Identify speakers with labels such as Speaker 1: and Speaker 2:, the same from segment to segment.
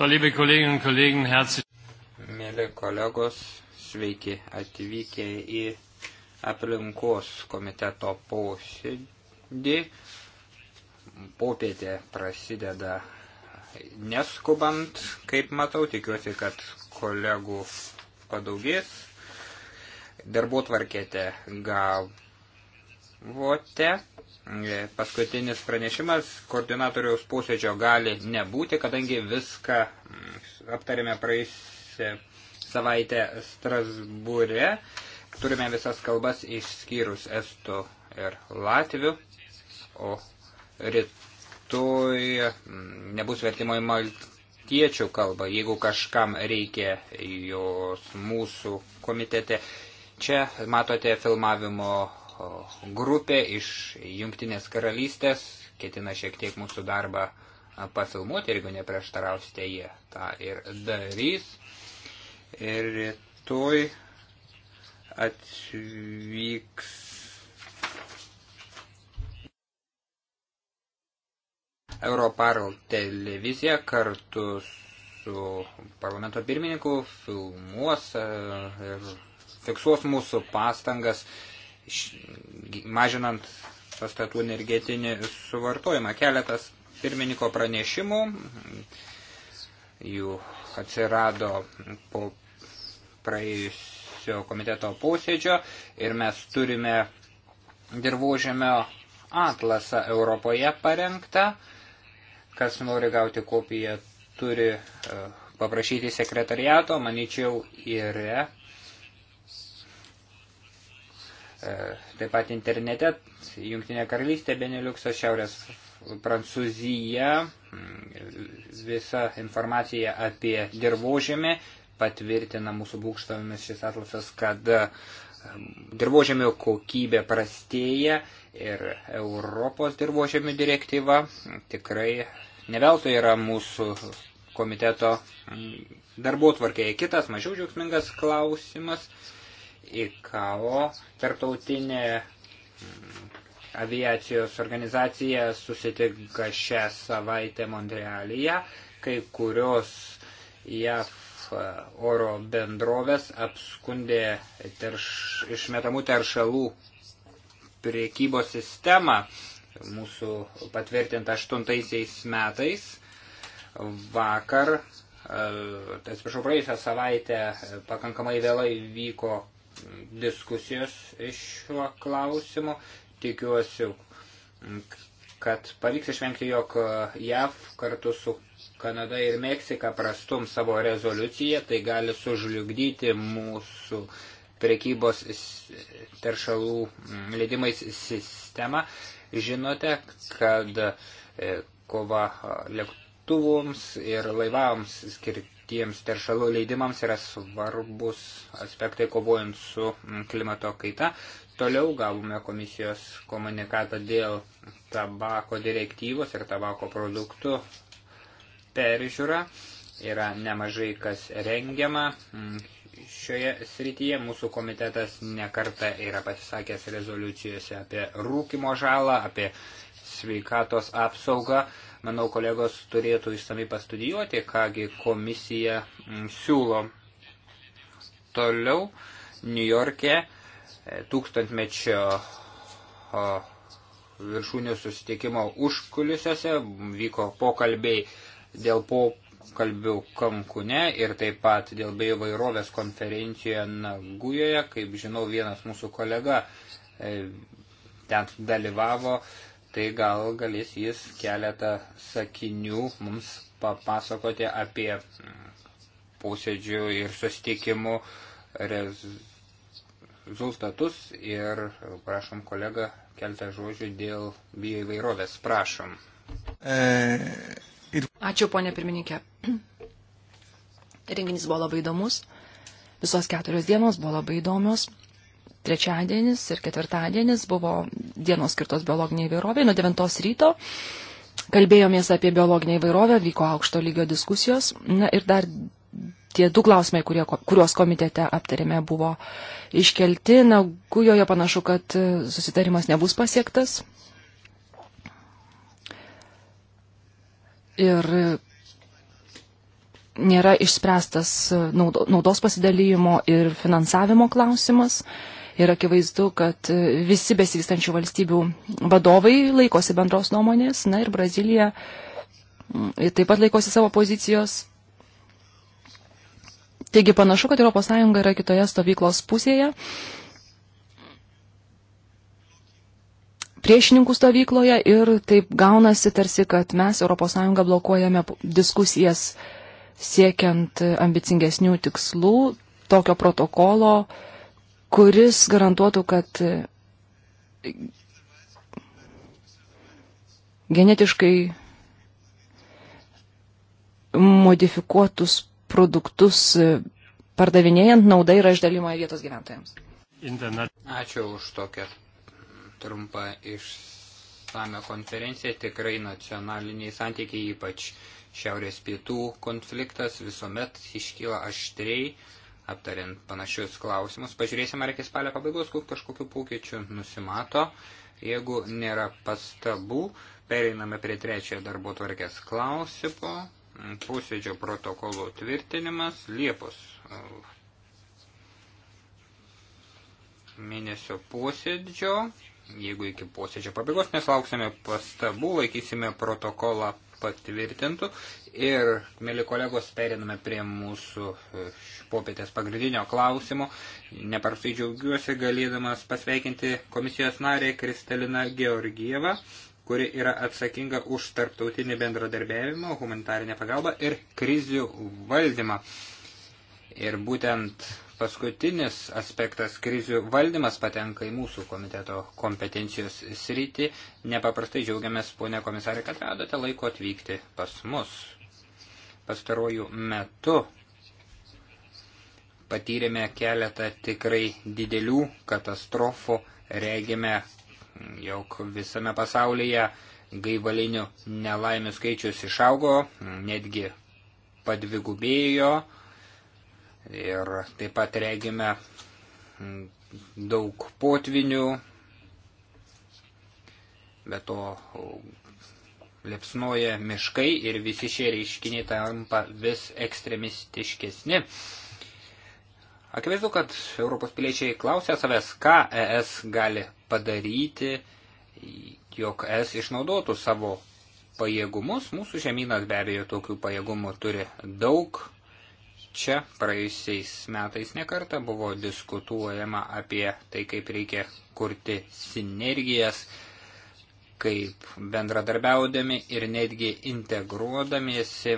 Speaker 1: So, liebe Kolleginnen und Kollegen, herzlich. Mėly kolegos, sveiki atvykę į aplinkos komiteto posėdį. Popietė prasideda neskubant, kaip matau, tikiuosi, kad kolegų padaugės. Darbų tvarkėte gavote. E, paskutinis pranešimas koordinatoriaus posėdžio gali nebūti, kadangi viską mm, aptarėme praėjusią savaitę Strasbūre. Turime visas kalbas išskyrus estų ir latvių, o rytoj mm, nebus vertimo į maltiečių kalbą, jeigu kažkam reikia jos mūsų komitete. Čia matote filmavimo grupė iš Jungtinės karalystės ketina šiek tiek mūsų darbą pafilmuoti, jeigu neprieštarausite, jie tą ir darys. Ir rytoj atvyks. Europarl televizija kartu su parlamento pirmininku filmuos ir fiksuos mūsų pastangas mažinant pastatų energetinį suvartojimą. Keletas pirmininko pranešimų, jų atsirado po praėjusio komiteto posėdžio ir mes turime dirbožėmio atlasą Europoje parengtą. Kas nori gauti kopiją, turi e, paprašyti sekretariato, manyčiau, yra taip pat internete, Jungtinė karalystė, Beneliuksas, Šiaurės Prancūzija, visa informacija apie dirbožėmį patvirtina mūsų būkštomis šis atlasas, kad um, dirbožėmio kokybė prastėja ir Europos dirbožėmio direktyva tikrai neveltui yra mūsų komiteto mm, darbo tvarkėje. Kitas mažiau džiaugsmingas klausimas – ICAO, tarptautinė mm, aviacijos organizacija susitinka šią savaitę Montrealyje, kai kurios JAF oro bendrovės apskundė terš, išmetamų teršalų priekybos sistemą mūsų patvirtintą aštuntaisiais metais. Vakar e, atsiprašau, praėjusią savaitę pakankamai vėlai vyko diskusijos iš šiuo klausimu. Tikiuosi, kad pavyks išvengti, jog JAV kartu su Kanada ir Meksika prastum savo rezoliuciją, tai gali sužliugdyti mūsų prekybos teršalų mm, leidimais sistemą. Žinote, kad e, kova lėktuvams ir laivams skirti tiems teršalų leidimams yra svarbus aspektai kovojant su mm, klimato kaita. Toliau gavome komisijos komunikatą dėl tabako direktyvos ir tabako produktų peržiūra. Yra nemažai kas rengiama mm, šioje srityje. Mūsų komitetas nekarta yra pasisakęs rezoliucijose apie rūkimo žalą, apie sveikatos apsaugą. Manau, kolegos turėtų išsamei pastudijuoti, kągi komisija mm, siūlo. Toliau New York'e e, tūkstantmečio viršūnių susitikimo užkulisiuose vyko pokalbiai dėl pokalbių Kankune ir taip pat dėl beivairovės konferencijoje Nagujoje. Kaip žinau, vienas mūsų kolega e, ten dalyvavo tai gal galės jis keletą sakinių mums papasakoti apie mm, posėdžių ir susitikimų rezultatus ir prašom kolegą keltą žodžių dėl bioįvairovės. Prašom.
Speaker 2: Ačiū, ponė pirmininkė. Renginys buvo labai įdomus. Visos keturios dienos buvo labai įdomios trečiadienis ir ketvirtadienis buvo dienos skirtos biologiniai įvairoviai nuo 9 ryto. Kalbėjomės apie biologinę įvairovę, vyko aukšto lygio diskusijos. Na ir dar tie du klausimai, kurie, kuriuos komitete aptarėme, buvo iškelti. Na, gujoje panašu, kad e, susitarimas nebus pasiektas. Ir e, nėra išspręstas e, naudos pasidalymo ir finansavimo klausimas. Uh, Ir akivaizdu, kad visi besivystančių valstybių vadovai laikosi bendros nuomonės, na ir Brazilija mm, taip pat laikosi savo pozicijos. Taigi panašu, kad ES yra kitoje stovyklos pusėje. priešininkų stovykloje ir taip gaunasi tarsi, kad mes ES blokuojame diskusijas siekiant ambicingesnių tikslų, tokio protokolo, uh, kuris garantuotų, kad genetiškai modifikuotus produktus pardavinėjant nauda yra išdalima vietos gyventojams.
Speaker 1: Ačiū už tokią trumpą išsame konferenciją. Tikrai nacionaliniai santykiai, ypač šiaurės pietų konfliktas visuomet iškyla aštriai aptariant panašius klausimus. Pažiūrėsim, ar iki spalio pabaigos kažkokiu pokyčiu nusimato. Jeigu nėra pastabų, pereiname prie trečiojo darbo tvarkės klausimo. Pusėdžio protokolo tvirtinimas Liepos e, mėnesio posėdžio. Jeigu iki posėdžio pabaigos neslauksime pastabų, laikysime protokolą patvirtintų. Ir, mėly kolegos, periname prie mūsų e, popietės pagrindinio klausimo. Nepaprastai džiaugiuosi galėdamas pasveikinti komisijos narę Kristaliną Georgievą, kuri yra atsakinga už tarptautinį bendradarbiavimą, humanitarinę pagalbą ir krizių valdymą. Ir būtent paskutinis aspektas krizių valdymas patenka į mūsų komiteto kompetencijos sritį. Nepaprastai džiaugiamės, ponė komisarė, kad radote laiko atvykti pas mus pastarojų metu patyrėme keletą tikrai didelių katastrofų, regime, jog visame pasaulyje gaivalinių nelaimių skaičius išaugo, netgi padvigubėjo ir taip pat regime daug potvinių, bet to liepsnoja miškai ir visi šie reiškiniai tampa vis ekstremistiškesni. Akivaizdu, kad Europos piliečiai klausia savęs, ką ES gali padaryti, jog ES išnaudotų savo pajėgumus. Mūsų žemynas be abejo tokių pajėgumų turi daug. Čia praėjusiais metais nekarta buvo diskutuojama apie tai, kaip reikia kurti sinergijas kaip bendradarbiaudami ir netgi integruodamiesi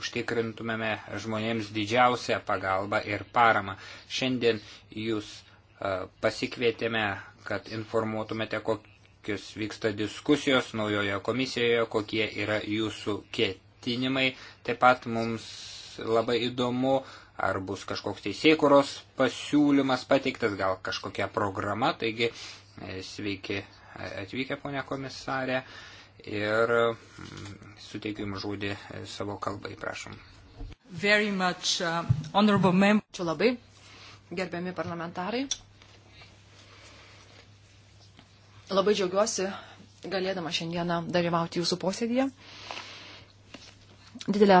Speaker 1: užtikrintumėme žmonėms didžiausią pagalbą ir paramą. Šiandien jūs e, pasikvietėme, kad informuotumėte, kokius vyksta diskusijos naujoje komisijoje, kokie yra jūsų ketinimai. Taip pat mums labai įdomu, ar bus kažkoks teisėkuros pasiūlymas pateiktas, gal kažkokia programa, taigi e, sveiki atvykę, ponia komisarė, ir mm, suteikiu jums žodį savo kalbai, prašom.
Speaker 2: Very much, uh, Ačiū labai, gerbiami parlamentarai. Labai džiaugiuosi galėdama šiandieną dalyvauti jūsų posėdėje. Didelę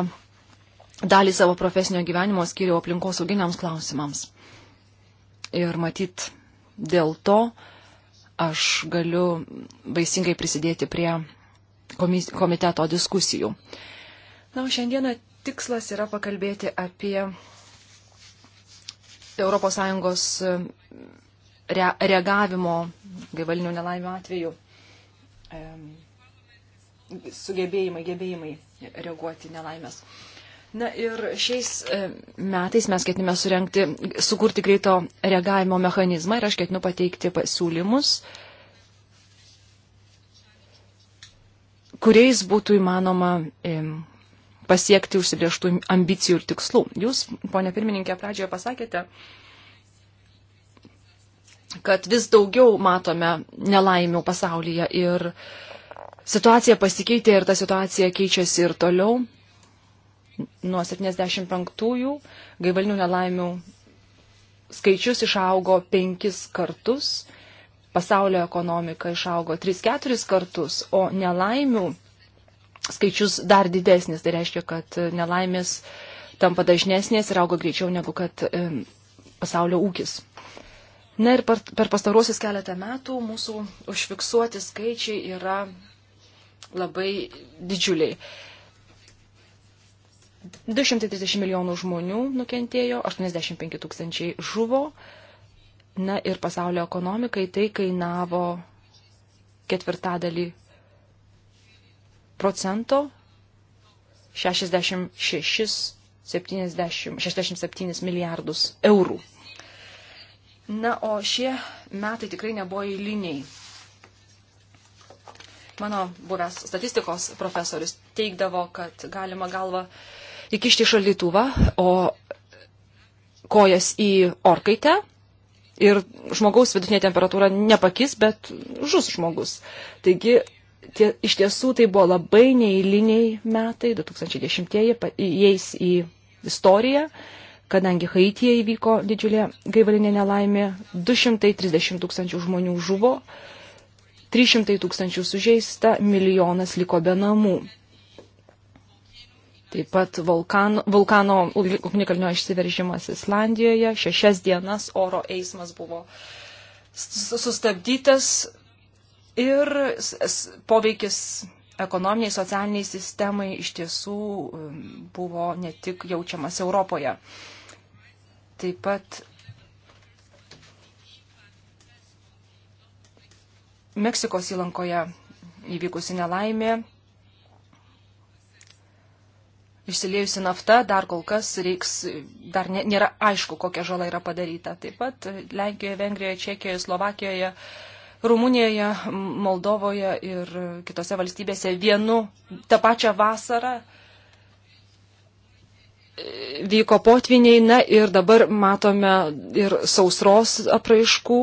Speaker 2: dalį savo profesinio gyvenimo skiriau aplinkosauginiams klausimams. Ir matyt, dėl to, uh, aš galiu baisingai prisidėti prie komiteto diskusijų. Na, o šiandieną tikslas yra pakalbėti apie ES e, re reagavimo gaivalinių nelaimių atveju e, sugebėjimai, gebėjimai reaguoti nelaimės. Na ir šiais e, metais mes ketiname surenkti, sukurti greito reagavimo mechanizmą ir aš ketinu pateikti pasiūlymus, kuriais būtų įmanoma e, pasiekti užsibrieštų ambicijų ir tikslų. Jūs, ponė pirmininkė, pradžioje pasakėte, kad vis daugiau matome nelaimių pasaulyje ir situacija pasikeitė ir ta situacija keičiasi ir toliau nuo 75-ųjų gaivalinių nelaimių skaičius išaugo penkis kartus, pasaulio ekonomika išaugo 3-4 kartus, o nelaimių skaičius dar didesnis. Tai reiškia, kad nelaimės tampa dažnesnės ir auga greičiau negu kad pasaulio ūkis. Na ir per, per pastaruosius keletą metų mūsų užfiksuoti skaičiai yra labai didžiuliai. 230 milijonų žmonių nukentėjo, 85 tūkstančiai žuvo. Na ir pasaulio ekonomikai tai kainavo ketvirtadalį procento 66 70, 67 milijardus eurų. Na, o šie metai tikrai nebuvo eiliniai. Mano buvęs statistikos profesorius teikdavo, kad galima galva įkišti šaldytuvą, o kojas į orkaitę ir žmogaus vidutinė temperatūra nepakis, bet žus žmogus. Taigi tie, iš tiesų tai buvo labai neįliniai metai, 2010-ieji įeis į istoriją, kadangi Haityje įvyko didžiulė gaivalinė nelaimė, 230 tūkstančių žmonių žuvo, 300 tūkstančių sužeista, milijonas liko be namų. Taip pat vulkano, vulkano ugnikalnio išsiveržimas Islandijoje. Šešias dienas oro eismas buvo sustabdytas ir poveikis ekonominiai, socialiniai sistemai iš tiesų um, buvo ne tik jaučiamas Europoje. Taip pat Meksikos įlankoje įvykusi nelaimė išsiliejusi nafta, dar kol kas reiks, dar nėra aišku, kokia žala yra padaryta. Taip pat Lenkijoje, Vengrijoje, Čekijoje, Slovakijoje, Rumunijoje, Moldovoje ir kitose valstybėse vienu tą pačią vasarą e, vyko potviniai, na ir dabar matome ir sausros apraiškų,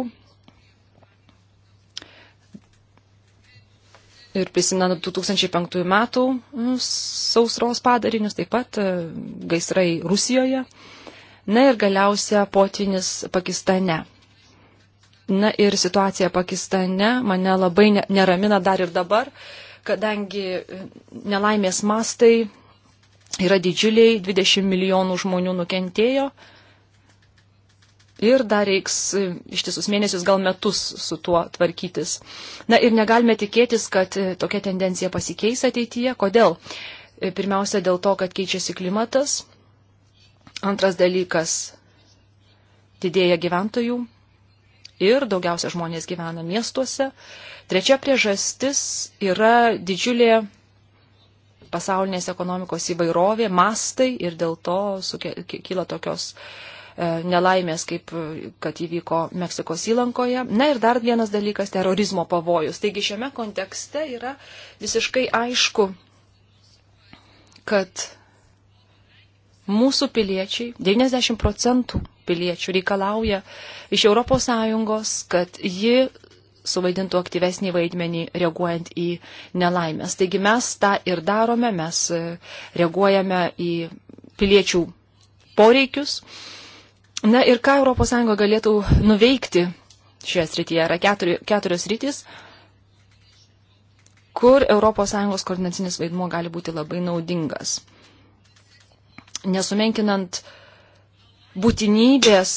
Speaker 2: ir prisimena 2005 metų mm, sausros padarinius, taip pat e, gaisrai Rusijoje, na ir galiausia potinis Pakistane. Na ir situacija Pakistane mane labai neramina dar ir dabar, kadangi e, nelaimės mastai yra didžiuliai, 20 milijonų žmonių nukentėjo, ir dar reiks e, ištisus mėnesius, gal metus su tuo tvarkytis. Na ir negalime tikėtis, kad e, tokia tendencija pasikeis ateityje. Kodėl? E, pirmiausia, dėl to, kad keičiasi klimatas. Antras dalykas - didėja gyventojų ir daugiausia žmonės gyvena miestuose. Trečia priežastis yra didžiulė pasaulinės ekonomikos įvairovė, mastai ir dėl to suke, kyla tokios uh, E, nelaimės, kaip e, kad įvyko Meksikos įlankoje. Na ir dar vienas dalykas - terorizmo pavojus. Taigi šiame kontekste yra visiškai aišku, kad mūsų piliečiai, 90 procentų piliečių reikalauja iš ES, kad ji suvaidintų aktyvesnį vaidmenį reaguojant į nelaimės. Taigi mes tą ir darome, mes e, reaguojame į piliečių poreikius. Na ir ką ES galėtų nuveikti šioje srityje? Yra keturi, keturios rytis, kur ES koordinacinis vaidmuo gali būti labai naudingas. Nesumenkinant būtinybės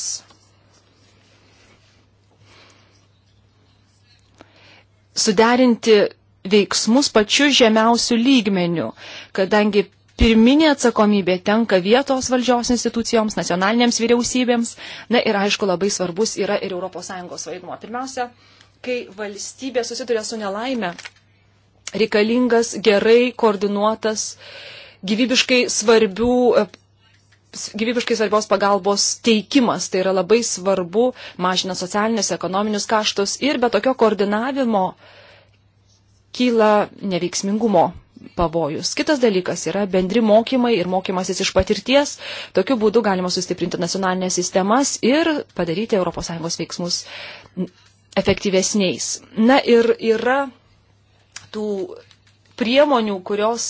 Speaker 2: suderinti veiksmus pačiu žemiausiu lygmeniu, kadangi pirminė atsakomybė tenka vietos valdžios institucijoms, nacionalinėms vyriausybėms. Na ir aišku, labai svarbus yra ir ES vaidmuo. Pirmiausia, kai valstybė susiduria su nelaime, reikalingas gerai koordinuotas, gyvybiškai svarbių gyvybiškai svarbios pagalbos teikimas. Tai yra labai svarbu, mažina socialinius, ekonominius kaštus ir be tokio koordinavimo kyla neveiksmingumo pavojus. Kitas dalykas yra bendri mokymai ir mokymasis iš patirties. Tokiu būdu galima sustiprinti nacionalinės sistemas ir padaryti ES veiksmus efektyvesniais. Na ir yra tų priemonių, kurios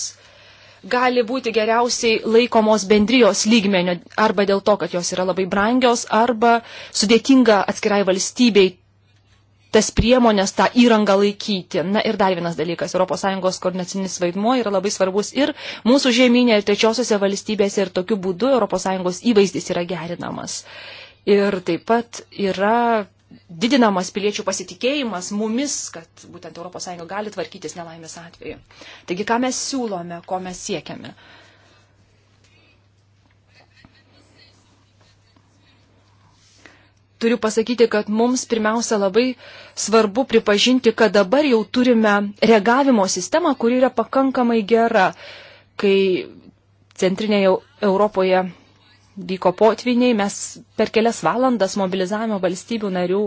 Speaker 2: gali būti geriausiai laikomos bendrijos lygmenio arba dėl to, kad jos yra labai brangios arba sudėtinga atskirai valstybei tas priemonės, tą įrangą laikyti. Na ir dar vienas dalykas - ES koordinacinis vaidmuo yra labai svarbus ir mūsų žemynė, ir trečiosiose valstybėse, ir tokiu būdu ES įvaizdis yra gerinamas. Ir taip pat yra didinamas piliečių pasitikėjimas mumis, kad būtent ES gali tvarkytis nelaimės atveju. Taigi, ką mes siūlome, ko mes siekiame. turiu pasakyti, kad mums pirmiausia labai svarbu pripažinti, kad dabar jau turime reagavimo sistemą, kuri yra pakankamai gera, kai centrinėje Europoje vyko potviniai, mes per kelias valandas mobilizavome valstybių narių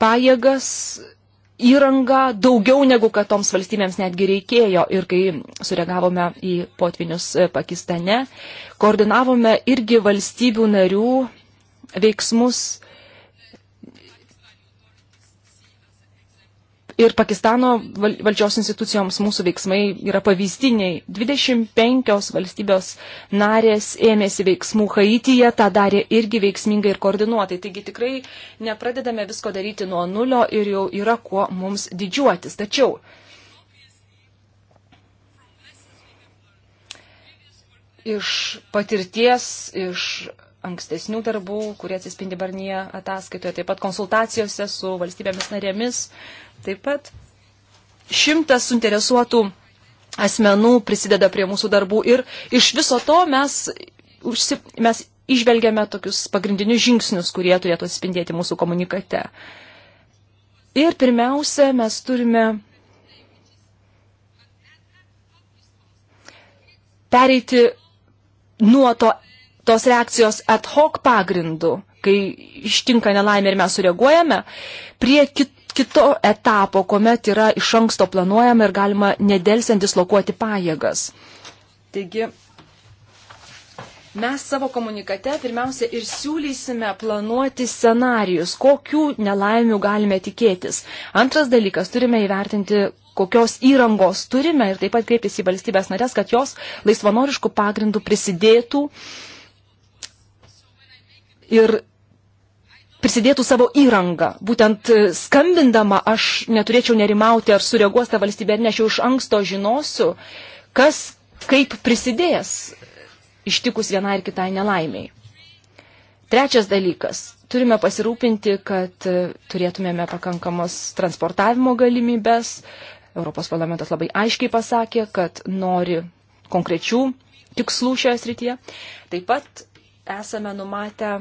Speaker 2: pajėgas, įrangą daugiau negu kad toms valstybėms netgi reikėjo. Ir kai sureagavome į potvinius Pakistane, koordinavome irgi valstybių narių veiksmus ir Pakistano valdžios institucijoms mūsų veiksmai yra pavyzdiniai. 25 valstybės narės ėmėsi veiksmų Haityje, tą darė irgi veiksmingai ir koordinuotai. Taigi tikrai nepradedame visko daryti nuo nulio ir jau yra kuo mums didžiuotis. Tačiau iš patirties, iš ankstesnių darbų, kurie atsispindi Barnyje ataskaitoje, taip pat konsultacijose su valstybėmis narėmis, taip pat šimtas suinteresuotų asmenų prisideda prie mūsų darbų ir iš viso to mes, užsi, mes išvelgiame tokius pagrindinius žingsnius, kurie turėtų atspindėti mūsų komunikate. Ir pirmiausia, mes turime pereiti nuo to tos reakcijos ad hoc pagrindu, kai ištinka nelaimė ir mes sureaguojame, prie kit, kito etapo, kuomet yra iš anksto planuojama ir galima nedelsiant dislokuoti pajėgas. Taigi, mes savo komunikate pirmiausia ir siūlysime planuoti scenarius, kokių nelaimių galime tikėtis. Antras dalykas, turime įvertinti kokios įrangos turime ir taip pat kreiptis į valstybės narės, kad jos laisvanoriškų pagrindų prisidėtų uh, ir prisidėtų savo įrangą. Būtent e, skambindama aš neturėčiau nerimauti, ar sureaguos ta valstybė, ar ne, aš jau iš anksto žinosiu, kas kaip prisidės ištikus vienai ir kitai nelaimiai. Trečias dalykas. Turime pasirūpinti, kad e, turėtumėme pakankamos transportavimo galimybės. Europos parlamentas labai aiškiai pasakė, kad nori konkrečių tikslų šioje srityje. Taip pat esame numatę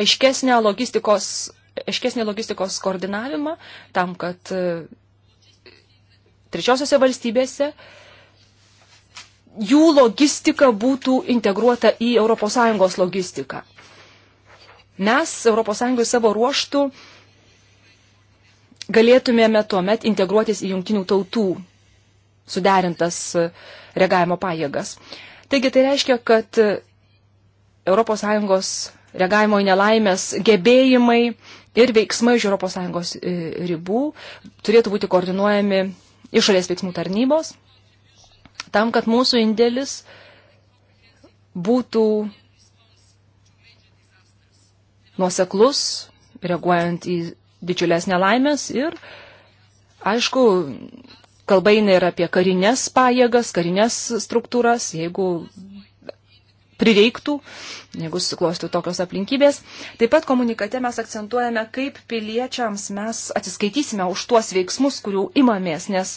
Speaker 2: aiškesnę logistikos, aiškesnį logistikos koordinavimą tam, kad e, trečiosiose valstybėse jų logistika būtų integruota į ES logistiką. Mes ES savo ruoštų galėtumėme tuomet integruotis į jungtinių tautų suderintas e, reagavimo pajėgas. Taigi tai reiškia, kad e, ES reagavimo į nelaimės gebėjimai ir veiksmai iš ES e, ribų turėtų būti koordinuojami išorės veiksmų tarnybos, tam, kad mūsų indėlis būtų nuoseklus, reaguojant į didžiulės nelaimės ir, aišku, kalba eina ir apie karinės pajėgas, karinės struktūras, jeigu prireiktų, jeigu susiklostytų tokios aplinkybės. Taip pat komunikate mes akcentuojame, kaip piliečiams mes atsiskaitysime už tuos veiksmus, kurių imamės, nes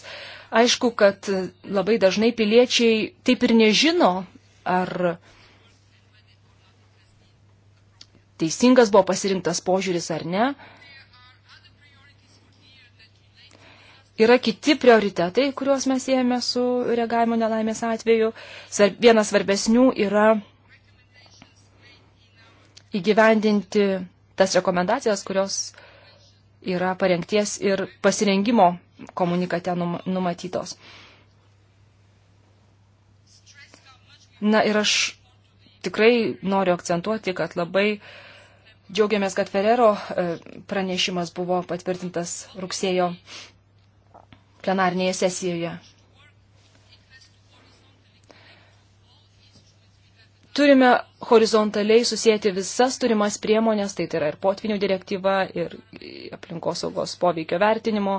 Speaker 2: aišku, kad labai dažnai piliečiai taip ir nežino, ar teisingas buvo pasirinktas požiūris ar ne. Yra kiti prioritetai, kuriuos mes ėjome su reagavimo nelaimės atveju. Vienas svarbesnių yra įgyvendinti tas rekomendacijas, kurios yra parengties ir pasirengimo komunikate numatytos. Na ir aš tikrai noriu akcentuoti, kad labai džiaugiamės, kad Ferrero e, pranešimas buvo patvirtintas rugsėjo plenarnėje sesijoje. turime horizontaliai susijęti visas turimas priemonės, tai, tai yra ir potvinių direktyva, ir aplinkosaugos poveikio vertinimo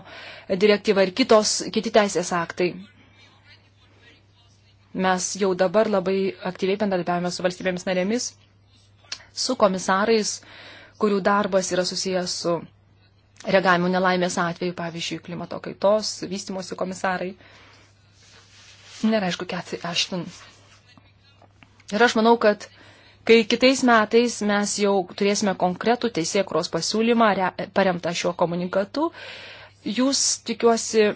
Speaker 2: direktyva, ir kitos, kiti teisės aktai. Mes jau dabar labai aktyviai bendradarbiavame su valstybėmis narėmis, su komisarais, kurių darbas yra susijęs su reagavimu nelaimės atveju, pavyzdžiui, klimato kaitos, vystimosi komisarai. Nėra aišku, Kathy Ashton Ir aš manau, kad kai kitais metais mes jau turėsime konkretų teisėkros pasiūlymą paremtą šiuo komunikatu, jūs tikiuosi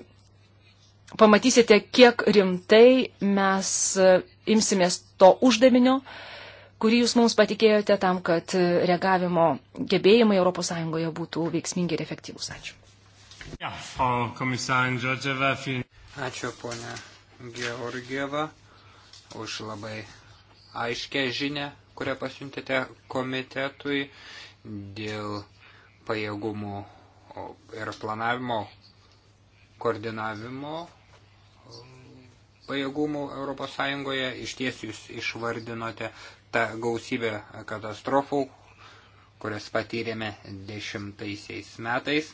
Speaker 2: pamatysite, kiek rimtai mes e, imsimės to uždavinio, kurį jūs mums patikėjote tam, kad e, reagavimo gebėjimai ES būtų veiksmingi ir efektyvūs.
Speaker 1: Ačiū. Ja, Ačiū, ponia Georgieva, už labai aiškę žinę, kurią pasiuntėte komitetui dėl pajėgumų ir planavimo, koordinavimo pajėgumų ES. Iš ties jūs išvardinote tą gausybę katastrofų, kurias patyrėme dešimtaisiais metais.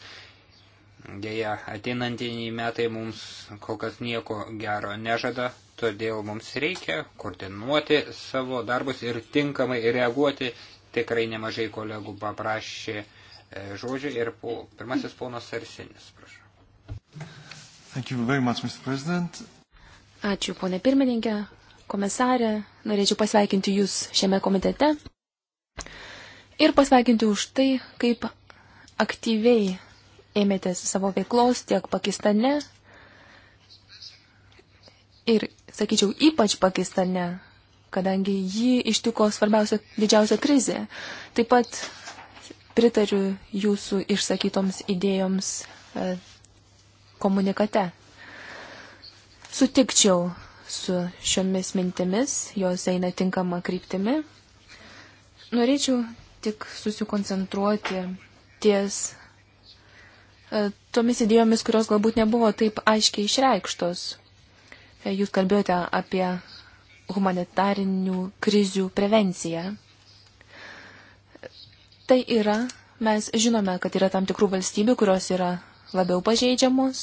Speaker 1: Deja, ateinantiniai metai mums kol kas nieko gero nežada, todėl mums reikia koordinuoti savo darbus ir tinkamai reaguoti. Tikrai nemažai kolegų paprašė e, žodžių ir po, pirmasis ponas Arsinis, prašau.
Speaker 2: Much,
Speaker 3: Ačiū, ponė pirmininkė, komisarė, norėčiau pasveikinti Jūs šiame komitete ir pasveikinti už tai, kaip aktyviai ėmėtės savo veiklos tiek Pakistane, Ir, sakyčiau, ypač Pakistane, kadangi jį ištiko svarbiausia didžiausia krizė. Taip pat pritariu jūsų išsakytoms idėjoms e, komunikate. Sutikčiau su šiomis mintimis, jos eina tinkama kryptimi. Norėčiau tik susikoncentruoti ties e, tomis idėjomis, kurios galbūt nebuvo taip aiškiai išreikštos Jūs kalbėjote apie humanitarinių krizių prevenciją. Tai yra, mes žinome, kad yra tam tikrų valstybių, kurios yra labiau pažeidžiamos.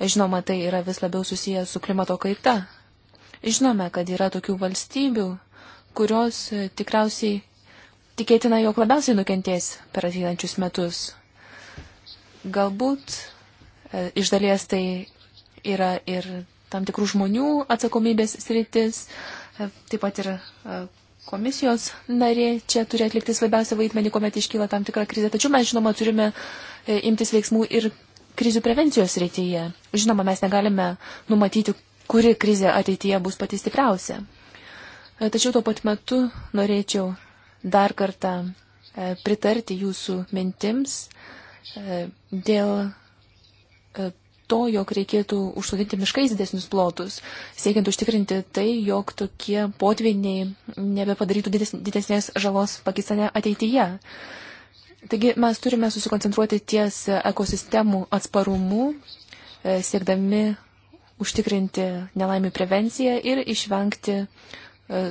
Speaker 3: Žinoma, tai yra vis labiau susijęs su klimato kaita. Žinome, kad yra tokių valstybių, kurios e, tikriausiai tikėtina, jog labiausiai nukentės per ateinančius metus. Galbūt e, iš dalies tai yra ir tam tikrų žmonių atsakomybės sritis, e, taip pat ir e, komisijos narė čia turi atlikti svarbiausią vaidmenį, kuomet iškyla tam tikra krizė. Tačiau mes, žinoma, turime e, imtis veiksmų ir krizių prevencijos srityje. Žinoma, mes negalime numatyti, kuri krizė ateityje bus pati stipriausia. Tačiau tuo pat metu norėčiau dar kartą pritarti jūsų mintims dėl to, jog reikėtų užsodinti miškais didesnius plotus, siekiant užtikrinti tai, jog tokie potviniai nebepadarytų didesnės žalos Pakistane ateityje. Taigi mes turime susikoncentruoti ties ekosistemų atsparumu, e, siekdami užtikrinti nelaimių prevenciją ir išvengti e,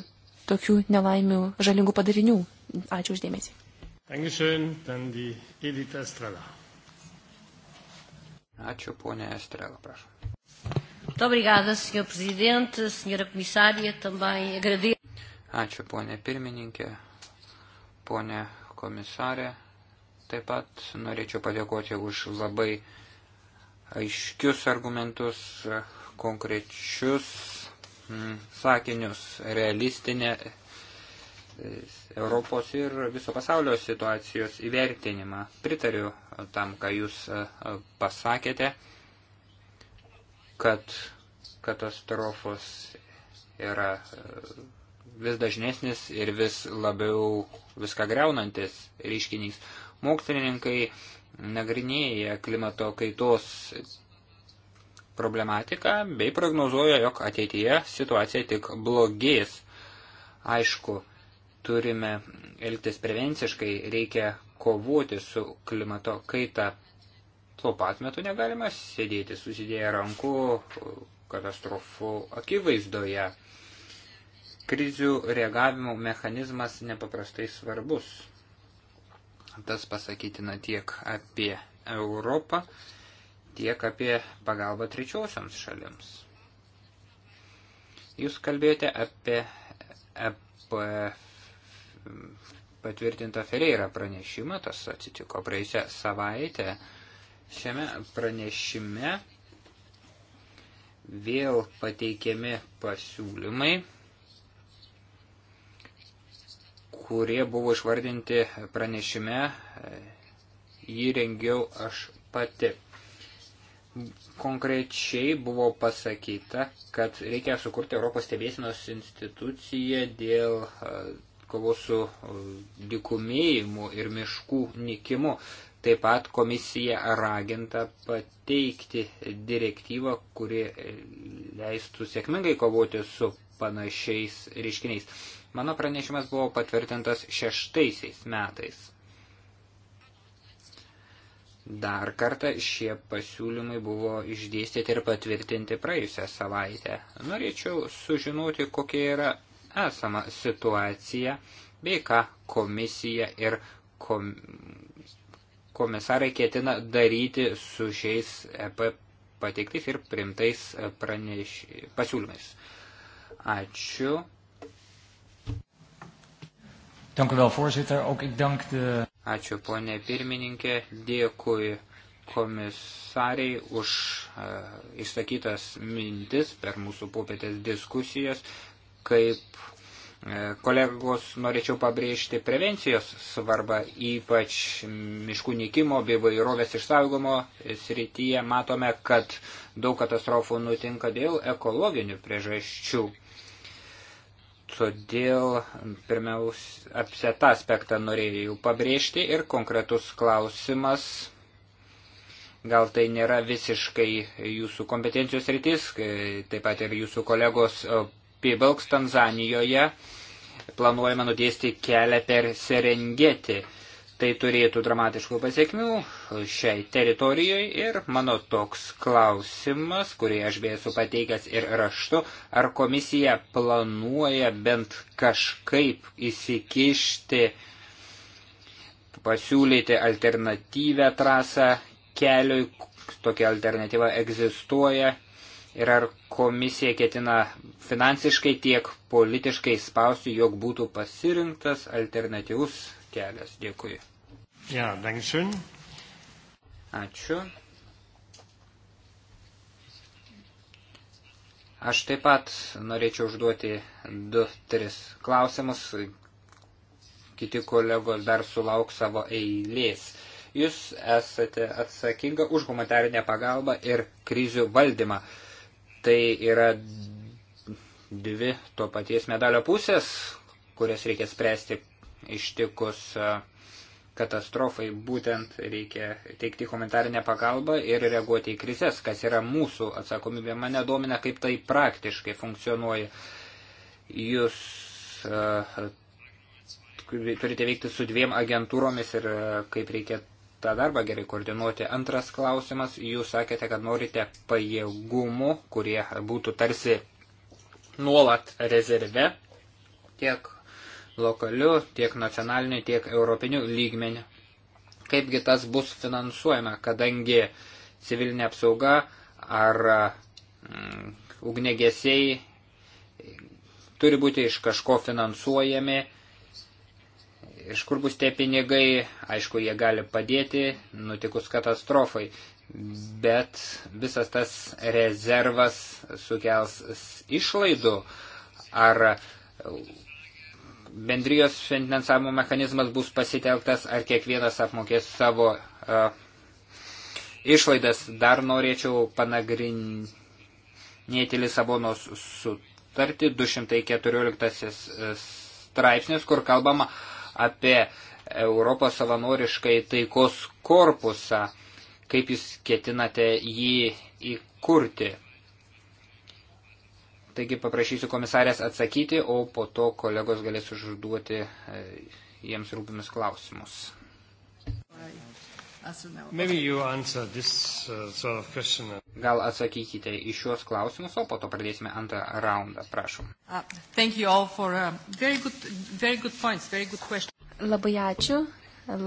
Speaker 3: tokių nelaimių žalingų padarinių. Ačiū uždėmesį.
Speaker 1: Dankeschön, dann die Edith Estrella. Ačiū, ponė Estrela, prašom. Obrigada, senhor presidente, senhora comissária, também agradeço. Ačiū, ponė pirmininkė, ponė komisarė. Taip pat norėčiau padėkoti už labai aiškius argumentus, konkrečius mm, sakinius, realistinę Europos ir viso pasaulio situacijos įvertinimą. Pritariu tam, ką jūs e, pasakėte, kad katastrofos yra e, vis dažnesnis ir vis labiau viską greunantis reiškinys. Mokslininkai nagrinėja klimato kaitos problematiką bei prognozuoja, jog ateityje situacija tik blogės. Aišku, turime elgtis prevenciškai, reikia kovoti su klimato kaita. Tuo pat metu negalima sėdėti susidėję rankų katastrofų akivaizdoje. Krizių reagavimo mechanizmas nepaprastai svarbus. Tas pasakytina tiek apie Europą, tiek apie pagalbą trečiosiams šalims. Jūs kalbėjote apie EPF patvirtintą Ferreira pranešimą, tas atsitiko praeisę savaitę. Šiame pranešime vėl pateikiami pasiūlymai, kurie buvo išvardinti pranešime, jį rengiau aš pati. Konkrečiai buvo pasakyta, kad reikia sukurti Europos stebėsinos instituciją dėl kovos su e, dikumėjimu ir miškų nikimu. Taip pat komisija raginta pateikti direktyvą, kuri e, leistų sėkmingai kovoti su panašiais reiškiniais. Mano pranešimas buvo patvirtintas šeštaisiais metais. Dar kartą šie pasiūlymai buvo išdėstyti ir patvirtinti praėjusią savaitę. Norėčiau sužinoti, kokia yra esamą situaciją, bei ką komisija ir kom... komisarai ketina daryti su šiais EP pateiktais ir primtais praneš... pasiūlymais. Ačiū. Dank u wel, voorzitter. Ook ik dank de... Ačiū, ponė pirmininkė. Dėkui komisariai už uh, išsakytas mintis per mūsų popietės diskusijas kaip e, kolegos norėčiau pabrėžti prevencijos svarbą, ypač miškų nykimo bei vairovės išsaugomo srityje matome, kad daug katastrofų nutinka dėl ekologinių priežasčių. Todėl pirmiausia, apie tą aspektą norėjau pabrėžti ir konkretus klausimas. Gal tai nėra visiškai jūsų kompetencijos rytis, taip pat ir jūsų kolegos Pibalks Tanzanijoje planuojama nutiesti kelią per Serengeti. Tai turėtų dramatiškų pasiekmių šiai teritorijai ir mano toks klausimas, kurį aš beje esu pateikęs ir raštu, ar komisija planuoja bent kažkaip įsikišti, pasiūlyti alternatyvę trasą keliui, tokia alternatyva egzistuoja, ir ar komisija ketina finansiškai tiek politiškai spausti, jog būtų pasirinktas alternatyvus kelias. Dėkui. Ja, dankšin. Ačiū. Aš taip pat norėčiau užduoti 2-3 klausimus, kiti kolegos dar sulauk savo eilės. Jūs esate atsakinga už humanitarinę pagalbą ir krizių valdymą. Uh, Tai yra dvi to paties medalio pusės, kurias reikia spręsti ištikus katastrofai, būtent reikia teikti humanitarinę pagalbą ir reaguoti į krizės, kas yra mūsų atsakomybė. Mane domina, kaip tai praktiškai funkcionuoja. Jūs uh, turite veikti su dviem agentūromis ir uh, kaip reikia tą darbą gerai koordinuoti. Antras klausimas, jūs sakėte, kad norite pajėgumų, kurie būtų tarsi nuolat rezerve tiek lokaliu, tiek nacionaliniu, tiek europiniu lygmeniu. Kaipgi tas bus finansuojama, kadangi civilinė apsauga ar mm, ugnegesiai turi būti iš kažko finansuojami, iš kur bus tie pinigai, aišku, jie gali padėti nutikus katastrofai, bet visas tas rezervas sukels išlaidų ar bendrijos finansavimo mechanizmas bus pasitelktas, ar kiekvienas apmokės savo uh, išlaidas. Dar norėčiau panagrinėti Lisabonos sutartį 214 e, straipsnis, kur kalbama apie Europos savanoriškai taikos korpusą, kaip jūs ketinate jį įkurti. Taigi paprašysiu komisarės atsakyti, o po to kolegos galės užduoti e, jiems rūpimus klausimus. Right. Uh, Gal atsakykite į šiuos klausimus, o po to pradėsime antrą raundą. Prašom. Uh, uh,
Speaker 3: labai ačiū,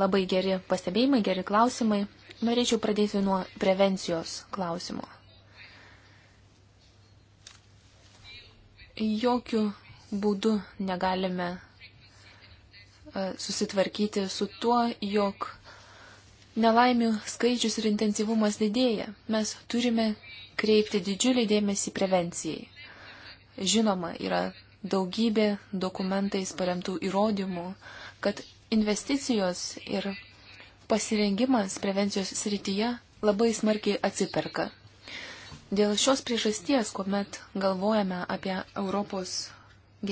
Speaker 3: labai geri pastebėjimai, geri klausimai. Norėčiau pradėti nuo prevencijos klausimo. Jokių būdų negalime susitvarkyti su tuo, jog Nelaimių skaičius ir intensyvumas didėja. Mes turime kreipti didžiulį dėmesį prevencijai. Žinoma, yra daugybė dokumentais paremtų įrodymų, kad investicijos ir pasirengimas prevencijos srityje labai smarkiai atsiperka. Dėl šios priežasties, kuomet galvojame apie Europos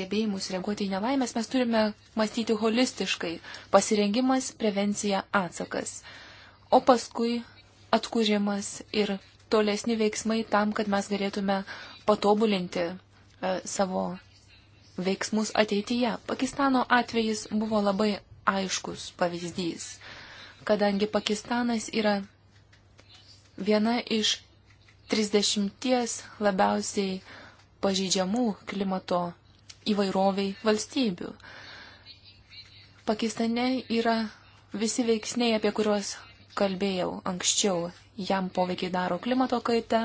Speaker 3: gebėjimus reaguoti į nelaimės, mes turime mąstyti holistiškai - pasirengimas, prevencija, atsakas o paskui atkūrimas ir tolesni veiksmai tam, kad mes galėtume patobulinti e, savo veiksmus ateityje. Pakistano atvejis buvo labai aiškus pavyzdys, kadangi Pakistanas yra viena iš 30 labiausiai pažydžiamų klimato įvairoviai valstybių. Pakistane yra visi veiksniai, apie kuriuos kalbėjau anksčiau, jam poveikiai daro klimato kaita,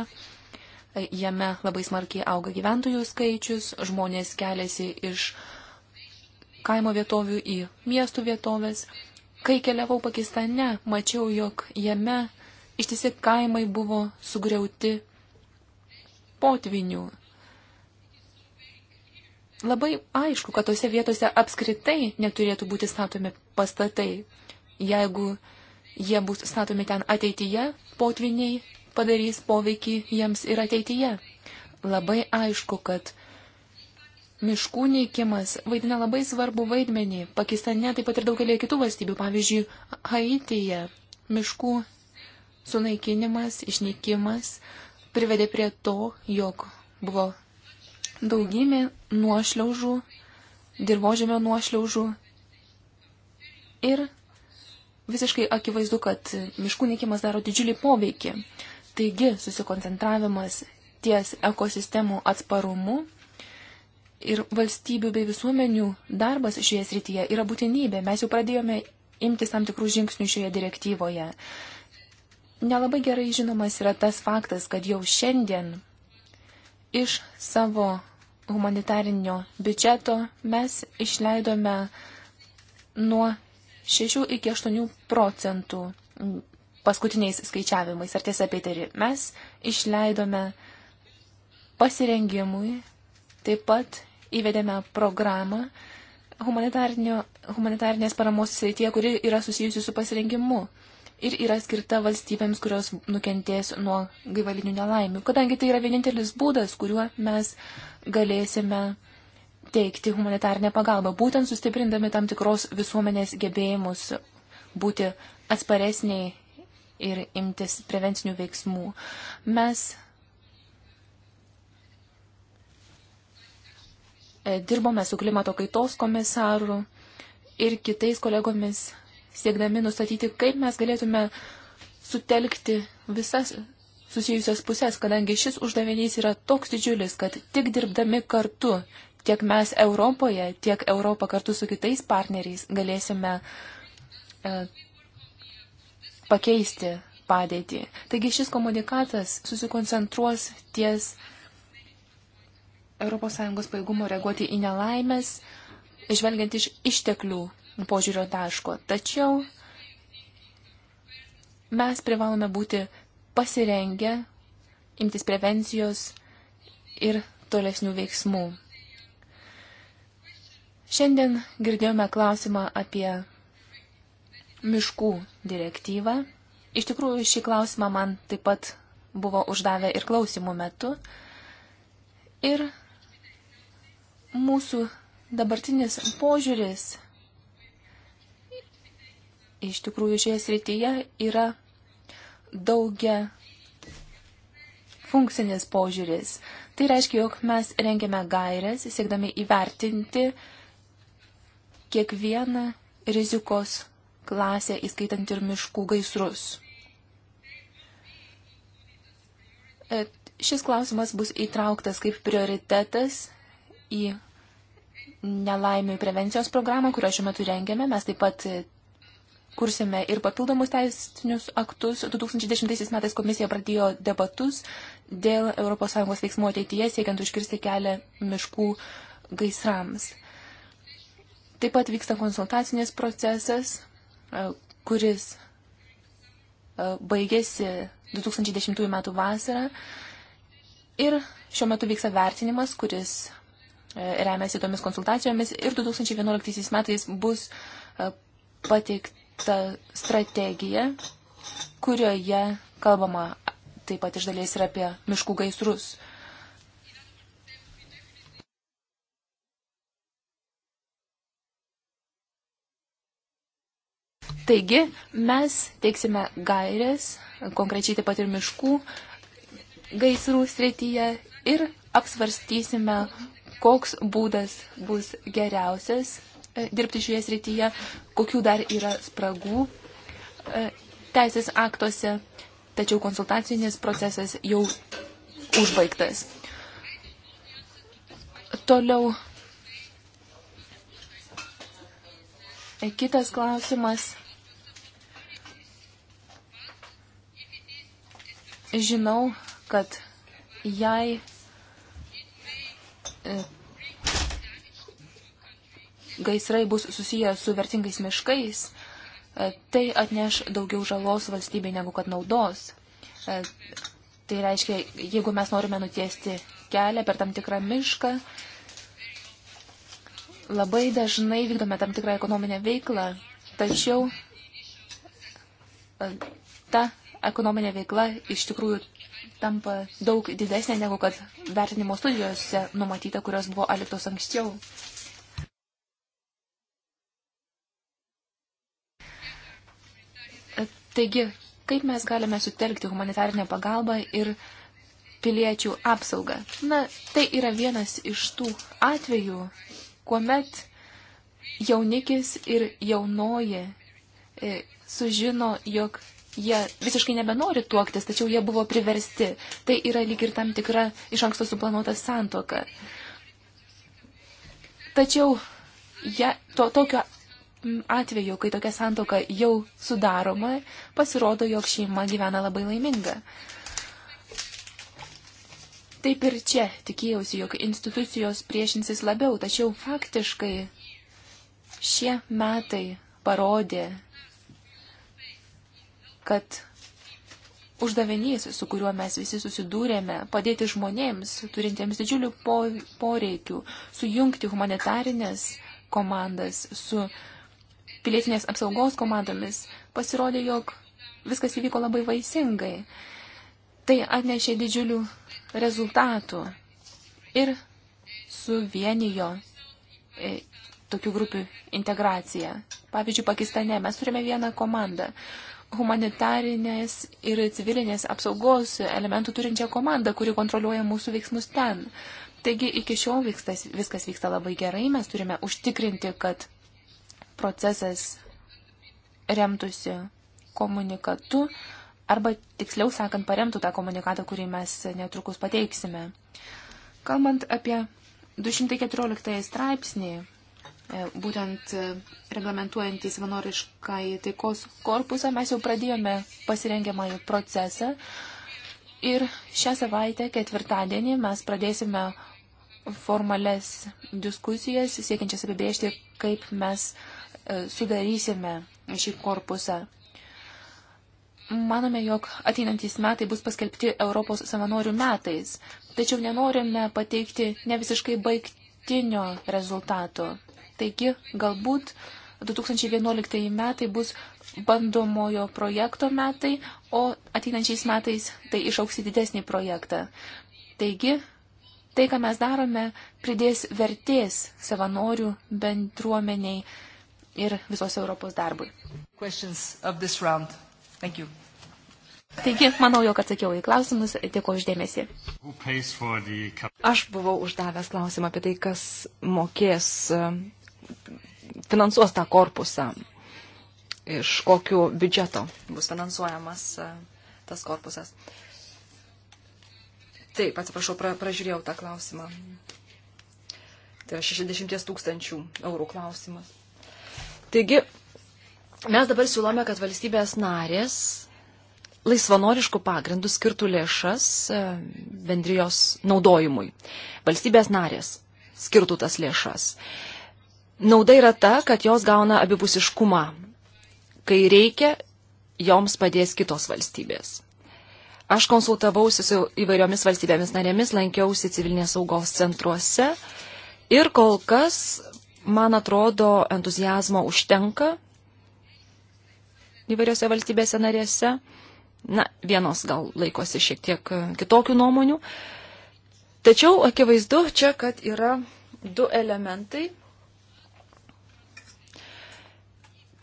Speaker 3: jame labai smarkiai auga gyventojų skaičius, žmonės keliasi iš kaimo vietovių į miestų vietovės. Kai keliavau Pakistane, mačiau, jog jame ištisi kaimai buvo sugriauti potvinių. Labai aišku, kad tose vietose apskritai neturėtų būti statomi pastatai. Jeigu jie bus statomi ten ateityje, potviniai padarys poveikį jiems ir ateityje. Labai aišku, kad miškų neikimas vaidina labai svarbu vaidmenį. Pakistane taip pat ir daugelį kitų valstybių, pavyzdžiui, Haityje miškų sunaikinimas, išnykimas privedė prie to, jog buvo daugybė nuošliaužų, dirbožėmio nuošliaužų ir visiškai akivaizdu, kad miškų nikimas daro didžiulį poveikį. Taigi susikoncentravimas ties ekosistemų atsparumu ir valstybių bei visuomenių darbas šioje srityje yra būtinybė. Mes jau pradėjome imtis tam tikrų žingsnių šioje direktyvoje. Nelabai gerai žinomas yra tas faktas, kad jau šiandien iš savo humanitarinio biudžeto mes išleidome nuo 6 iki 8 procentų paskutiniais skaičiavimais. Ar tiesa, Peteri, mes išleidome pasirengimui, taip pat įvedėme programą humanitarnės paramos srityje, kuri yra susijusi su pasirengimu ir yra skirta valstybėms, kurios nukentės nuo gyvalinių nelaimių, kadangi tai yra vienintelis būdas, kuriuo mes galėsime uh, teikti humanitarnę pagalbą, būtent sustiprindami tam tikros visuomenės gebėjimus būti atsparesniai ir imtis prevencinių veiksmų. Mes e, dirbome su klimato kaitos komisaru ir kitais kolegomis, siekdami nustatyti, kaip mes galėtume sutelkti visas susijusias pusės, kadangi šis uždavinys yra toks didžiulis, kad tik dirbdami kartu, tiek mes Europoje, tiek Europą kartu su kitais partneriais galėsime e, pakeisti padėtį. Taigi šis komunikatas susikoncentruos ties ES paigumo reaguoti į nelaimės, žvelgiant iš išteklių požiūrio taško. Tačiau mes privalome būti pasirengę imtis prevencijos ir tolesnių veiksmų. Šiandien girdėjome klausimą apie miškų direktyvą. Iš tikrųjų, šį klausimą man taip pat buvo uždavę ir klausimų metu. Ir mūsų dabartinis požiūris iš tikrųjų šioje srityje yra daugia funkcinis požiūris. Tai reiškia, jog mes rengiame gairias, siekdami įvertinti uh, kiekvieną rizikos klasę, įskaitant ir miškų gaisrus. E, šis klausimas bus įtrauktas kaip prioritetas į nelaimių prevencijos programą, kurio šiuo metu rengiame. Mes taip pat kursime ir papildomus teisinius aktus. 2010 metais komisija pradėjo debatus dėl ES veiksmų ateityje, siekiant užkirsti kelią miškų gaisrams. Taip pat vyksta konsultacinis procesas, e, kuris e, baigėsi 2010 m. vasarą ir šiuo metu vyksta vertinimas, kuris e, remiasi tomis konsultacijomis ir 2011 metais bus pateikta strategija, kurioje kalbama taip pat iš dalies ir apie miškų gaisrus. Taigi mes teiksime gairės, konkrečiai taip pat ir miškų gaisrų srityje ir apsvarstysime, koks būdas bus geriausias e, dirbti šioje srityje, kokių dar yra spragų e, teisės aktuose, tačiau konsultacinis procesas jau užbaigtas. Toliau e, kitas klausimas žinau, kad jei e, gaisrai bus susiję su vertingais miškais, e, tai atneš daugiau žalos valstybei negu kad naudos. E, tai reiškia, jeigu mes norime nutiesti kelią per tam tikrą mišką, labai dažnai vykdome tam tikrą ekonominę veiklą, tačiau ta ekonominė veikla iš tikrųjų tampa daug didesnė negu kad vertinimo studijose numatyta, kurios buvo atliktos anksčiau. Taigi, kaip mes galime sutelkti humanitarinę pagalbą ir piliečių apsaugą? Na, tai yra vienas iš tų atvejų, kuomet jaunikis ir jaunoji e, sužino, jog Jie visiškai nebenori tuoktis, tačiau jie buvo priversti. Tai yra lyg ir tam tikra iš anksto suplanuota santoka. Tačiau ja, to, tokio atveju, kai tokia santoka jau sudaroma, pasirodo, jog šeima gyvena labai laiminga. Taip ir čia tikėjausi, jog institucijos priešinsis labiau, tačiau faktiškai šie metai parodė, kad uždavinys, su kuriuo mes visi susidūrėme, padėti žmonėms, turintiems didžiulių poreikių, sujungti humanitarinės komandas su pilietinės apsaugos komandomis, pasirodė, jog viskas įvyko labai vaisingai. Tai atnešė didžiulių rezultatų ir suvienijo e, tokių grupių integraciją. Pavyzdžiui, Pakistane mes turime vieną komandą, humanitarinės ir civilinės apsaugos elementų turinčią komandą, kuri kontroliuoja mūsų veiksmus ten. Taigi iki šiol vykstas, viskas vyksta labai gerai, mes turime užtikrinti, kad procesas remtųsi komunikatu, arba tiksliau sakant, paremtų tą komunikatą, kurį mes netrukus pateiksime. Kalbant apie 214 straipsnį, E, būtent e, reglamentuojantį savanorišką į taikos korpusą, mes jau pradėjome pasirengiamąjį procesą ir šią savaitę, ketvirtadienį, mes pradėsime formales diskusijas, siekiančias apibriežti, kaip mes e, sudarysime šį korpusą. Manome, jog ateinantys metai bus paskelbti Europos savanorių metais, tačiau nenorime pateikti ne visiškai baigtinio rezultato. Taigi galbūt 2011 metai bus bandomojo projekto metai, o ateinančiais metais tai išauks į didesnį projektą. Taigi, tai, ką mes darome, pridės vertės savanorių bendruomeniai ir visos Europos darbui. Taigi,
Speaker 2: manau, jog atsakiau į klausimus, dėkuoju uždėmesi. Aš buvau uždavęs klausimą apie tai, kas mokės finansuos tą korpusą, iš kokiu biudžeto bus finansuojamas e, tas korpusas. Taip, atsiprašau, pra, pražiūrėjau tą klausimą. Tai yra 60 tūkstančių eurų klausimas. Taigi, mes dabar siūlome, kad valstybės narės laisvanoriškų pagrindų skirtų lėšas e, bendrijos naudojimui. Valstybės narės skirtų tas lėšas. Nauda yra ta, kad jos gauna abipusiškumą. Kai reikia, joms padės kitos valstybės. Aš konsultavausi su įvairiomis valstybėmis narėmis, lankiausi civilinės saugos centruose ir kol kas, man atrodo, entuzijazmo užtenka įvairiose valstybėse narėse. Na, vienos gal laikosi šiek tiek kitokių nuomonių. Tačiau akivaizdu čia, kad yra du elementai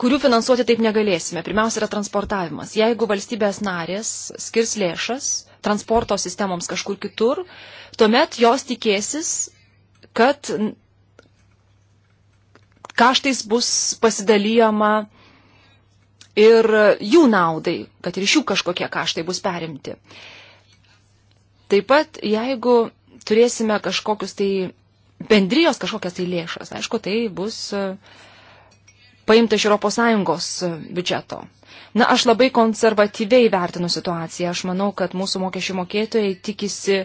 Speaker 2: kurių finansuoti taip negalėsime. Pirmiausia yra transportavimas. Jeigu valstybės narės skirs lėšas transporto sistemoms kažkur kitur, tuomet jos tikėsis, kad kaštais bus pasidalyjama ir jų naudai, kad ir iš jų kažkokie kaštai bus perimti. Taip pat, jeigu turėsime kažkokius tai bendrijos kažkokias tai lėšas, aišku, tai bus uh, paimta iš ES e, biudžeto. Na, aš labai konservatyviai vertinu situaciją. Aš manau, kad mūsų mokesčių mokėtojai tikisi,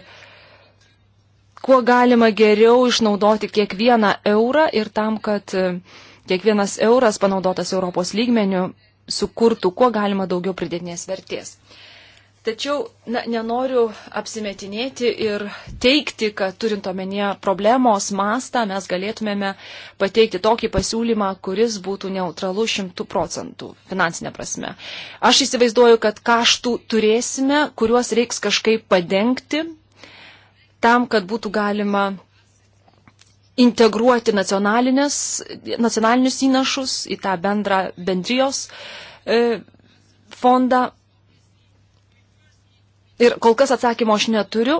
Speaker 2: kuo galima geriau išnaudoti kiekvieną eurą ir tam, kad e, kiekvienas euras panaudotas Europos lygmenių sukurtų kuo galima daugiau pridėtinės vertės. Tačiau na, nenoriu apsimetinėti ir teikti, kad turint omenyje problemos mastą mes galėtumėme pateikti tokį pasiūlymą, kuris būtų neutralus šimtų procentų finansinė prasme. Aš įsivaizduoju, kad kaštų turėsime, kuriuos reiks kažkaip padengti tam, kad būtų galima integruoti nacionalinius įnašus į tą bendrą bendrijos e, fondą Ir kol kas atsakymo aš neturiu,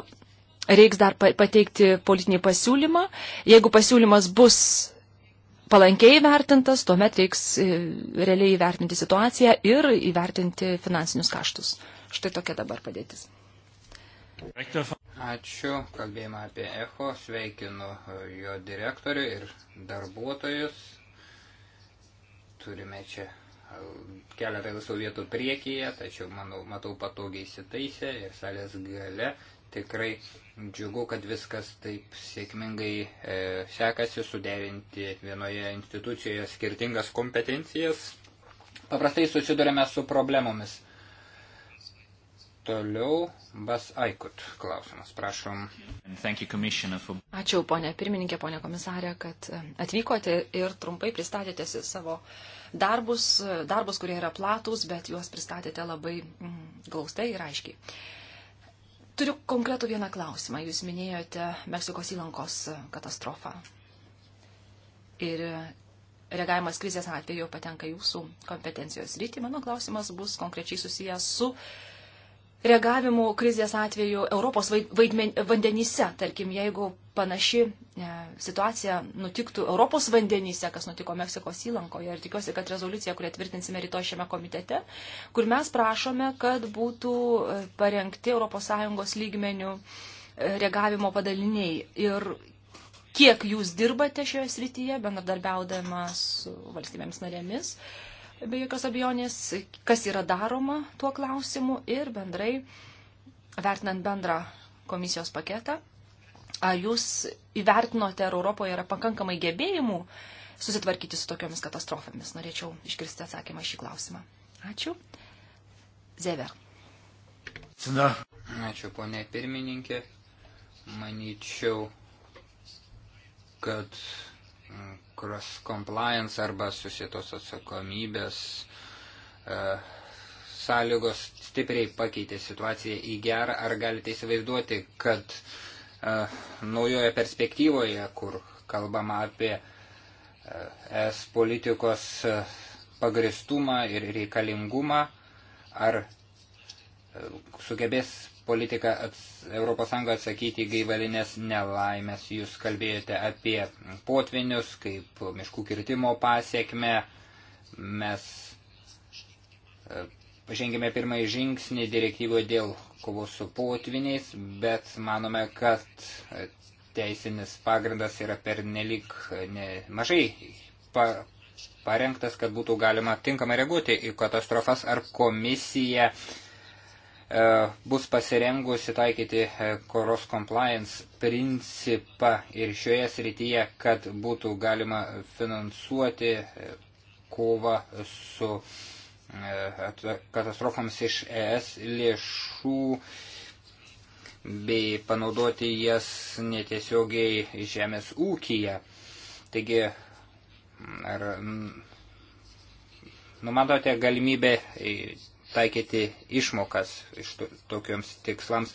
Speaker 2: reiks dar pateikti politinį pasiūlymą. Jeigu pasiūlymas bus palankiai vertintas, tuomet reiks e, realiai įvertinti situaciją ir įvertinti finansinius kaštus. Štai tokia dabar padėtis.
Speaker 1: Ačiū, kalbėjimą apie ECHO, sveikinu e, jo direktorių ir darbuotojus. Turime čia keletą visų vietų priekyje, tačiau manau, matau patogiai įsitaisę ir salės gale. Tikrai džiugu, kad viskas taip sėkmingai e, sekasi suderinti vienoje institucijoje skirtingas kompetencijas. Paprastai susidurime su problemomis. Toliau Bas Aikut klausimas, prašom. Ačiū,
Speaker 2: ponė pirmininkė, ponė komisarė, kad atvykote ir trumpai pristatėte savo uh, darbus, darbus kurie yra platūs, bet juos pristatėte labai mm, glaustai ir aiškiai. Turiu konkretų vieną klausimą. Jūs minėjote Meksikos įlankos katastrofą. Ir reagavimas krizės atveju patenka jūsų kompetencijos rytį. Mano klausimas bus konkrečiai susijęs su reagavimu krizės atveju Europos vaidmen, vandenyse. Tarkim, jeigu panaši e, situacija nutiktų Europos vandenyse, kas nutiko Meksikos įlankoje. Ir tikiuosi, kad rezoliucija, kurią tvirtinsime rytoj šiame komitete, kur mes prašome, kad būtų e, parengti ES lygmenių e, reagavimo padaliniai. Ir kiek jūs dirbate šioje srityje, bendradarbiaudama su valstybėms narėmis, be jokios abejonės, kas yra daroma tuo klausimu ir bendrai vertinant bendrą komisijos paketą Ar jūs įvertinote, ar Europoje yra pakankamai gebėjimų susitvarkyti su tokiomis katastrofėmis? Norėčiau išgirsti atsakymą šį klausimą. Ačiū. Zever.
Speaker 1: Cina. Ačiū, ponė pirmininkė. Manyčiau, kad mm, cross compliance arba susietos atsakomybės e, sąlygos stipriai pakeitė situaciją į gerą. Ar galite įsivaizduoti, kad e, E, naujoje perspektyvoje, kur kalbama apie e, es politikos e, pagristumą ir reikalingumą, ar sugebės politika ats, ES atsakyti gaivalinės nelaimės. Jūs kalbėjote apie potvinius, kaip miškų kirtimo pasiekme. Mes Žengėme pirmąjį žingsnį direktyvoje dėl kovos su potviniais, bet manome, kad teisinis pagrindas yra pernelik e, ne, mažai pa, parengtas, kad būtų galima tinkamai reaguoti į katastrofas ar komisija e, bus pasirengusi taikyti e, koros compliance principą ir šioje srityje, kad būtų galima finansuoti e, kovą su uh, katastrofoms iš ES lėšų bei panaudoti jas netiesiogiai žemės ūkyje. Taigi, ar mm, numatote galimybę taikyti išmokas iš tokioms tikslams?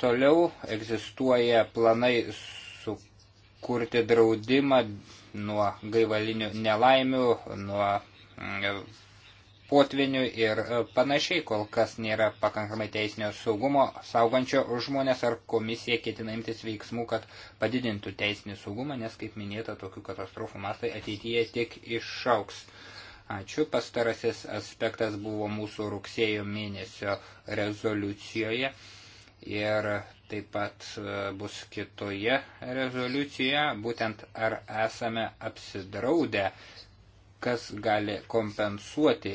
Speaker 1: Toliau egzistuoja planai sukurti draudimą nuo gaivalinių nelaimių, nuo mm, potvinių ir e, panašiai, kol kas nėra pakankamai teisinio saugumo saugančio žmonės ar komisija ketina imtis veiksmų, kad padidintų teisinį saugumą, nes, kaip minėta, tokių katastrofų mastai ateityje tik išauks. Ačiū. Pastarasis aspektas buvo mūsų rugsėjo mėnesio rezoliucijoje ir taip pat e, bus kitoje rezoliucijoje, būtent ar esame apsidraudę kas gali kompensuoti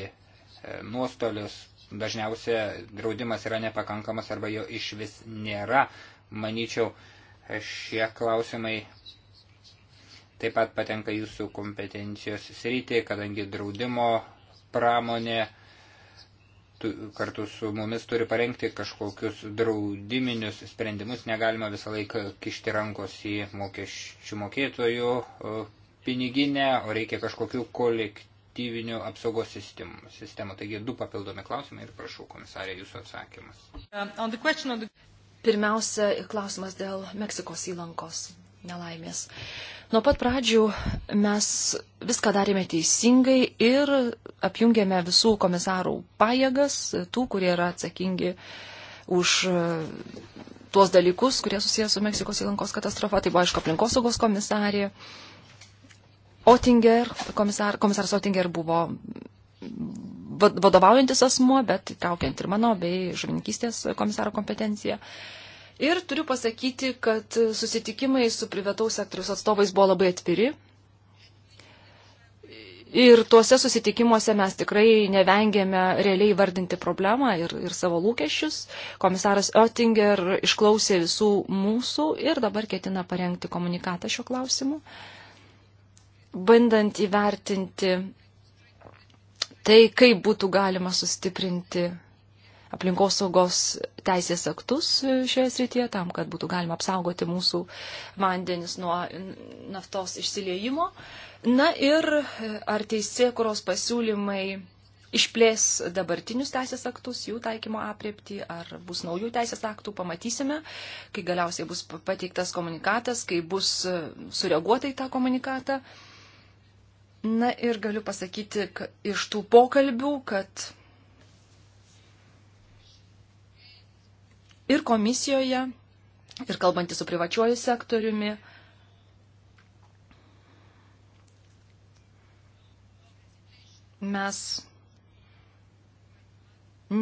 Speaker 1: nuostolius. Dažniausia draudimas yra nepakankamas arba jo iš vis nėra. Manyčiau, šie klausimai taip pat patenka jūsų kompetencijos sritį, kadangi draudimo pramonė kartu su mumis turi parengti kažkokius draudiminius sprendimus, negalima visą laiką kišti rankos į mokesčių mokėtojų piniginę, o reikia kažkokių kolektyvų kolektyvinių apsaugos sistemų. sistemų. Taigi du papildomi klausimai ir prašau, komisarė, jūsų atsakymas.
Speaker 2: Uh, the... Pirmiausia, klausimas dėl Meksikos įlankos nelaimės. Nuo pat pradžių mes viską darėme teisingai ir apjungėme visų komisarų pajėgas, tų, kurie yra atsakingi už uh, tuos dalykus, kurie susijęs su Meksikos įlankos katastrofa. Tai buvo, aišku, aplinkosaugos komisarė, Otinger, komisar, komisaras Otinger buvo vadovaujantis asmuo, bet traukiant ir mano bei žuvininkystės komisaro kompetenciją. Ir turiu pasakyti, kad susitikimai su privataus sektoriaus atstovais buvo labai atviri. Ir tuose susitikimuose mes tikrai nevengėme realiai vardinti problemą ir, ir savo lūkesčius. Komisaras Oettinger išklausė visų mūsų ir dabar ketina parengti komunikatą šiuo klausimu. Uh, bandant įvertinti tai, kaip būtų galima sustiprinti aplinkosaugos teisės aktus šioje srityje, tam, kad būtų galima apsaugoti mūsų vandenis nuo naftos išsiliejimo. Na ir e, ar teisė, kurios pasiūlymai išplės dabartinius teisės aktus, jų taikymo apriepti, ar bus naujų teisės aktų, pamatysime, kai galiausiai bus pateiktas komunikatas, kai bus e, sureaguota į tą komunikatą. Na ir galiu pasakyti iš tų pokalbių, kad ir komisijoje, ir kalbantys su privačiuoju sektoriumi, mes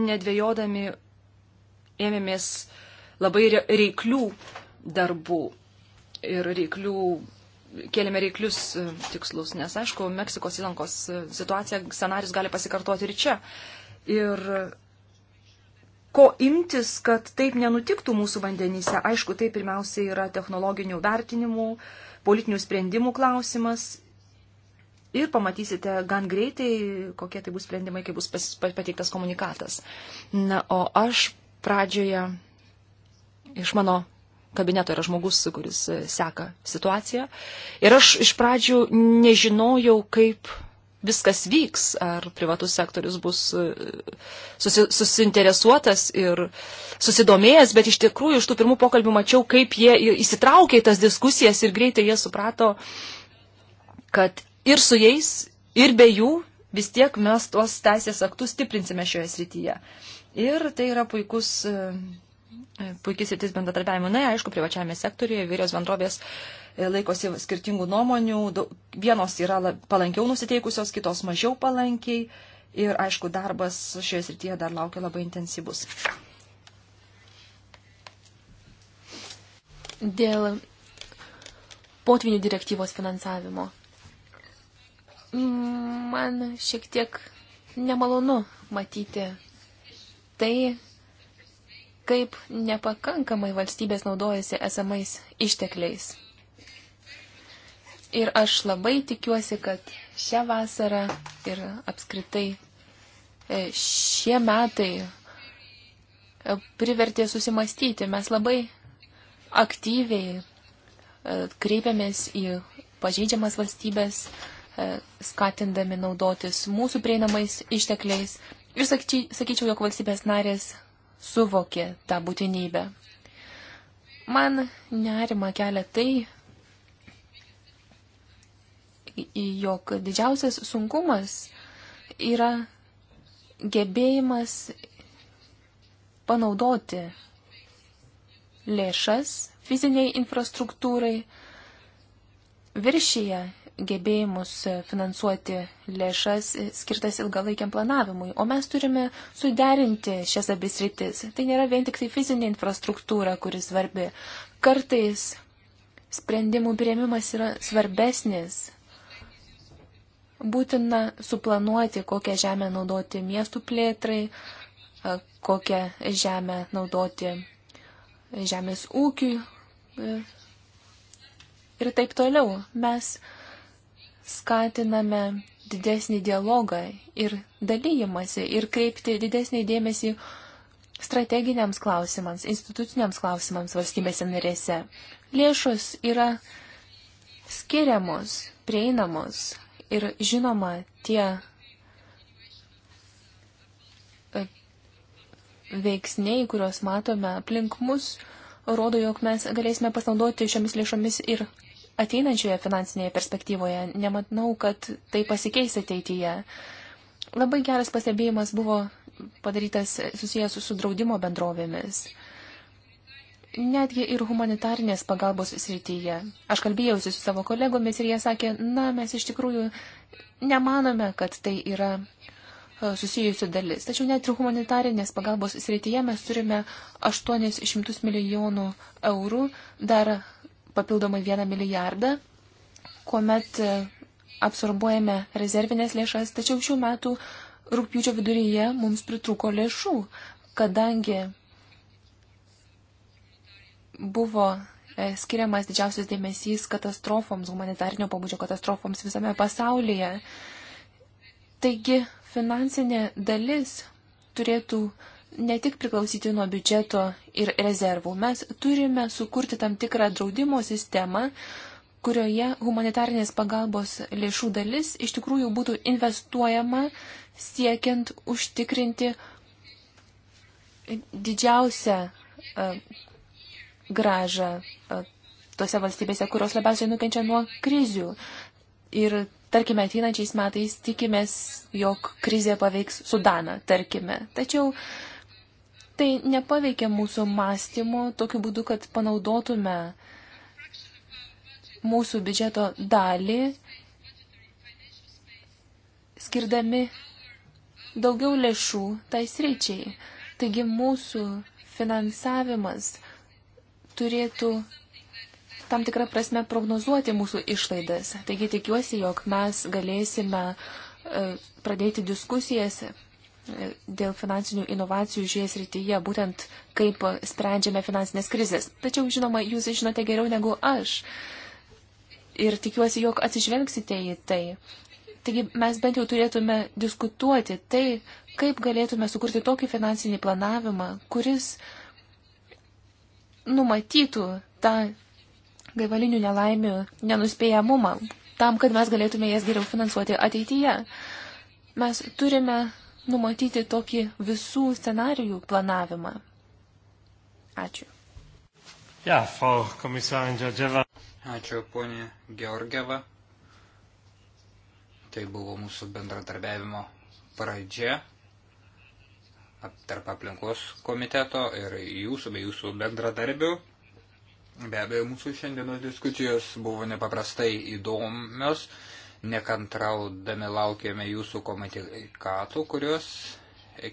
Speaker 2: nedvėjodami ėmėmės labai reiklių darbų ir reiklių kėlėme reiklius e, tikslus, nes, aišku, Meksikos įlankos e, situacija, scenarius gali pasikartoti ir čia. Ir ko imtis, kad taip nenutiktų mūsų vandenyse, aišku, tai pirmiausia yra technologinių vertinimų, politinių sprendimų klausimas. Ir pamatysite gan greitai, kokie tai bus sprendimai, kai bus pateiktas komunikatas. Na, o aš pradžioje iš mano kabineto yra žmogus, kuris e, seka situaciją. Ir aš iš pradžių nežinojau, kaip viskas vyks, ar privatus sektorius bus e, susi, susinteresuotas ir susidomėjęs, bet iš tikrųjų iš tų pirmų pokalbių mačiau, kaip jie įsitraukė į tas diskusijas ir greitai jie suprato, kad ir su jais, ir be jų vis tiek mes tuos teisės aktus stiprinsime šioje srityje. Ir tai yra puikus e, puikiai sėtis bendradarbiavimo. Na, aišku, privačiame sektoriuje vyrios bendrovės e, laikosi skirtingų nuomonių, vienos yra palankiau nusiteikusios, kitos mažiau palankiai ir, aišku, darbas šioje srityje dar laukia labai intensyvus. Dėl
Speaker 3: potvinių direktyvos finansavimo. Man šiek tiek nemalonu matyti tai, kaip nepakankamai valstybės naudojasi esamais ištekliais. Ir aš labai tikiuosi, kad šią vasarą ir apskritai e, šie metai e, privertė susimastyti. Mes labai aktyviai e, kreipiamės į pažeidžiamas valstybės, skatindami naudotis mūsų prieinamais ištekliais. Ir sakyčiau, jog valstybės narės suvokė tą būtinybę. Man nerima kelia tai, jog didžiausias sunkumas yra gebėjimas panaudoti lėšas fiziniai infrastruktūrai viršyje gebėjimus finansuoti lėšas skirtas ilgalaikiam planavimui, o mes turime suderinti šias abis rytis. Tai nėra vien tik tai fizinė infrastruktūra, kuris svarbi. Kartais sprendimų prieimimas yra svarbesnis. Būtina suplanuoti, kokią žemę naudoti miestų plėtrai, kokią žemę naudoti žemės ūkiui e, ir taip toliau. Mes skatiname didesnį dialogą ir dalyjimąsi ir kreipti didesnį dėmesį strateginiams klausimams, instituciniams klausimams valstybėse narėse. Lėšos yra skiriamos, prieinamos ir žinoma tie e, veiksniai, kuriuos matome aplink mus, rodo, jog mes galėsime pasinaudoti šiomis lėšomis ir ateinančioje finansinėje perspektyvoje. Nematau, kad tai pasikeis ateityje. Labai geras pastebėjimas buvo padarytas susijęs su draudimo bendrovėmis. Netgi ir humanitarnės pagalbos srityje. Aš kalbėjausi su savo kolegomis ir jie sakė, na, mes iš tikrųjų nemanome, kad tai yra e, susijusi dalis. Tačiau net ir humanitarinės pagalbos srityje mes turime 800 milijonų eurų dar papildomai 1 milijardą, kuomet e, absorbuojame rezervinės lėšas, tačiau šių metų rūpjūčio viduryje mums pritruko lėšų, kadangi buvo e, skiriamas didžiausias dėmesys katastrofoms, humanitarnio pabudžio katastrofoms visame pasaulyje. Taigi finansinė dalis turėtų ne tik priklausyti nuo biudžeto ir rezervų, mes turime sukurti tam tikrą draudimo sistemą, kurioje humanitarnės pagalbos lėšų dalis iš tikrųjų būtų investuojama siekiant užtikrinti didžiausią e, gražą e, tose valstybėse, kurios labiausiai nukenčia nuo krizių. Ir tarkime, ateinančiais metais tikimės, jog krizė paveiks Sudaną, tarkime. Tačiau tai nepaveikia mūsų mąstymo tokiu būdu, kad panaudotume mūsų biudžeto dalį, skirdami daugiau lėšų tai sričiai. Taigi mūsų finansavimas turėtų tam tikrą prasme prognozuoti mūsų išlaidas. Taigi tikiuosi, jog mes galėsime e, pradėti diskusijas dėl finansinių inovacijų šioje srityje, būtent kaip sprendžiame finansinės krizės. Tačiau, žinoma, jūs žinote geriau negu aš. Ir tikiuosi, jog atsižvelgsite į tai. Taigi mes bent jau turėtume diskutuoti tai, kaip galėtume sukurti tokį finansinį planavimą, kuris numatytų tą gaivalinių nelaimių nenuspėjamumą, tam, kad mes galėtume jas geriau finansuoti ateityje. Mes turime numatyti tokį visų scenarijų planavimą. Ačiū.
Speaker 1: Ja, Frau Kommissarin Georgieva. Ačiū, ponė Georgieva. Tai buvo mūsų bendradarbiavimo pradžia tarp aplinkos komiteto ir jūsų bei jūsų bendradarbių. Be abejo, mūsų šiandienos diskusijos buvo nepaprastai įdomios nekantraudami laukiame jūsų komunikatų, kurios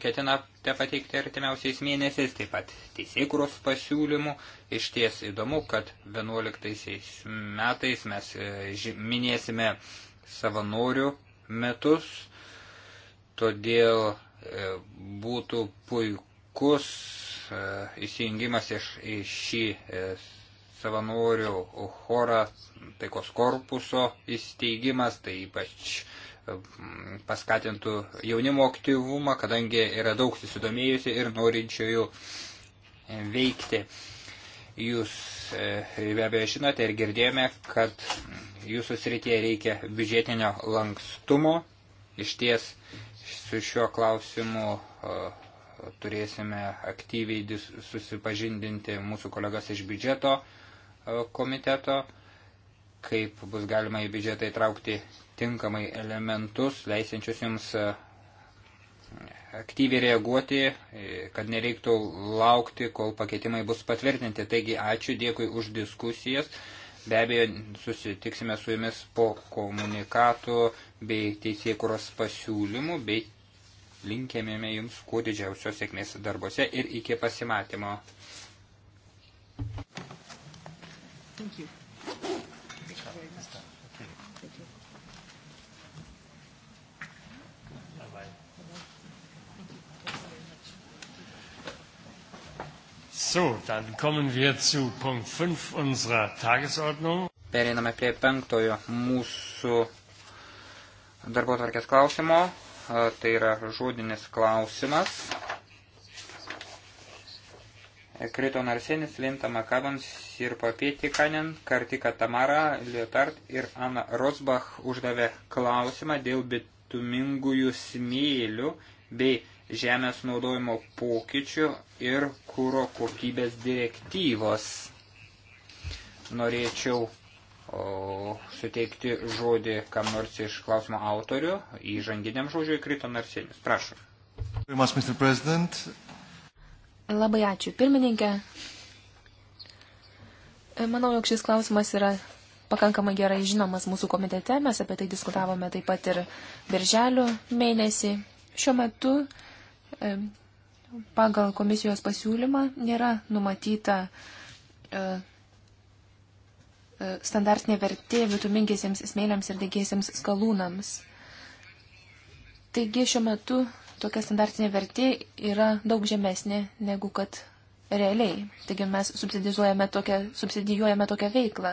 Speaker 1: ketinate pateikti artimiausiais mėnesiais, taip pat teisėkuros pasiūlymų. Iš ties įdomu, kad 11 metais mes e, minėsime savanorių metus, todėl e, būtų puikus e, įsijungimas iš, iš šį savanorių chorą, taikos korpuso įsteigimas, tai ypač mm, paskatintų jaunimo aktyvumą, kadangi yra daug susidomėjusi ir norinčiųjų veikti. Jūs e, be abejo žinote ir girdėjome, kad jūsų srityje reikia biudžetinio lankstumo. Iš ties su šiuo klausimu e, turėsime aktyviai susipažindinti mūsų kolegas iš biudžeto komiteto, kaip bus galima į biudžetą įtraukti tinkamai elementus, leisinčius jums e, aktyviai reaguoti, e, kad nereiktų laukti, kol pakeitimai bus patvirtinti. Taigi ačiū, dėkui už diskusijas. Be abejo, susitiksime su jumis po komunikatų bei teisėkuros pasiūlymų, bei linkėmėme jums kuo didžiausios sėkmės darbose ir iki pasimatymo. Thank you. Thank you very much. Okay. Thank you. Bye-bye. So, dann kommen wir zu Punkt 5 unserer Tagesordnung. Pereiname prie penktojo mūsų darbo tvarkės klausimo. Tai yra žodinis klausimas. Kriton Arsenis, Linta Makabans ir Papieti Kanen, Kartika Tamara, Liotart ir Ana Rosbach uždavė klausimą dėl bitumingųjų smėlių bei žemės naudojimo pokyčių ir kūro kokybės direktyvos. Norėčiau o, suteikti žodį kam nors iš klausimo autorių įžanginiam žodžiui Kriton Arsenis. Prašom. Much, Mr. President.
Speaker 2: Labai
Speaker 3: ačiū, pirmininkė. Manau, jog šis klausimas yra pakankamai gerai žinomas mūsų komitete. Mes apie tai diskutavome taip pat ir birželio mėnesį. Šiuo metu e, pagal komisijos pasiūlymą nėra numatyta e, e, standartinė vertė vitumingiesiems smėliams ir degiesiems skalūnams. Taigi šiuo metu tokia standartinė vertė yra daug žemesnė negu kad realiai. Taigi mes subsidijuojame tokią, subsidijuojame tokią veiklą.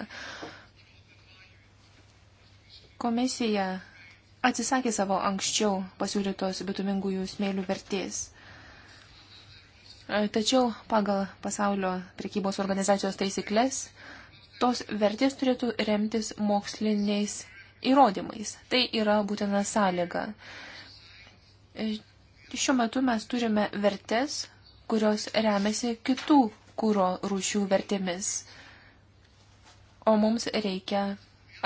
Speaker 3: Komisija atsisakė savo anksčiau pasiūlytos bitumingųjų smėlių vertės. Tačiau pagal pasaulio prekybos organizacijos taisyklės tos vertės turėtų remtis moksliniais įrodymais. Tai yra būtina sąlyga Šiuo metu mes turime vertes, kurios remiasi kitų kūro rūšių vertėmis, o mums reikia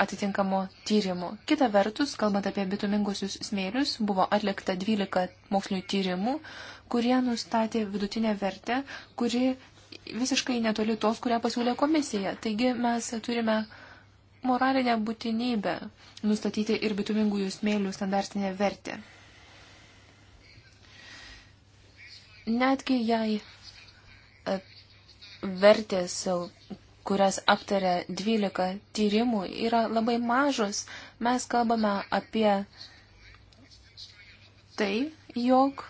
Speaker 3: atitinkamo tyrimo. Kita vertus, kalbant apie bitumingusius smėlius, buvo atlikta 12 mokslinių tyrimų, kurie nustatė vidutinę vertę, kuri visiškai netoli tos, kurią pasiūlė komisija. Taigi mes turime moralinę būtinybę nustatyti ir bitumingųjų smėlių standartinę vertę. Netgi jei e, vertės, e, kurias aptarė 12 tyrimų, yra labai mažos, mes kalbame apie tai, jog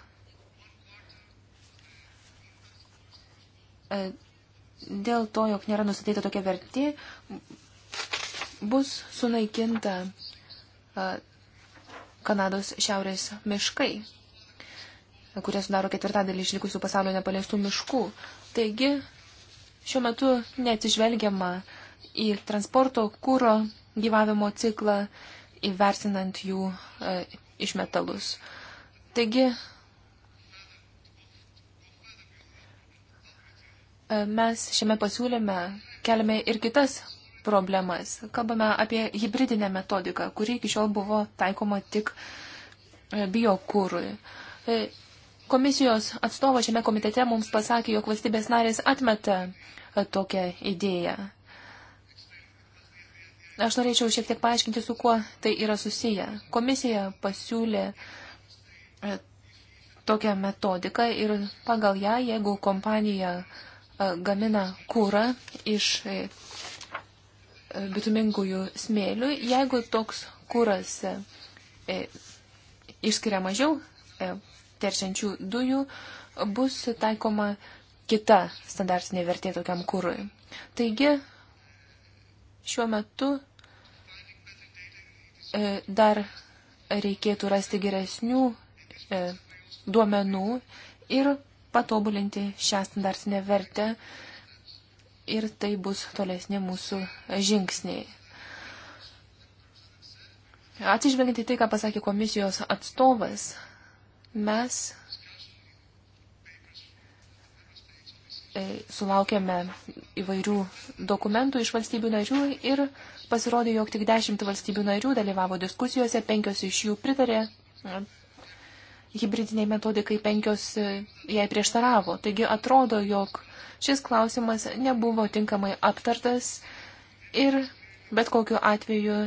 Speaker 3: e, dėl to, jog nėra nustatyta tokia vertė, bus sunaikinta Kanados šiaurės miškai kurie sudaro ketvirtadalį išlikusių pasaulio nepaliestų miškų. Taigi, šiuo metu neatsižvelgiama į transporto kūro gyvavimo ciklą, įvertinant jų e, išmetalus. Taigi, e, mes šiame pasiūlyme keliame ir kitas problemas. Kalbame apie hybridinę metodiką, kuri iki šiol buvo taikoma tik e, biokūrui. E, Komisijos atstovas šiame komitete mums pasakė, jog valstybės narės atmeta e, tokią idėją. Aš norėčiau šiek tiek paaiškinti, su kuo tai yra susiję. Komisija pasiūlė e, tokią metodiką ir pagal ją, jeigu kompanija e, gamina kūrą iš bitumingųjų smėlių, jeigu toks kūras išskiria mažiau teršiančių dujų bus taikoma kita standartinė vertė tokiam kūrui. Taigi, šiuo metu e, dar reikėtų rasti geresnių e, duomenų ir patobulinti šią standartinę vertę ir tai bus tolesni mūsų žingsniai. Atsižvelgiant į tai, ką pasakė komisijos atstovas, Mes e, sulaukėme įvairių dokumentų iš valstybių narių ir pasirodė, jog tik dešimt valstybių narių dalyvavo diskusijose, penkios iš jų pritarė e, hybridiniai metodikai, penkios e, jai prieštaravo. Taigi atrodo, jog šis klausimas nebuvo tinkamai aptartas ir bet kokiu atveju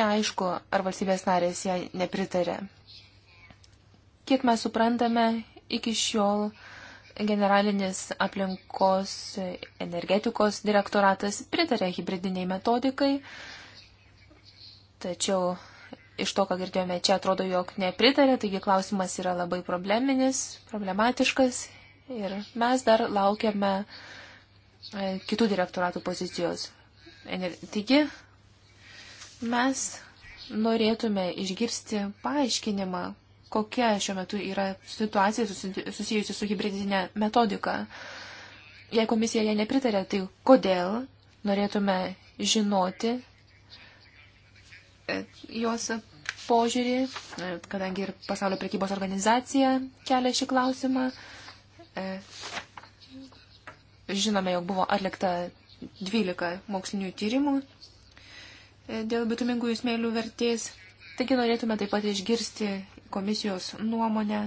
Speaker 3: neaišku, ar valstybės narės jai nepritarė. Kiek mes suprantame, iki šiol generalinis aplinkos energetikos direktoratas pritarė hybridiniai metodikai, tačiau iš to, ką girdėjome, čia atrodo, jog nepritarė, taigi klausimas yra labai probleminis, problematiškas ir mes dar laukiame e, kitų direktoratų pozicijos. Taigi, mes norėtume išgirsti paaiškinimą, kokia šiuo metu yra situacija susijusi su hybridinė metodika. Jei komisija jai nepritarė, tai kodėl norėtume žinoti e, jos požiūrį, e, kadangi ir pasaulio prekybos organizacija kelia šį klausimą. E, žinome, jog buvo atlikta 12 mokslinių tyrimų dėl bitumingųjų smėlių vertės. Taigi norėtume taip pat išgirsti komisijos nuomonę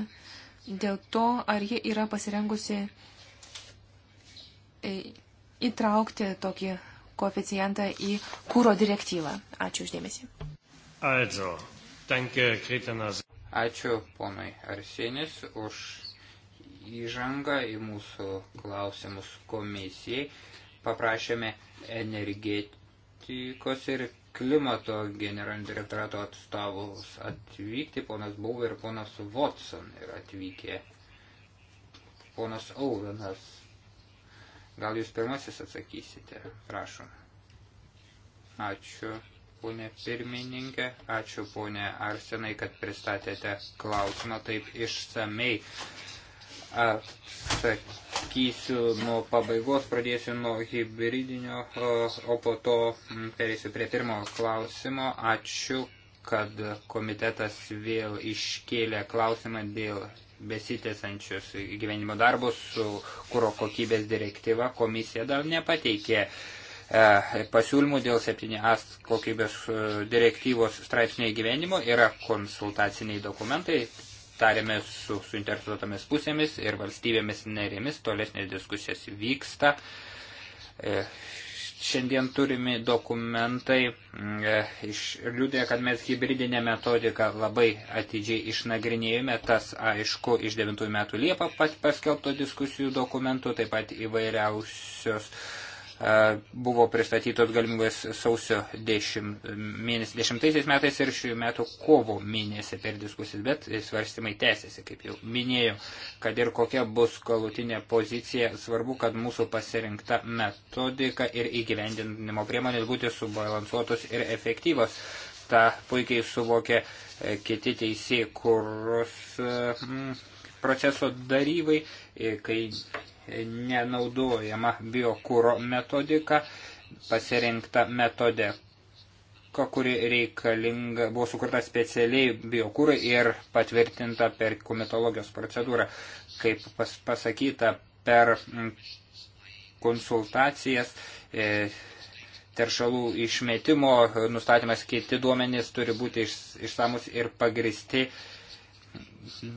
Speaker 3: dėl to, ar ji yra pasirengusi e, įtraukti tokį koeficientą į kūro direktyvą. Ačiū uždėmesį.
Speaker 1: Also, danke, Kretinas. Ačiū ponai Arsenis už įžangą į mūsų klausimus komisijai. Paprašėme energetikos ir klimato generalinio direktorato atstovus atvykti, ponas Bauer ir ponas Watson ir atvykė. Ponas Auvenas, gal jūs pirmasis atsakysite, prašom. Ačiū, ponė pirmininkė, ačiū, ponė Arsenai, kad pristatėte klausimą taip išsamei. Atsakysiu sakysiu nuo pabaigos, pradėsiu nuo hybridinio, o po to perėsiu prie pirmo klausimo. Ačiū, kad komitetas vėl iškėlė klausimą dėl besitėsančius gyvenimo darbus su kūro kokybės direktyva. Komisija dar nepateikė e, pasiūlymų dėl 7A kokybės e, direktyvos straipsnio įgyvenimo yra konsultaciniai dokumentai, tarėmės su suinteresuotomis pusėmis ir valstybėmis narėmis, tolesnės diskusijos vyksta. E, šiandien turimi dokumentai mm, e, liūdė, kad mes hybridinę metodiką labai atidžiai išnagrinėjome, tas aišku iš 9 metų Liepą paskelbto diskusijų dokumentų, taip pat įvairiausios e, buvo pristatytos galimybės sausio 10 mėnesį, 10 metais ir šių metų kovo mėnesį per diskusijas, bet svarstymai tęsiasi, kaip jau minėjau, kad ir kokia bus galutinė pozicija, svarbu, kad mūsų pasirinkta metodika ir įgyvendinimo priemonės būtų subalansuotos ir efektyvos. Ta puikiai suvokė e, kiti teisėjai, kurus mm, e, proceso dalyvai, e, kai nenaudojama biokūro metodika, pasirinkta metode, kuri reikalinga, buvo sukurta specialiai biokūrai ir patvirtinta per komitologijos procedūrą. Kaip pas, pasakyta, per mm, konsultacijas e, teršalų išmetimo nustatymas kiti duomenys turi būti iš, išsamus ir pagristi. E,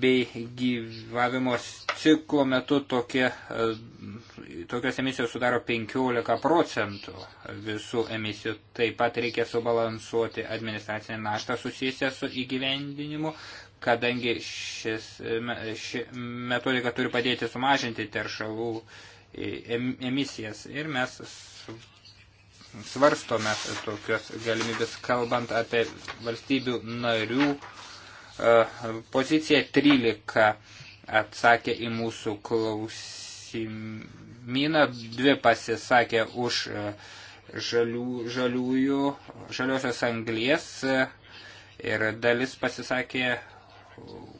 Speaker 1: bei gyvavimo ciklo metu tokie, e, tokios emisijos sudaro 15 procentų visų emisijų. Taip pat reikia subalansuoti administracinę naštą susijusią su įgyvendinimu, kadangi šis, ši metodika turi padėti sumažinti teršalų e, emisijas. Ir mes svarstome tokios galimybės, kalbant apie valstybių narių poziciją, 13 atsakė į mūsų klausimyną, 2 pasisakė už e, žalių, žaliųjų, žaliosios anglies e, ir dalis pasisakė,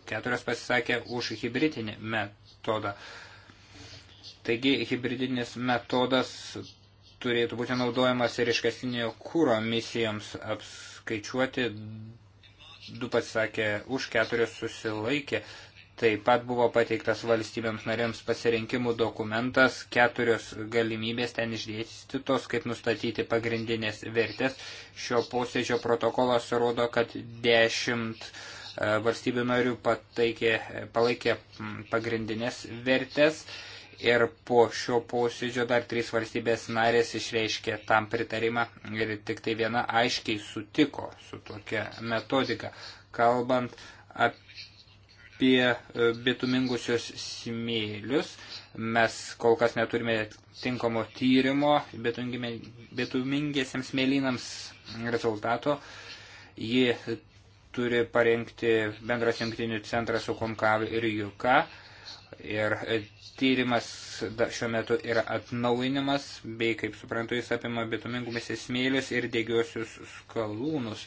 Speaker 1: keturios pasisakė už hybridinį metodą. Taigi hybridinis metodas turėtų būti naudojamas ir iškastinio kūro misijoms apskaičiuoti du pasisakė už, keturios susilaikė. Taip pat buvo pateiktas valstybėms narėms pasirinkimų dokumentas, keturios galimybės ten išdėstytos, kaip nustatyti pagrindinės vertės. Šio posėdžio protokolas rodo, kad dešimt e, valstybių narių pataikė, palaikė pagrindinės vertės ir po šio posėdžio dar trys valstybės narės išreiškė tam pritarimą ir tik tai viena aiškiai sutiko su tokia metodika, kalbant apie e, bitumingusios smėlius. Mes kol kas neturime tinkamo tyrimo bitumingiesiams smėlynams rezultato. Ji turi parengti bendras jungtinių centras su Konkav ir Juka ir tyrimas šiuo metu yra atnaujinimas, bei, kaip suprantu, jis apima bitumingumis esmėlius ir dėgiosius skalūnus.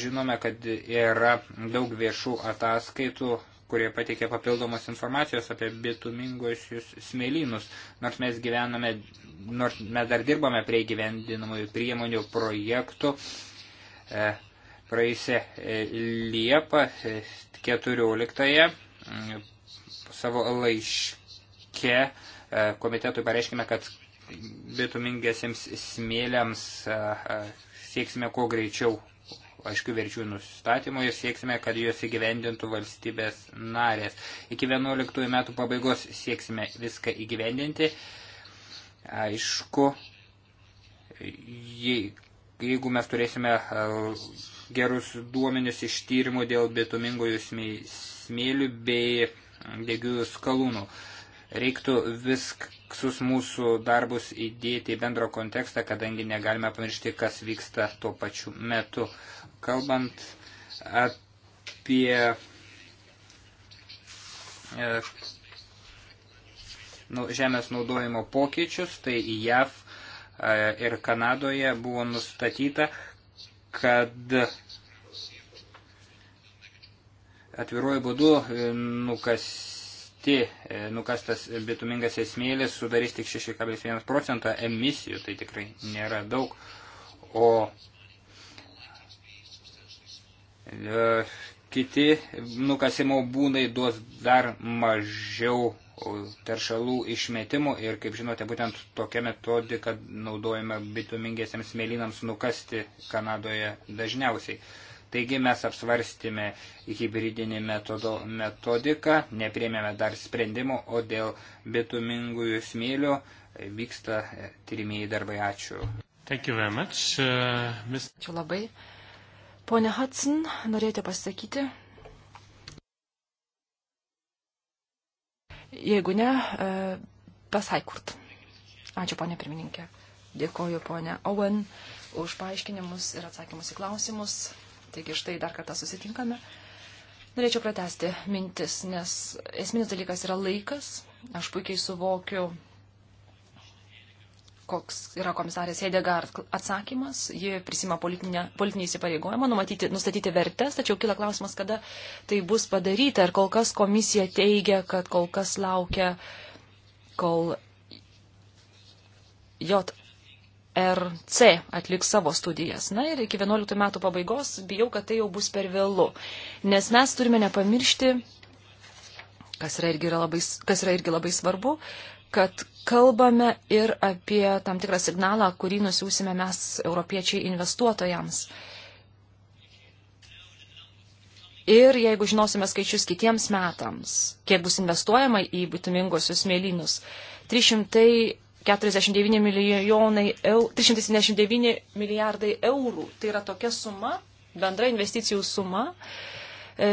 Speaker 1: Žinome, kad yra daug viešų ataskaitų kurie pateikė papildomos informacijos apie bitumingosius smėlynus, nors mes gyvename, nors mes dar dirbame prie gyvendinamųjų priemonių projektų. E, praeisę e, Liepą 14 e, Savo laiške e, komitetui pareiškime, kad bitumingesiems smėliams e, e, sieksime kuo greičiau aiškių verčių nustatymo ir sieksime, kad juos įgyvendintų valstybės narės. Iki 11 metų pabaigos sieksime viską įgyvendinti. Aišku, jeigu mes turėsime gerus duomenis iš tyrimų dėl bitumingųjų smėlių bei degiųjų skalūnų. Reiktų visus mūsų darbus įdėti į bendro kontekstą, kadangi negalime pamiršti, kas vyksta tuo pačiu metu. Kalbant apie e, nu, žemės naudojimo pokyčius, tai į JAV e, ir Kanadoje buvo nustatyta, kad atviruoju būdu e, nukasti, e, nukastas bitumingas esmėlis sudarys tik 6,1 procentą emisijų, tai tikrai nėra daug, o e, kiti nukasimo būdai duos dar mažiau teršalų išmetimų ir, kaip žinote, būtent tokia metodika naudojama bitumingėsiams smėlynams nukasti Kanadoje dažniausiai. Taigi mes apsvarstėme hybridinį metodo, metodiką, neprėmėme dar sprendimų, o dėl bitumingųjų smėlių vyksta tyrimėjai darbai. Ačiū. Thank you very much. Uh, Ms... Ačiū labai.
Speaker 2: Pone Hudson, norėjote pasakyti? Jeigu ne, e, pasaikurt. Ačiū, ponė pirmininkė. Dėkoju, ponė Owen, už paaiškinimus ir atsakymus į klausimus. Taigi štai dar kartą susitinkame. Norėčiau pratesti mintis, nes esminis dalykas yra laikas. Aš puikiai suvokiu, koks yra komisarės Hedegar atsakymas. Ji prisima politinį įsipareigojimą numatyti, nustatyti vertes, tačiau kila klausimas, kada tai bus padaryta. Ir kol kas komisija teigia, kad kol kas laukia, kol JAV ERC atliks savo studijas. Na ir iki 11 metų pabaigos bijau, kad tai jau bus per vėlu, nes mes turime nepamiršti, kas yra irgi, yra labai, kas yra irgi labai svarbu, kad kalbame ir apie tam tikrą signalą, kurį nusiūsime mes, europiečiai, investuotojams. Ir jeigu žinosime skaičius kitiems metams, kiek bus investuojama į būtiminguosius mėlynus, 300 49 milijonai, eur, 379 milijardai eurų. Tai yra tokia suma, bendra investicijų suma, e,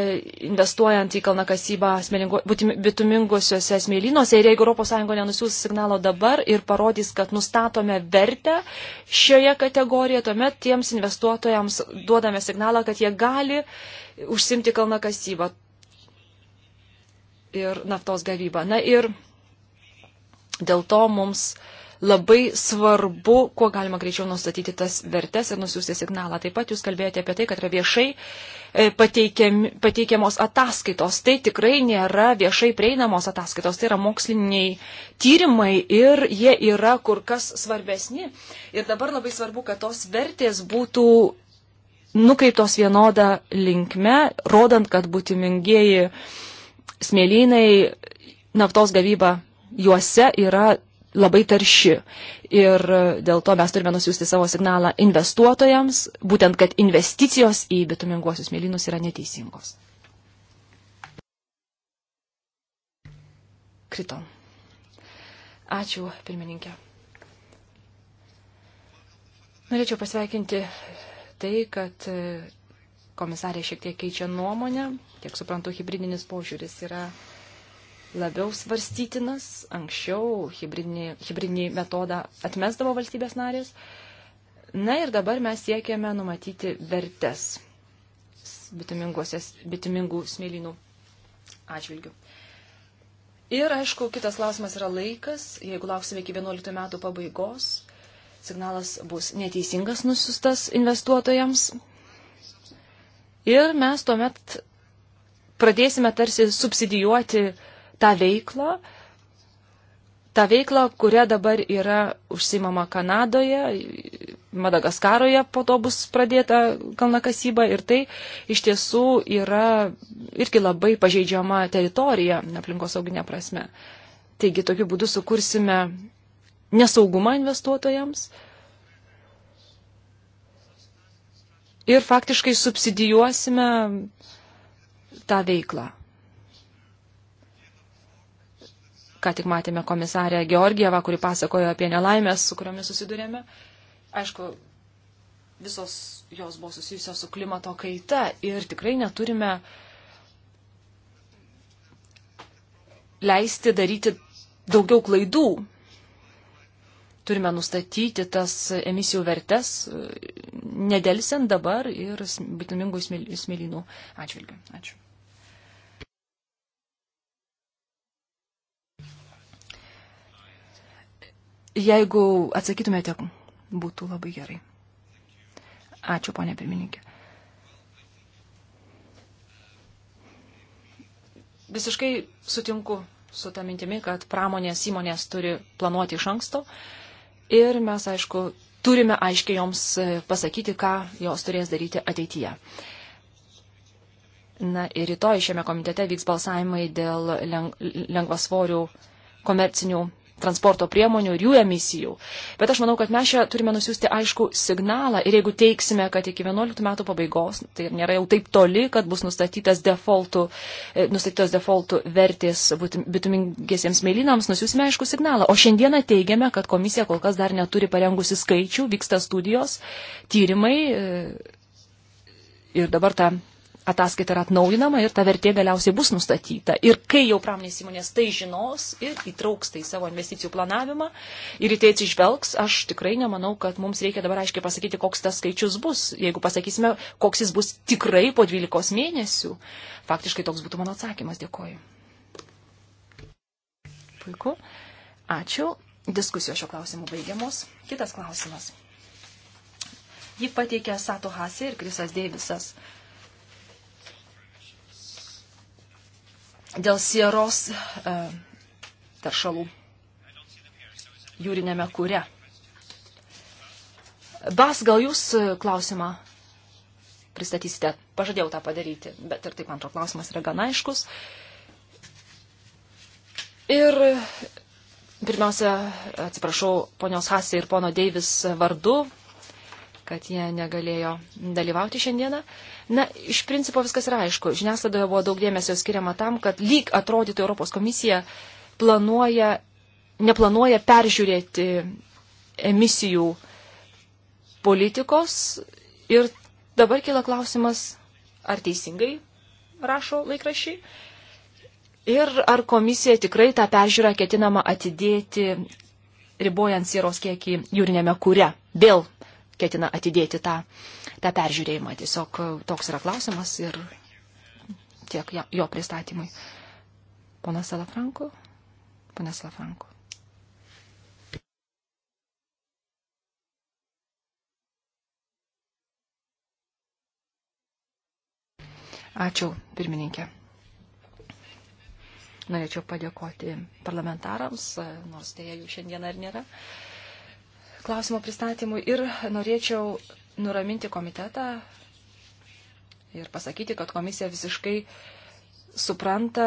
Speaker 2: investuojant į kalnakasybą bitumingosiuose smėlynuose. Ir jeigu ES nenusiūs signalo dabar ir parodys, kad nustatome vertę šioje kategorijoje, tuomet tiems investuotojams duodame signalą, kad jie gali užsimti kalnakasybą ir naftos gavybą. Na ir Dėl to mums labai svarbu, kuo galima greičiau nustatyti tas vertes ir nusiųsti signalą. Taip pat jūs kalbėjote apie tai, kad yra viešai e, pateikiam, pateikiamos ataskaitos. Tai tikrai nėra viešai prieinamos ataskaitos, tai yra moksliniai tyrimai ir jie yra kur kas svarbesni. Ir dabar labai svarbu, kad tos vertės būtų nukreiptos vienodą linkme, rodant, kad būtimingieji smėlynai naftos gavybą juose yra labai tarši. Ir dėl to mes turime nusiųsti savo signalą investuotojams, būtent kad investicijos į bituminguosius mėlynus yra neteisingos. Kriton. Ačiū, pirmininkė. Norėčiau pasveikinti tai, kad komisarė šiek tiek keičia nuomonę. Kiek suprantu, hybridinis požiūris yra labiau svarstytinas. Anksčiau hybridinį, hybridinį metodą atmesdavo valstybės narės. Na ir dabar mes siekiame numatyti vertes bitumingų smėlynų atžvilgių. Ir, aišku, kitas klausimas yra laikas. Jeigu lauksime iki 11 metų pabaigos, signalas bus neteisingas nusiustas investuotojams. Ir mes tuomet pradėsime tarsi subsidijuoti uh, tą veiklą, tą veiklą, kuria dabar yra užsimama Kanadoje, Madagaskaroje po to bus pradėta kalnakasyba ir tai iš tiesų yra irgi labai pažeidžiama teritorija aplinkosauginė prasme. Taigi tokiu būdu sukursime nesaugumą investuotojams ir faktiškai subsidijuosime tą veiklą. ką tik matėme komisarę Georgievą, kuri pasakojo apie nelaimės, su kuriomis susidurėme. Aišku, visos jos buvo susijusios su klimato kaita ir tikrai neturime leisti daryti daugiau klaidų. Turime nustatyti tas emisijų vertes, nedelsiant dabar ir bitumingų smėlynų atžvilgių. Ačiū. Jeigu atsakytumėte, būtų labai gerai. Ačiū, ponė pirmininkė. Visiškai sutinku su tą mintimi, kad pramonės įmonės turi planuoti iš anksto ir mes, aišku, turime aiškiai joms e, pasakyti, ką jos turės daryti ateityje. Na ir rytoj šiame komitete vyks balsavimai dėl lengvasvorių komercinių transporto priemonių ir jų emisijų. Bet aš manau, kad mes čia turime nusiųsti aišku signalą ir jeigu teiksime, kad iki 11 metų pabaigos, tai nėra jau taip toli, kad bus nustatytas defaultų, e, nustatytos defaultų vertės bitumingiesiems mėlynams, nusiųsime aišku signalą. O šiandieną teigiame, kad komisija kol kas dar neturi parengusi skaičių, vyksta studijos, tyrimai. E, ir dabar tą ataskaita yra atnaujinama ir ta vertė galiausiai bus nustatyta. Ir kai jau pramonės įmonės tai žinos ir įtrauks tai savo investicijų planavimą ir į tai atsižvelgs, aš tikrai nemanau, kad mums reikia dabar aiškiai pasakyti, koks tas skaičius bus. Jeigu pasakysime, koks jis bus tikrai po 12 mėnesių, faktiškai toks būtų mano atsakymas. Dėkoju. Puiku. Ačiū. Diskusijos šio klausimu baigiamos. Kitas klausimas. Jį pateikė Sato Hase ir Krisas Deivisas dėl sieros e, taršalų jūrinėme kūre. Bas, gal jūs e, klausimą pristatysite? Pažadėjau tą padaryti, bet ir taip, man atrodo, klausimas yra gana aiškus. Ir e, pirmiausia, atsiprašau, ponios Hasė ir pono Deivis vardu, kad jie negalėjo dalyvauti šiandieną. Na, iš principo viskas yra aišku. Žiniasklaidoje buvo daug dėmesio skiriama tam, kad lyg atrodytų Europos komisija planuoja, neplanuoja peržiūrėti emisijų politikos ir dabar kyla klausimas, ar teisingai rašo laikrašiai. Ir ar komisija tikrai tą peržiūrą ketinama atidėti, ribojant sieros kiekį jūrinėme kūre dėl ketina atidėti tą, tą peržiūrėjimą. Tiesiog e, toks yra klausimas ir tiek jo pristatymui. Ponas Salafranko? Ponas Salafranko. Ačiū, pirmininkė. Norėčiau padėkoti parlamentarams, nors tai jų šiandieną ir nėra. Uh, klausimo pristatymui ir norėčiau nuraminti komitetą ir pasakyti, kad komisija visiškai supranta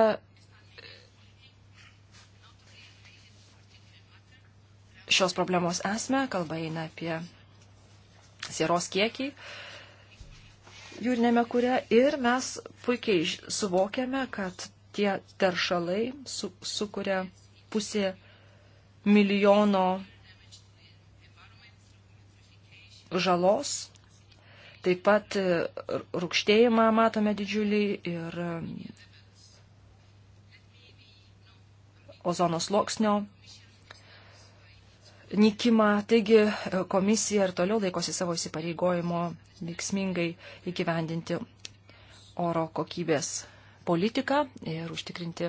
Speaker 2: šios problemos esmę, kalba eina apie sieros kiekį jūrinėme kūre ir mes puikiai suvokiame, kad tie teršalai su, sukuria pusė milijono žalos. Taip pat e, rūkštėjimą matome didžiulį ir e, ozono sluoksnio nykimą. Taigi e, komisija ir toliau laikosi savo įsipareigojimo veiksmingai įgyvendinti oro kokybės politiką ir užtikrinti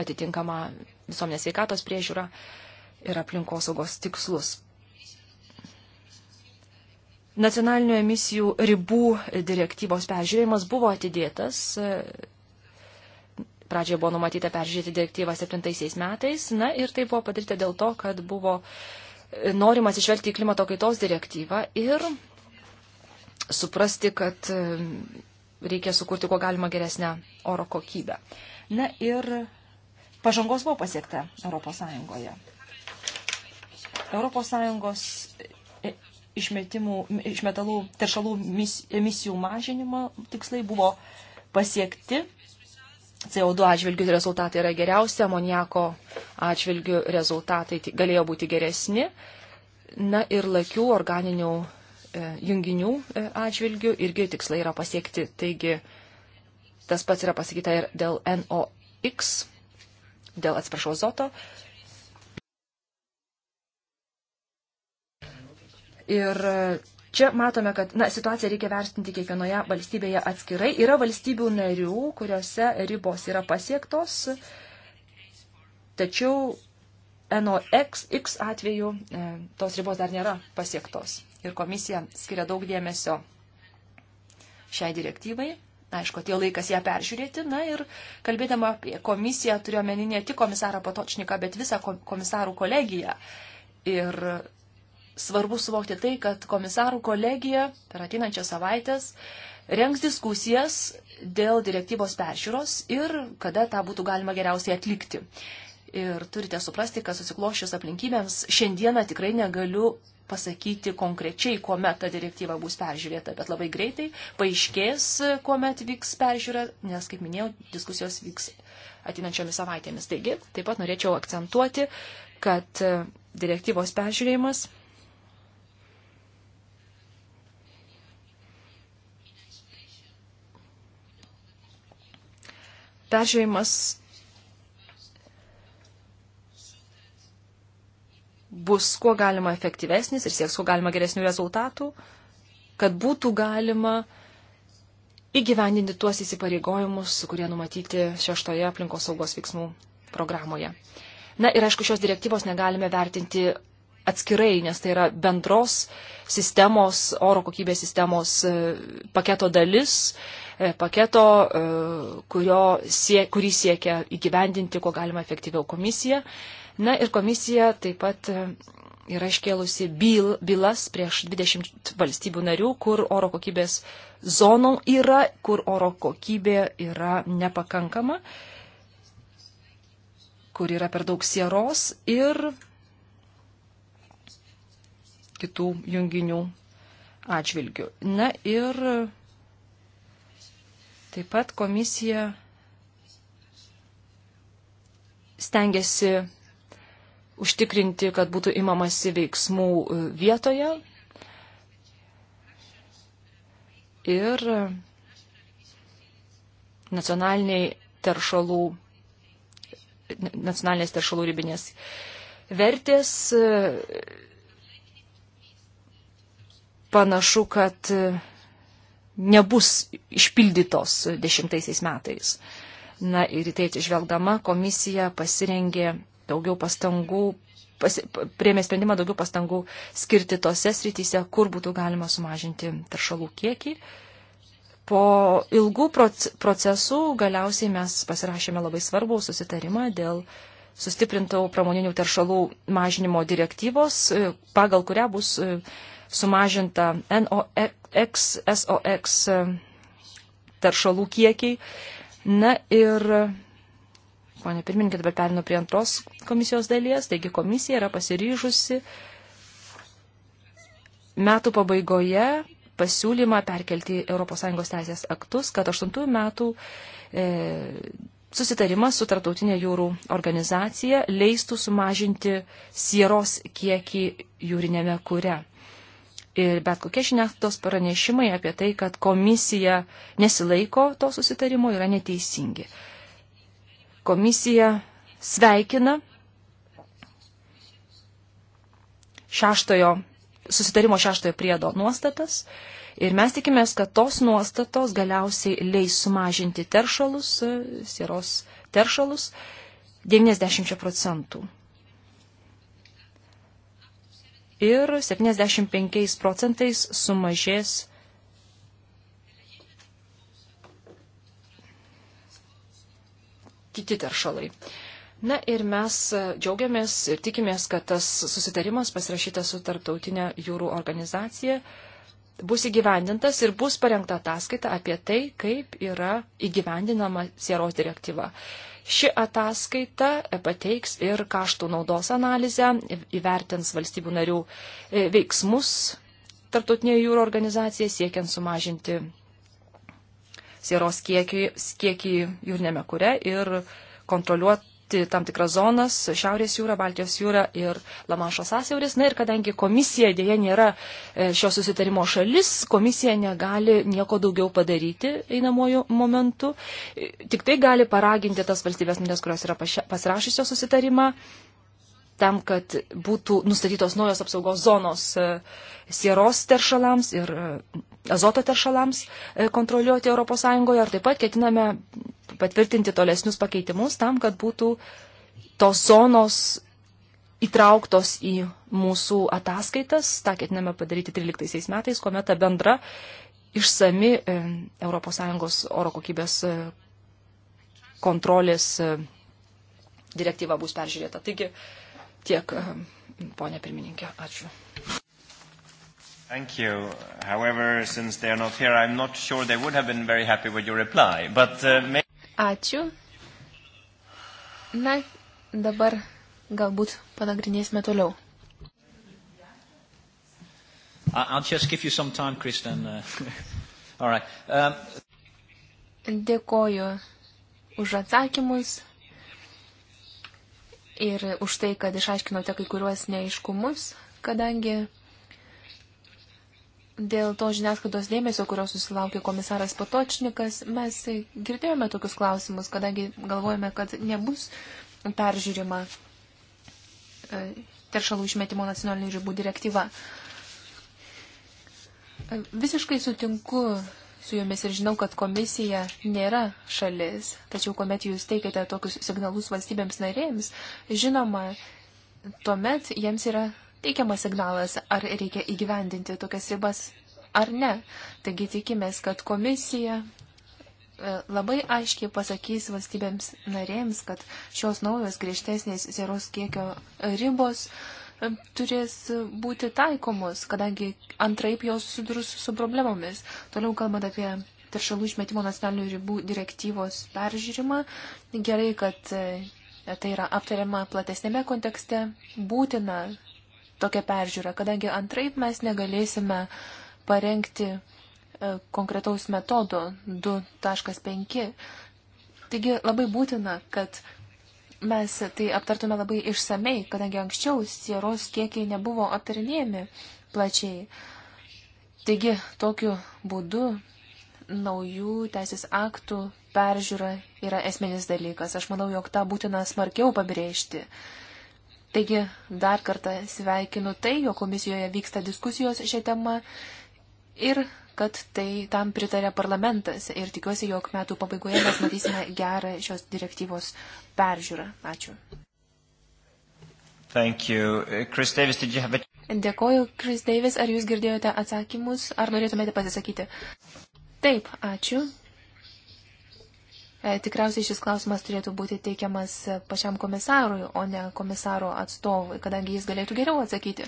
Speaker 2: atitinkamą visuomenės veikatos priežiūrą ir aplinkosaugos tikslus nacionalinių emisijų ribų direktyvos peržiūrėjimas buvo atidėtas. Pradžioje buvo numatyta peržiūrėti direktyvą 7 metais. Na ir tai buvo padaryta dėl to, kad buvo norima atsižvelgti į klimato kaitos direktyvą ir suprasti, kad e, reikia sukurti kuo galima geresnę oro kokybę. Na ir pažangos buvo pasiekta Europos Sąjungoje. Europos Sąjungos išmetimų, išmetalų teršalų emisijų mažinimo tikslai buvo pasiekti. CO2 atžvilgių rezultatai yra geriausi, amoniako atžvilgių rezultatai galėjo būti geresni. Na ir lakių organinių e, junginių e, atžvilgių irgi tikslai yra pasiekti. Taigi tas pats yra pasakyta ir dėl NOx, dėl atsiprašau azoto. E, Ir čia matome, kad na, situaciją reikia vertinti kiekvienoje valstybėje atskirai. Yra valstybių narių, kuriuose ribos yra pasiektos, tačiau NOX X atveju e, tos ribos dar nėra pasiektos. Ir komisija skiria daug dėmesio šiai direktyvai. Aišku, tie laikas ją peržiūrėti. Na ir kalbėdama apie komisiją, turiu omeny ne tik komisarą Patočniką, bet visą komisarų kolegiją. Ir svarbu suvokti tai, kad komisarų kolegija per ateinančią savaitęs rengs diskusijas dėl direktyvos peržiūros ir kada tą būtų galima geriausiai atlikti. Ir turite suprasti, kad susiklošius aplinkybėms šiandieną tikrai negaliu pasakyti konkrečiai, kuomet ta direktyva bus peržiūrėta, bet labai greitai paaiškės, kuomet vyks peržiūra, nes, kaip minėjau, diskusijos vyks atinančiomis savaitėmis. Taigi, taip pat norėčiau akcentuoti, kad direktyvos peržiūrėjimas peržiūrėjimas bus kuo galima efektyvesnis ir sieks kuo galima geresnių rezultatų, kad būtų galima įgyvendinti tuos įsipareigojimus, kurie numatyti šeštoje aplinkos saugos veiksmų programoje. Na ir aišku, šios direktyvos negalime vertinti atskirai, nes tai yra bendros sistemos, oro kokybės sistemos e, paketo dalis, E, paketo, e, sie, kurį siekia įgyvendinti, kuo galima efektyviau komisija. Na ir komisija taip pat e, yra iškėlusi byl, bylas prieš 20 valstybių narių, kur oro kokybės zonų yra, kur oro kokybė yra nepakankama, kur yra per daug sieros ir kitų junginių atžvilgių. Na ir Taip pat komisija stengiasi užtikrinti, kad būtų imamasi veiksmų e, vietoje ir nacionaliniai teršalų, nacionalinės teršalų ribinės vertės e, panašu, kad e, nebus išpildytos dešimtaisiais metais. Na ir į tai atsižvelgdama komisija pasirengė daugiau pastangų, pasi, priemė sprendimą daugiau pastangų skirti tose srityse, kur būtų galima sumažinti taršalų kiekį. Po ilgų procesų galiausiai mes pasirašėme labai svarbų susitarimą dėl sustiprintų pramoninių teršalų mažinimo direktyvos, pagal kurią bus sumažinta NOx, SOx e, taršalų kiekiai. Na ir, ponė pirmininkė, dabar perinu prie antros komisijos dalies. Taigi komisija yra pasiryžusi metų pabaigoje pasiūlymą perkelti ES teisės aktus, kad 8 metų e, susitarimas su tartautinė jūrų organizacija leistų sumažinti sieros kiekį jūrinėme kūre. Ir bet kokie žiniasklaidos pranešimai apie tai, kad komisija nesilaiko to susitarimo, yra neteisingi. Komisija sveikina šeštojo, susitarimo šeštojo priedo nuostatas ir mes tikimės, kad tos nuostatos galiausiai leis sumažinti teršalus, sieros teršalus 90 procentų ir 75 procentais sumažės kiti teršalai. Na ir mes džiaugiamės ir tikimės, kad tas susitarimas pasirašytas su tarptautinė jūrų organizacija bus įgyvendintas ir bus parengta ataskaita apie tai, kaip yra įgyvendinama sieros direktyva. Ši ataskaita e, pateiks ir kaštų naudos analizę, įvertins valstybių narių e, veiksmus tarptautinėje jūro organizacijoje siekiant sumažinti sieros kiekį, kiekį jūrinėme kure ir kontroliuot, apimti tam tikras zonas - Šiaurės jūra, Baltijos jūra ir Lamanšo sąsiauris. Na ir kadangi komisija dėje nėra e, šio susitarimo šalis, komisija negali nieko daugiau padaryti einamojo momentu. E, tik tai gali paraginti tas valstybės narės, kurios yra pasirašysios susitarimą, tam, kad būtų nustatytos naujos apsaugos zonos e, sieros teršalams ir e, azoto teršalams e, kontroliuoti ES, ar taip pat ketiname patvirtinti tolesnius pakeitimus tam, kad būtų tos zonos įtrauktos į mūsų ataskaitas. Ta ketiname padaryti 13 metais, kuomet ta bendra išsami ES oro kokybės kontrolės direktyva bus peržiūrėta. Taigi, Tiek, ehm, ponė pirmininkė, ačiū.
Speaker 1: Thank you. However, since they are not here, I'm not sure they would have been very happy with your reply. But, uh, may...
Speaker 2: Ačiū.
Speaker 3: Na, dabar galbūt panagrinėsime toliau.
Speaker 1: I'll just give you some time, Kristen. Uh, all right. Um...
Speaker 3: Dėkoju už atsakymus ir už tai, kad išaiškinote kai kuriuos neaiškumus, kadangi dėl to žiniasklaidos dėmesio, kurios susilaukė komisaras Patočnikas, mes girdėjome tokius klausimus, kadangi galvojame, kad nebus peržiūrima e, teršalų išmetimo nacionalinių ribų direktyva. E, visiškai sutinku su jumis ir žinau, kad komisija nėra šalis, tačiau kuomet jūs teikiate tokius signalus valstybėms narėms, žinoma, tuomet jiems yra teikiamas signalas, ar reikia įgyvendinti tokias ribas ar ne. Taigi tikimės, kad komisija e, labai aiškiai pasakys valstybėms narėms, kad šios naujos griežtesnės sieros kiekio ribos uh, turės būti taikomos, kadangi antraip jos susidurs su problemomis. Toliau kalbant apie teršalų išmetimo nacionalinių ribų direktyvos peržiūrimą, gerai, kad e, tai yra aptariama platesnėme kontekste, būtina tokia peržiūra, kadangi antraip mes negalėsime parengti e, konkretaus metodo 2.5. Taigi labai būtina, kad mes tai aptartume labai išsamei, kadangi anksčiau sieros kiekiai nebuvo aptarinėjami plačiai. Taigi, tokiu būdu naujų teisės aktų peržiūra yra esminis dalykas. Aš manau, jog tą būtina smarkiau pabrėžti. Taigi, dar kartą sveikinu tai, jo komisijoje vyksta diskusijos šią temą ir kad tai tam pritarė parlamentas ir tikiuosi, jog metų pabaigoje mes matysime gerą šios direktyvos peržiūrą. Ačiū.
Speaker 1: Thank you. Chris Davis, did you have a...
Speaker 3: Dėkoju, Chris Davis, ar jūs girdėjote atsakymus, ar norėtumėte pasisakyti? Taip, ačiū. E, tikriausiai šis klausimas turėtų būti teikiamas pačiam komisarui, o ne komisaro atstovui, kadangi jis galėtų geriau atsakyti.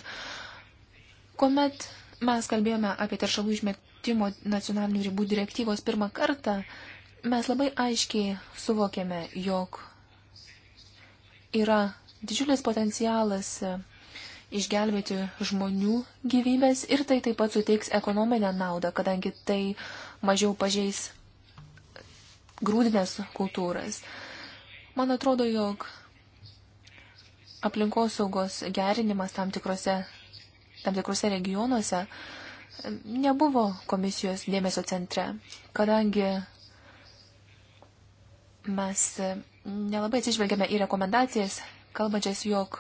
Speaker 3: Komet mes kalbėjome apie teršalų išmet, kirtimo nacionalinių ribų direktyvos pirmą kartą, mes labai aiškiai suvokėme, jog yra didžiulis potencialas išgelbėti žmonių gyvybės ir tai taip pat suteiks ekonominę naudą, kadangi tai mažiau pažeis grūdinės kultūras. Man atrodo, jog aplinkosaugos gerinimas tam tikrose, tam tikrose regionuose nebuvo komisijos dėmesio centre, kadangi mes nelabai atsižvelgiame į rekomendacijas, kalbančias, jog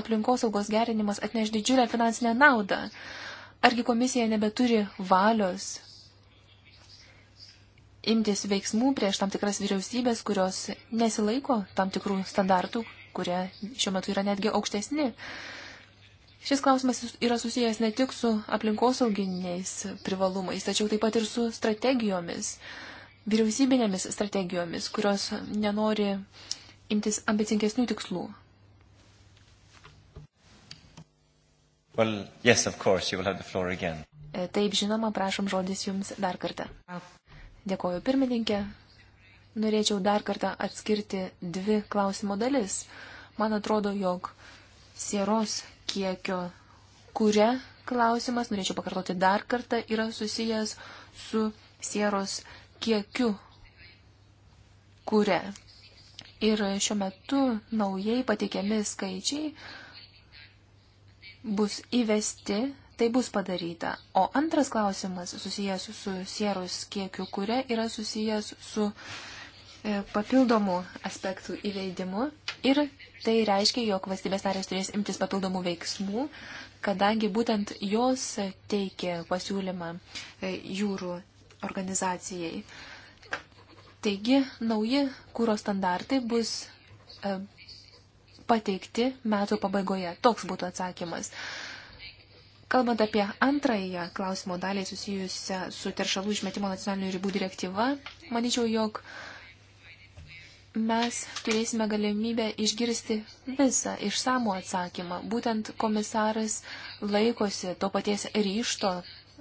Speaker 3: aplinkosaugos gerinimas atneš didžiulę finansinę naudą. Argi komisija nebeturi valios imtis veiksmų prieš tam tikras vyriausybės, kurios nesilaiko tam tikrų standartų, kurie šiuo metu yra netgi aukštesni. Šis klausimas yra susijęs ne tik su aplinkosauginiais privalumais, tačiau taip pat ir su strategijomis, vyriausybinėmis strategijomis, kurios nenori imtis ambicingesnių tikslų.
Speaker 1: Well, yes, of course, you will have the floor again.
Speaker 3: E, taip, žinoma, prašom žodis jums dar kartą. Dėkoju pirmininkė. Norėčiau dar kartą atskirti dvi klausimo dalis. Man atrodo, jog sieros kiekio kūre klausimas, norėčiau pakartoti dar kartą, yra susijęs su sieros kiekiu kūre. Ir šiuo metu naujai pateikiami skaičiai bus įvesti, tai bus padaryta. O antras klausimas susijęs su sieros kiekiu kūre yra susijęs su uh, E, papildomų aspektų įveidimu ir tai reiškia, jog valstybės narės turės imtis papildomų veiksmų, kadangi būtent jos teikė pasiūlymą e, jūrų organizacijai. Taigi, nauji kūro standartai bus e, pateikti metų pabaigoje. Toks būtų atsakymas. Kalbant apie antrąją klausimo dalį susijusią su teršalų išmetimo nacionalinių ribų direktyva, manyčiau, jog uh, mes turėsime galimybę išgirsti visą išsamų atsakymą. Būtent komisaras laikosi to paties ryšto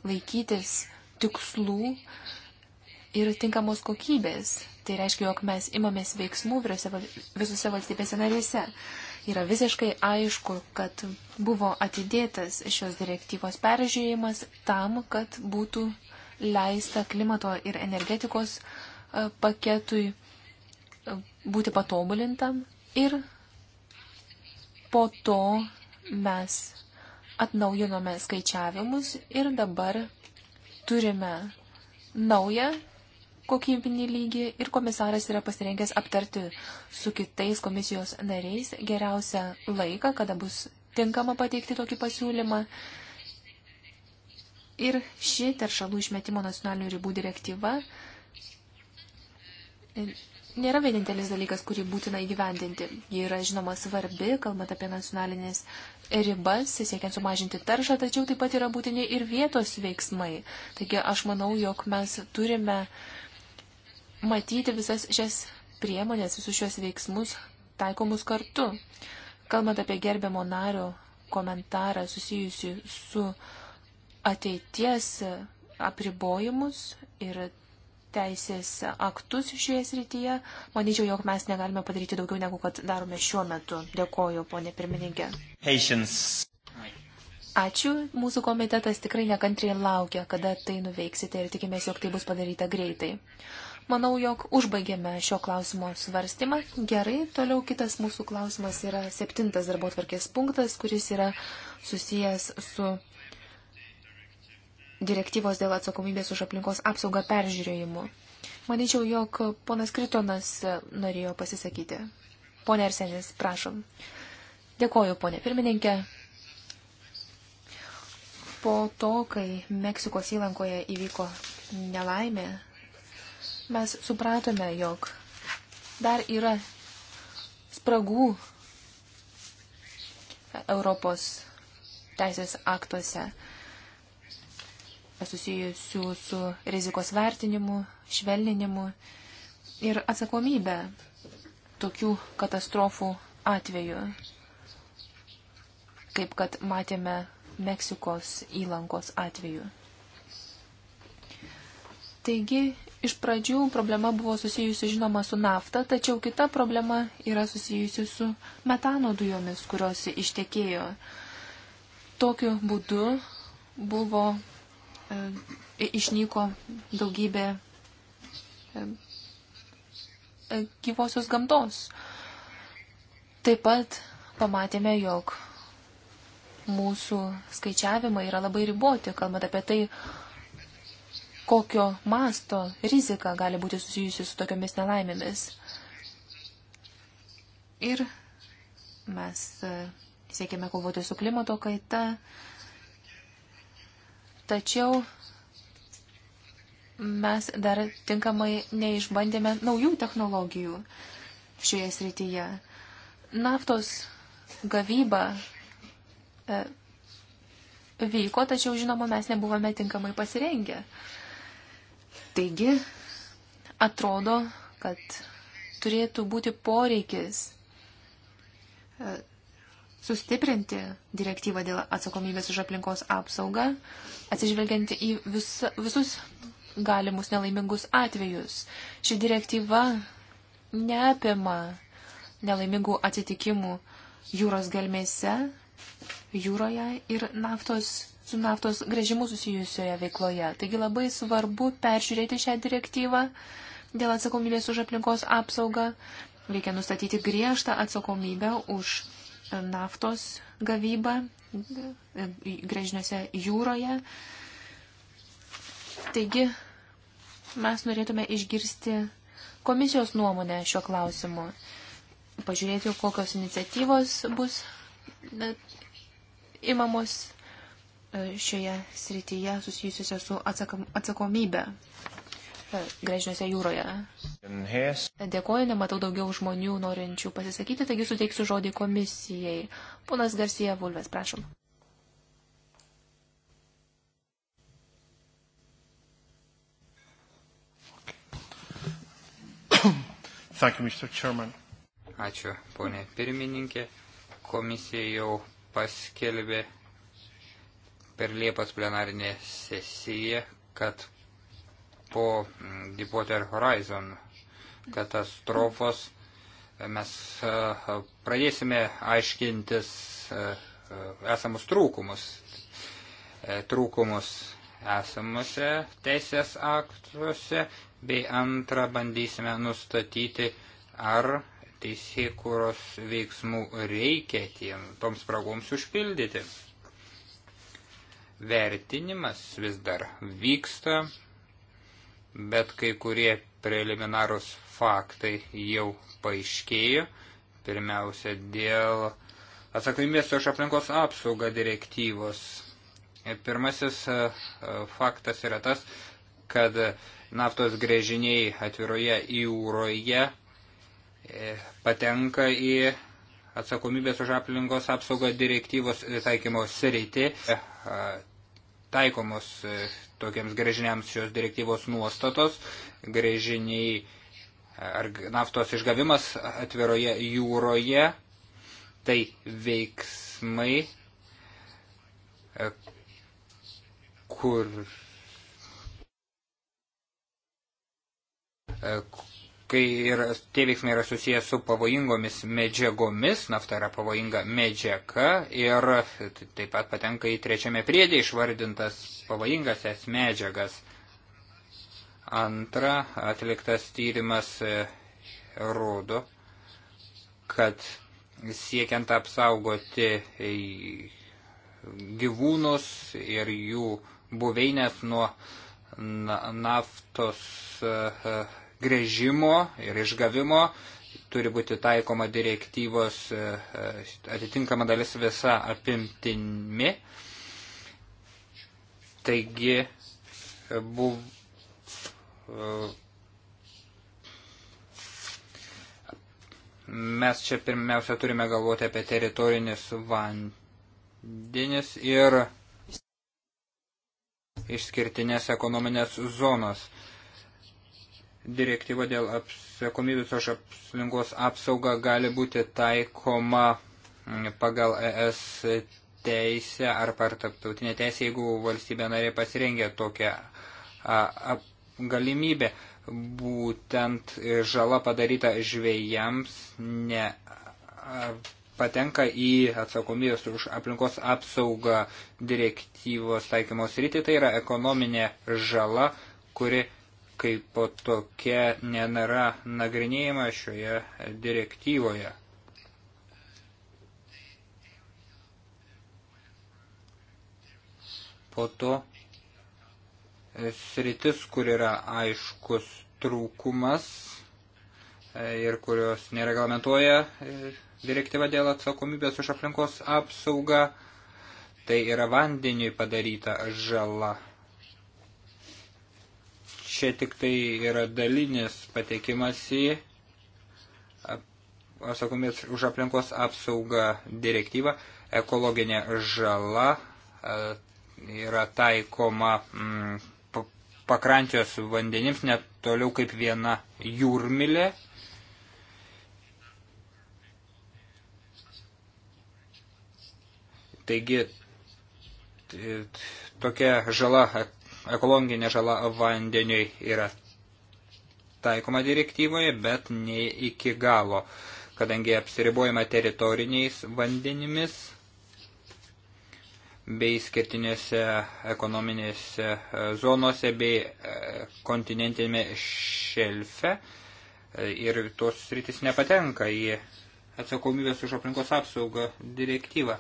Speaker 3: laikytis tikslų ir tinkamos kokybės. Tai reiškia, jog mes imamės veiksmų visose valstybėse narėse. Yra visiškai aišku, kad buvo atidėtas šios direktyvos peržiūrėjimas tam, kad būtų leista klimato ir energetikos e, paketui būti patobulintam ir po to mes atnaujinome skaičiavimus ir dabar turime naują kokybinį lygį ir komisaras yra pasirengęs aptarti su kitais komisijos nariais geriausią laiką, kada bus tinkama pateikti tokį pasiūlymą. Ir ši teršalų išmetimo nacionalinių ribų direktyva nėra vienintelis dalykas, kurį būtina įgyvendinti. Ji yra, žinoma, svarbi, kalbant apie nacionalinės ribas, siekiant sumažinti taršą, tačiau taip pat yra būtini ir vietos veiksmai. Taigi aš manau, jog mes turime matyti visas šias priemonės, visus šios veiksmus taikomus kartu. Kalbant apie gerbiamo nario komentarą susijusi su ateities apribojimus ir teisės aktus šioje srityje. Manyčiau, jog mes negalime padaryti daugiau negu kad darome šiuo metu. Dėkoju, ponė pirmininkė.
Speaker 1: Patience.
Speaker 3: Ačiū, mūsų komitetas tikrai nekantriai laukia, kada tai nuveiksite ir tikimės, jog tai bus padaryta greitai. Manau, jog užbaigėme šio klausimo svarstymą. Gerai, toliau kitas mūsų klausimas yra septintas darbo tvarkės punktas, kuris yra susijęs su direktyvos dėl atsakomybės už aplinkos apsaugą peržiūrėjimu. Manyčiau, jog ponas Kritonas norėjo pasisakyti. Pone Arsenis, prašom. Dėkoju, ponė pirmininkė. Po to, kai Meksikos įlankoje įvyko nelaimė, mes supratome, jog dar yra spragų Europos teisės aktuose susijusių su rizikos vertinimu, švelninimu ir atsakomybė tokių katastrofų atveju, kaip kad matėme Meksikos įlankos atveju. Taigi, iš pradžių problema buvo susijusi žinoma su nafta, tačiau kita problema yra susijusi su metano dujomis, kurios ištekėjo. Tokiu būdu buvo E, išnyko daugybė e, e, gyvosios gamtos. Taip pat pamatėme, jog mūsų skaičiavimai yra labai riboti, kalbant apie tai, kokio masto rizika gali būti susijusi su tokiamis nelaimėmis. Ir mes siekiame kovoti su klimato kaita, tačiau mes dar tinkamai neišbandėme naujų technologijų šioje srityje. Naftos gavyba e, vyko, tačiau, žinoma, mes nebuvome tinkamai pasirengę. Taigi, atrodo, kad turėtų būti poreikis e, sustiprinti direktyvą dėl atsakomybės už aplinkos apsaugą, atsižvelgiant į vis, visus galimus nelaimingus atvejus. Ši direktyva neapima nelaimingų atsitikimų jūros gelmėse, jūroje ir naftos su naftos grėžimu susijusioje veikloje. Taigi labai svarbu peržiūrėti šią direktyvą dėl atsakomybės už aplinkos apsaugą. Reikia nustatyti griežtą atsakomybę už naftos gavybą grežniuose jūroje. Taigi, mes norėtume išgirsti komisijos nuomonę šiuo klausimu, pažiūrėti, kokios iniciatyvos bus imamos e, šioje srityje susijusiuose su atsakom, atsakomybė gražiniuose jūroje. Dėkoju, nematau daugiau žmonių norinčių pasisakyti, taigi suteiksiu žodį komisijai. Ponas Garcija Vulves, prašom.
Speaker 1: Thank you, Mr. Chairman. Ačiū, ponė pirmininkė. Komisija jau paskelbė per Liepos plenarinę sesiją, kad po mm, Deepwater Horizon katastrofos mes e, pradėsime aiškintis e, e, esamus trūkumus, trūkumus esamuose teisės aktuose, bei antrą bandysime nustatyti, ar teisėkūros veiksmų reikia tiem, toms spragoms užpildyti. Vertinimas vis dar vyksta, bet kai kurie preliminarūs faktai jau paaiškėjo. Pirmiausia, dėl atsakomybės už aplinkos apsaugą direktyvos. Pirmasis e, faktas yra tas, kad naftos grėžiniai atviroje jūroje e, patenka į atsakomybės už aplinkos apsaugą direktyvos taikymo sritį. E, taikomos tokiems grėžiniams šios direktyvos nuostatos. Grėžiniai ar naftos išgavimas atviroje jūroje, tai veiksmai, e, kur e, kai yra, tie veiksmai yra susijęs su pavojingomis medžiagomis, nafta yra pavojinga medžiaga ir taip pat patenka į trečiame priedė išvardintas pavojingasias medžiagas. Antra, atliktas tyrimas e, rodo, kad siekiant apsaugoti e, gyvūnus ir jų buveinės nuo naftos e, grėžimo ir išgavimo turi būti taikoma direktyvos e, e, atitinkama dalis visa apimtimi. Taigi e, buvo mes čia pirmiausia turime galvoti apie teritorinis vandenis ir išskirtinės ekonominės zonos direktyva dėl atsakomybės už aplinkos apsaugą gali būti taikoma pagal ES teisę ar per tarptautinę teisę, jeigu valstybė narė pasirengia tokią galimybę. Būtent žala padaryta žvėjams ne patenka į atsakomybės už aplinkos apsaugą direktyvos taikymos rytį, tai yra ekonominė žala, kuri kaip po tokia nenara nagrinėjama šioje direktyvoje. Po to e, sritis, kur yra aiškus trūkumas e, ir kurios nereglamentuoja e, direktyva dėl atsakomybės už aplinkos apsaugą, tai yra vandeniui padaryta žala čia tik tai yra dalinis patekimas į atsakomės už aplinkos apsaugą direktyvą. Ekologinė žala e, yra taikoma m, mm, pakrantijos vandenims net toliau kaip viena jūrmilė. Taigi tokia žala ekologinė žala vandeniui yra taikoma direktyvoje, bet ne iki galo, kadangi apsiribuojama teritoriniais vandenimis bei skirtinėse ekonominėse e, zonose bei e, kontinentinėme šelfe e, ir tos sritis nepatenka į atsakomybės už aplinkos apsaugą direktyvą.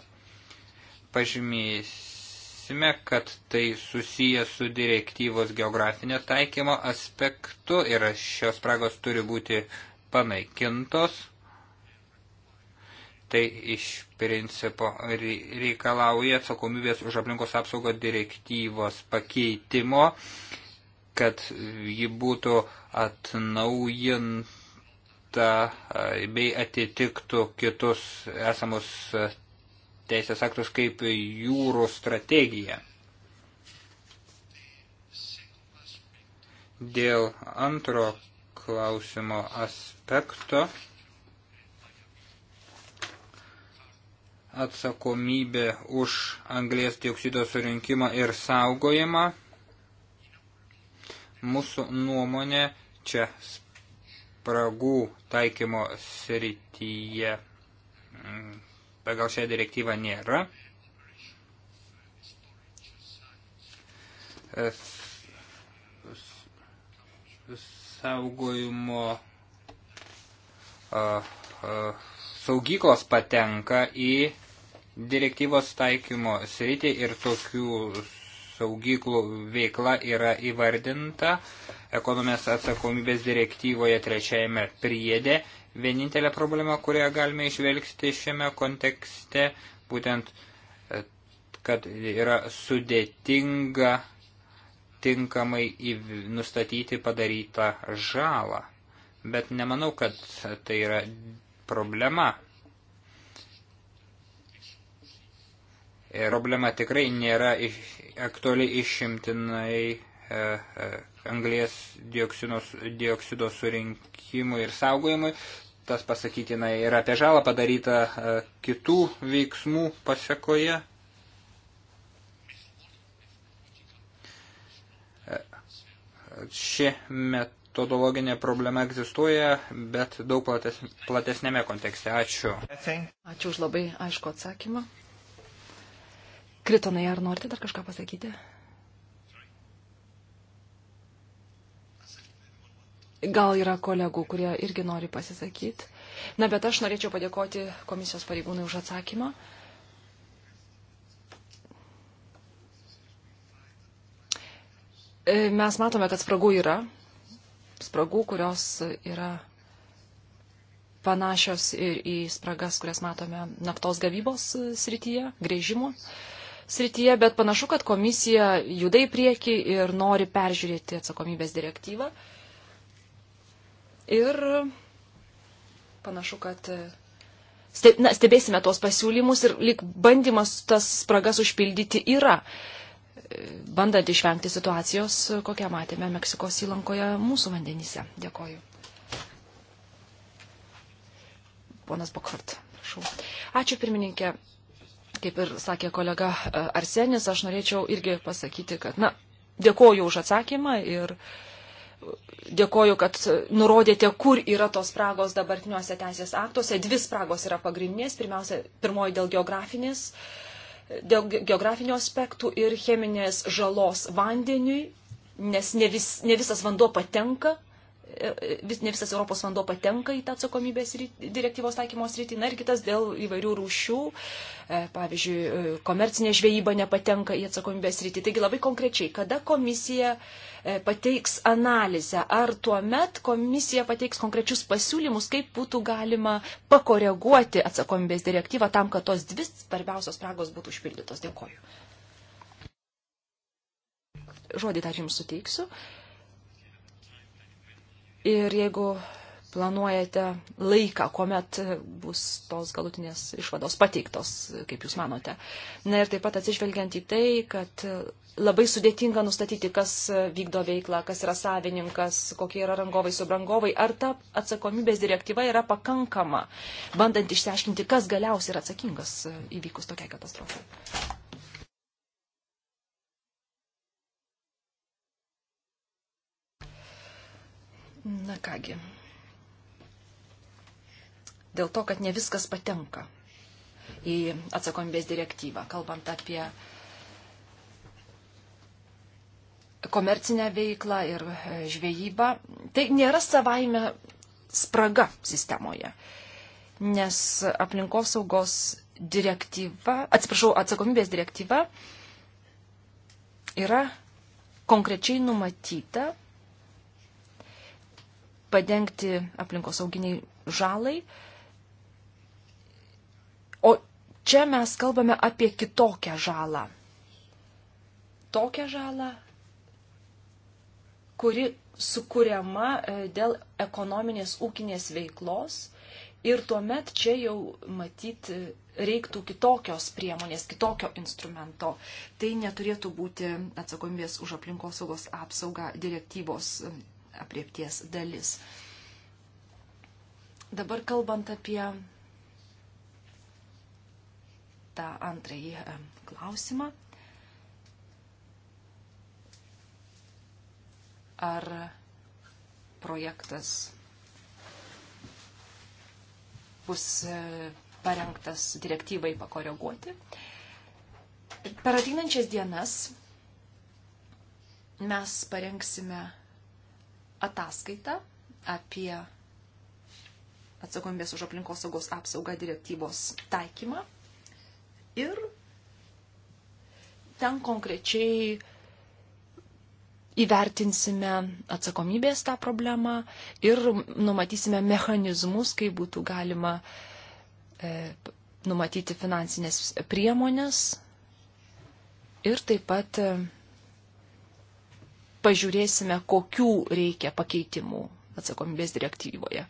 Speaker 1: Pažymės suprasime, kad tai susiję su direktyvos geografinio taikymo aspektu ir šios spragos turi būti panaikintos. Tai iš principo reikalauja atsakomybės už aplinkos apsaugą direktyvos pakeitimo, kad ji būtų atnaujinta bei atitiktų kitus esamus teisės aktus kaip jūrų strategija. Dėl antro klausimo aspekto atsakomybė už anglės dioksido surinkimą ir saugojimą. Mūsų nuomonė čia spragų taikymo srityje mm, pagal šią direktyvą nėra. Saugojimo saugyklos patenka į direktyvos taikymo sritį ir tokių saugyklų veikla yra įvardinta ekonomės atsakomybės direktyvoje trečiajame priedė Vienintelė problema, kurią galime išvelgti šiame kontekste, būtent, e, kad yra sudėtinga tinkamai nustatyti padarytą žalą. Bet nemanau, kad tai yra problema. E, problema tikrai nėra aktuali išimtinai e, anglės dioksido surinkimui ir saugojimui. Tas pasakytina ir apie žalą padarytą e, kitų veiksmų pasiekoje. E, ši metodologinė problema egzistuoja, bet daug plates, platesnėme kontekste. Ačiū.
Speaker 2: Ačiū už labai aišku atsakymą. Kritonai, ar norite dar kažką pasakyti? Gal yra kolegų, kurie irgi nori pasisakyti. Na, bet aš norėčiau padėkoti komisijos pareigūnai už atsakymą. E, mes matome, kad spragų yra. Spragų, kurios yra panašios ir į spragas, kurias matome naftos gavybos srityje, grėžimo srityje, bet panašu, kad komisija juda į priekį ir nori peržiūrėti atsakomybės direktyvą. Uh, Ir panašu, kad na, stebėsime tuos pasiūlymus ir lik bandymas tas spragas užpildyti yra, bandant išvengti situacijos, kokią matėme Meksikos įlankoje mūsų vandenyse. Dėkoju. Ponas Bokhart, prašau. Ačiū pirmininkė. Kaip ir sakė kolega e, Arsenis, aš norėčiau irgi pasakyti, kad, na, dėkoju už atsakymą ir uh, dėkoju, kad nurodėte, kur yra tos spragos dabartiniuose teisės aktuose. Dvi spragos yra pagrindinės. Pirmiausia, pirmoji dėl geografinės, dėl geografinio aspektų ir cheminės žalos vandeniui, nes ne, vis, ne visas vanduo patenka vis, ne visas Europos vanduo patenka į tą atsakomybės direktyvos taikymos rytį, na ir kitas dėl įvairių rūšių, e, pavyzdžiui, e, komercinė žvejyba nepatenka į atsakomybės rytį. Taigi labai konkrečiai, kada komisija e, pateiks analizę, ar tuo met komisija pateiks konkrečius pasiūlymus, kaip būtų galima pakoreguoti atsakomybės direktyvą tam, kad tos dvi svarbiausios spragos būtų užpildytos. Dėkoju. Žodį dar jums suteiksiu. Uh, Ir jeigu planuojate laiką, kuomet bus tos galutinės išvados pateiktos, kaip jūs manote. Na ir taip pat atsižvelgiant į tai, kad labai sudėtinga nustatyti, kas vykdo veiklą, kas yra savininkas, kokie yra rangovai, subrangovai, ar ta atsakomybės direktyva yra pakankama, bandant išsiaiškinti, kas galiausiai yra atsakingas įvykus tokiai katastrofai. Na kągi. Dėl to, kad ne viskas patenka į atsakomybės direktyvą, kalbant apie komercinę veiklą ir e, žvejybą, tai nėra savaime spraga sistemoje, nes aplinkosaugos direktyva, atsiprašau, atsakomybės direktyva yra konkrečiai numatyta, padengti aplinkosauginiai žalai. O čia mes kalbame apie kitokią žalą. Tokią žalą, kuri sukūriama e, dėl ekonominės ūkinės veiklos ir tuomet čia jau matyti e, reiktų kitokios priemonės, kitokio instrumento. Tai neturėtų būti atsakomybės už aplinkosaugos apsaugą direktyvos e, apriepties dalis. Dabar kalbant apie tą antrąjį e, klausimą. Ar projektas bus e, parengtas direktyvai pakoreguoti? Per ateinančias dienas mes parengsime ataskaitą apie atsakomybės už aplinkos saugos apsaugą direktyvos taikymą ir ten konkrečiai įvertinsime atsakomybės tą problemą ir numatysime mechanizmus, kaip būtų galima e, numatyti finansinės priemonės ir taip pat e, pažiūrėsime, kokių reikia pakeitimų atsakomybės direktyvoje,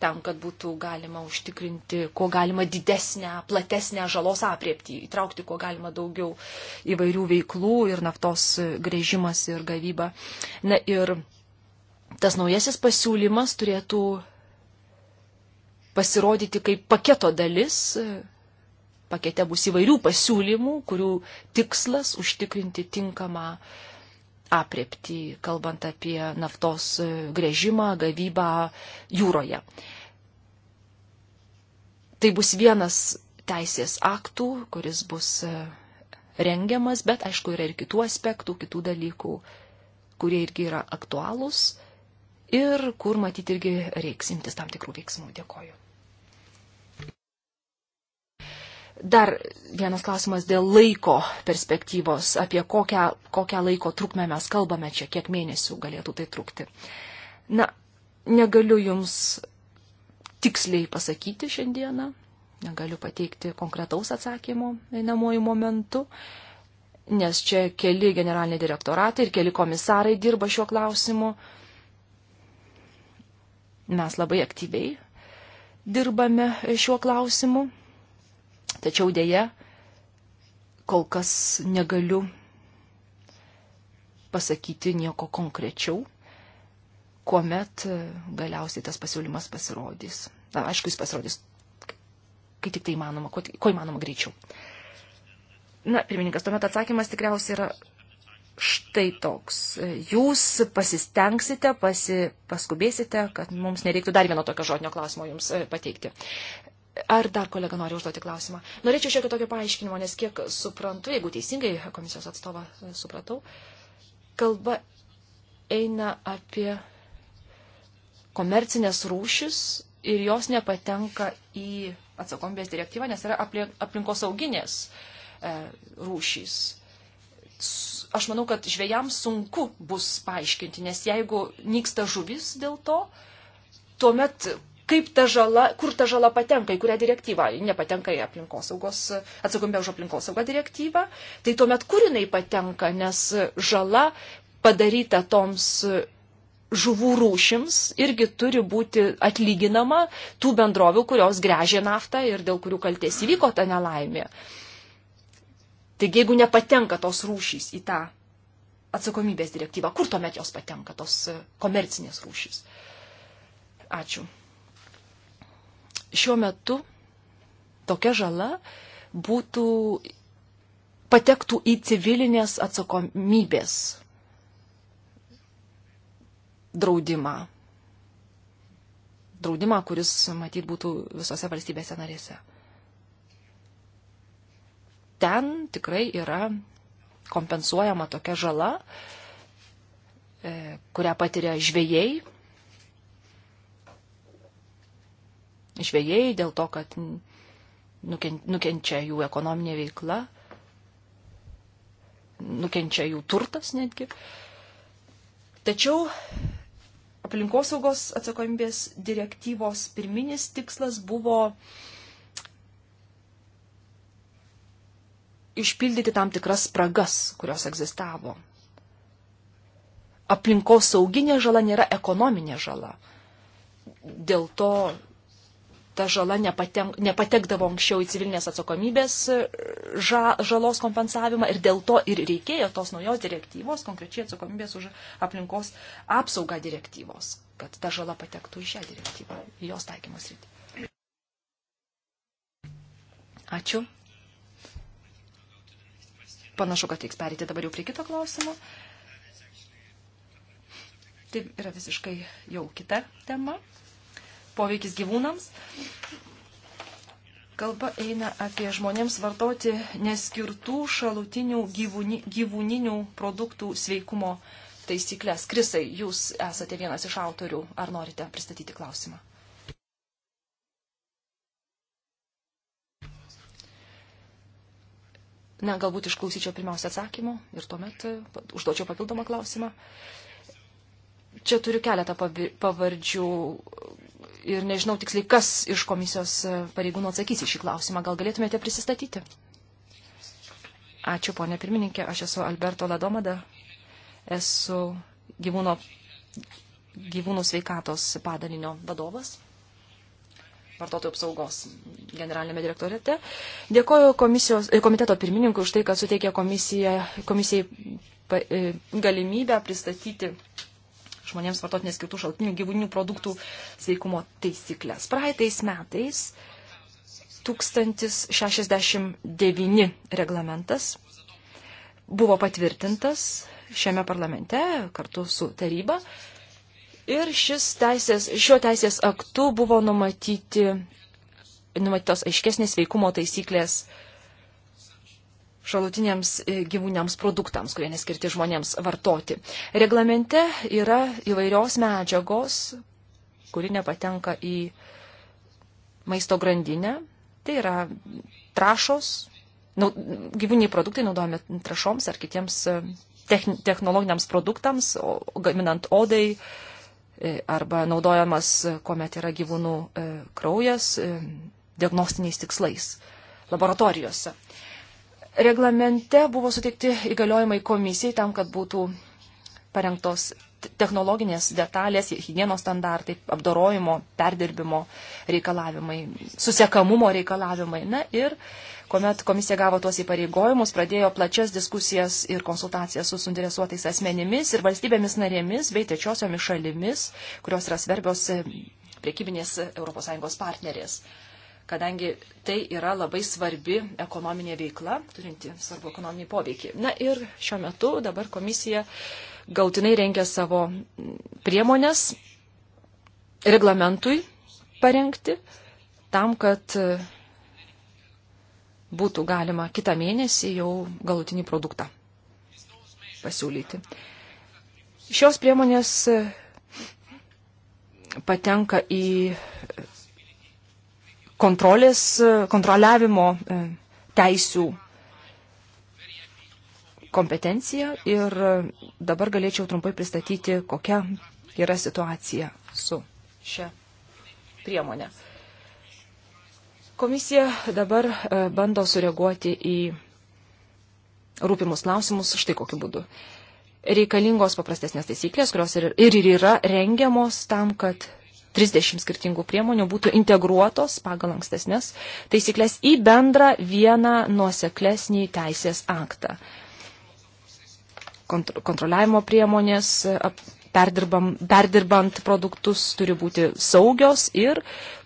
Speaker 2: tam, kad būtų galima užtikrinti, kuo galima didesnę, platesnę žalos apriepti, įtraukti, kuo galima daugiau įvairių veiklų ir naftos grėžimas ir gavyba. Na ir tas naujasis pasiūlymas turėtų pasirodyti kaip paketo dalis. Pakete bus įvairių pasiūlymų, kurių tikslas užtikrinti tinkamą uh, apriepti, kalbant apie naftos e, grėžimą, gavybą jūroje. Tai bus vienas teisės aktų, kuris bus e, rengiamas, bet aišku yra ir kitų aspektų, kitų dalykų, kurie irgi yra aktualūs ir kur matyti irgi reiks imtis tam tikrų veiksmų. Dėkoju. Dar vienas klausimas dėl laiko perspektyvos, apie kokią, kokią laiko trukmę mes kalbame čia, kiek mėnesių galėtų tai trukti. Na, negaliu Jums tiksliai pasakyti šiandieną, negaliu pateikti konkretaus atsakymo einamojų momentų, nes čia keli generaliniai direktoratai ir keli komisarai dirba šiuo klausimu. Mes labai aktyviai dirbame šiuo klausimu Tačiau dėja, kol kas negaliu pasakyti nieko konkrečiau, kuomet e, galiausiai tas pasiūlymas pasirodys. Na, aišku, jis pasirodys, kai tik tai įmanoma, ko, ko įmanoma greičiau. Na, pirmininkas, tuomet atsakymas tikriausiai yra štai toks. E, jūs pasistengsite, pasi, paskubėsite, kad mums nereiktų dar vieno tokio žodinio klausimo jums e, pateikti. Ar dar kolega nori užduoti klausimą? Norėčiau šiek tiek tokio paaiškinimo, nes kiek suprantu, jeigu teisingai komisijos atstovą supratau, kalba eina apie komercinės rūšis ir jos nepatenka į atsakomybės direktyvą, nes yra aplinkosauginės e, rūšys. Aš manau, kad žvėjams sunku bus paaiškinti, nes jeigu nyksta žuvis dėl to, tuomet kaip ta žala, kur ta žala patenka, į kurią direktyvą, nepatenka į aplinkosaugos, atsakomybę už aplinkosaugą direktyvą, tai tuomet kur jinai patenka, nes žala padaryta toms žuvų rūšims irgi turi būti atlyginama tų bendrovių, kurios grežė naftą ir dėl kurių kalties įvyko ta nelaimė. Taigi, jeigu nepatenka tos rūšys į tą atsakomybės direktyvą, kur tuomet jos patenka, tos komercinės rūšys? Ačiū šiuo metu tokia žala būtų patektų į civilinės atsakomybės draudimą. Draudimą, kuris matyt būtų visose valstybėse narėse. Ten tikrai yra kompensuojama tokia žala, e, kurią patiria žvėjai, žvėjai dėl to, kad nukenčia jų ekonominė veikla, nukenčia jų turtas netgi. Tačiau aplinkosaugos atsakomybės direktyvos pirminis tikslas buvo išpildyti tam tikras spragas, kurios egzistavo. Aplinkosauginė žala nėra ekonominė žala. Dėl to ta žala nepatenk, nepatekdavo anksčiau į civilinės atsakomybės e, ža, žalos kompensavimą ir dėl to ir reikėjo tos naujos direktyvos, konkrečiai atsakomybės už aplinkos apsaugą direktyvos, kad ta žala patektų į šią direktyvą, į jos taikymo sritį. Ačiū. Panašu, kad reiks perėti dabar jau prie kito klausimo. Tai yra visiškai jau kita tema poveikis gyvūnams. Kalba eina apie žmonėms vartoti neskirtų šalutinių gyvūni, gyvūninių produktų sveikumo taisyklės. Krisai, jūs esate vienas iš autorių. Ar norite pristatyti klausimą? Na, galbūt išklausyčiau pirmiausia atsakymų ir tuomet užduočiau papildomą klausimą. Čia turiu keletą pavardžių, ir nežinau tiksliai, kas iš komisijos e, pareigūnų atsakys į šį klausimą. Gal galėtumėte prisistatyti? Ačiū, ponė pirmininkė. Aš esu Alberto Ladomada. Esu gyvūno, gyvūnų sveikatos padalinio vadovas vartotojų apsaugos generalinėme direktorėte. Dėkoju komisijos, e, komiteto pirmininkui už tai, kad suteikė komisija, komisijai e, galimybę pristatyti žmonėms vartoti neskirtų šaltinių gyvūninių produktų sveikumo taisyklės. Praeitais metais 1069 reglamentas buvo patvirtintas šiame parlamente kartu su taryba. Ir šis teisės, šio teisės aktu buvo numatyti, numatytos aiškesnės veikumo taisyklės uh, šalutiniams e, gyvūniams produktams, kurie neskirti žmonėms vartoti. Reglamente yra įvairios medžiagos, kuri nepatenka į maisto grandinę. Tai yra trašos, nau, gyvūniai produktai naudojami trašoms ar kitiems e, techn, technologiniams produktams, o, gaminant odai e, arba naudojamas, kuomet yra gyvūnų e, kraujas, e, diagnostiniais tikslais laboratorijose. Reglamente buvo suteikti įgaliojimai komisijai tam, kad būtų parengtos technologinės detalės, hygienos standartai, apdorojimo, perdirbimo reikalavimai, susiekamumo reikalavimai. Na ir kuomet komisija gavo tuos įpareigojimus, pradėjo plačias diskusijas ir konsultacijas su suinteresuotais asmenimis ir valstybėmis narėmis bei trečiosiomis šalimis, kurios yra svarbios e, priekybinės ES partnerės kadangi tai yra labai svarbi ekonominė veikla, turinti svarbu ekonominį poveikį. Na ir šiuo metu dabar komisija gautinai rengia savo priemonės reglamentui parengti tam, kad būtų galima kitą mėnesį jau galutinį produktą pasiūlyti. Šios priemonės patenka į kontrolės, e, kontroliavimo e, teisių kompetencija ir e, dabar galėčiau trumpai pristatyti, kokia yra situacija su šia priemonė. Komisija dabar bando sureaguoti į rūpimus klausimus štai kokiu būdu. Reikalingos paprastesnės taisyklės, kurios ir, ir yra rengiamos tam, kad 30 skirtingų priemonių būtų integruotos pagal ankstesnės taisyklės į bendrą vieną nuoseklesnį teisės aktą. Kontro, kontroliavimo priemonės, perdirbant produktus turi būti saugios ir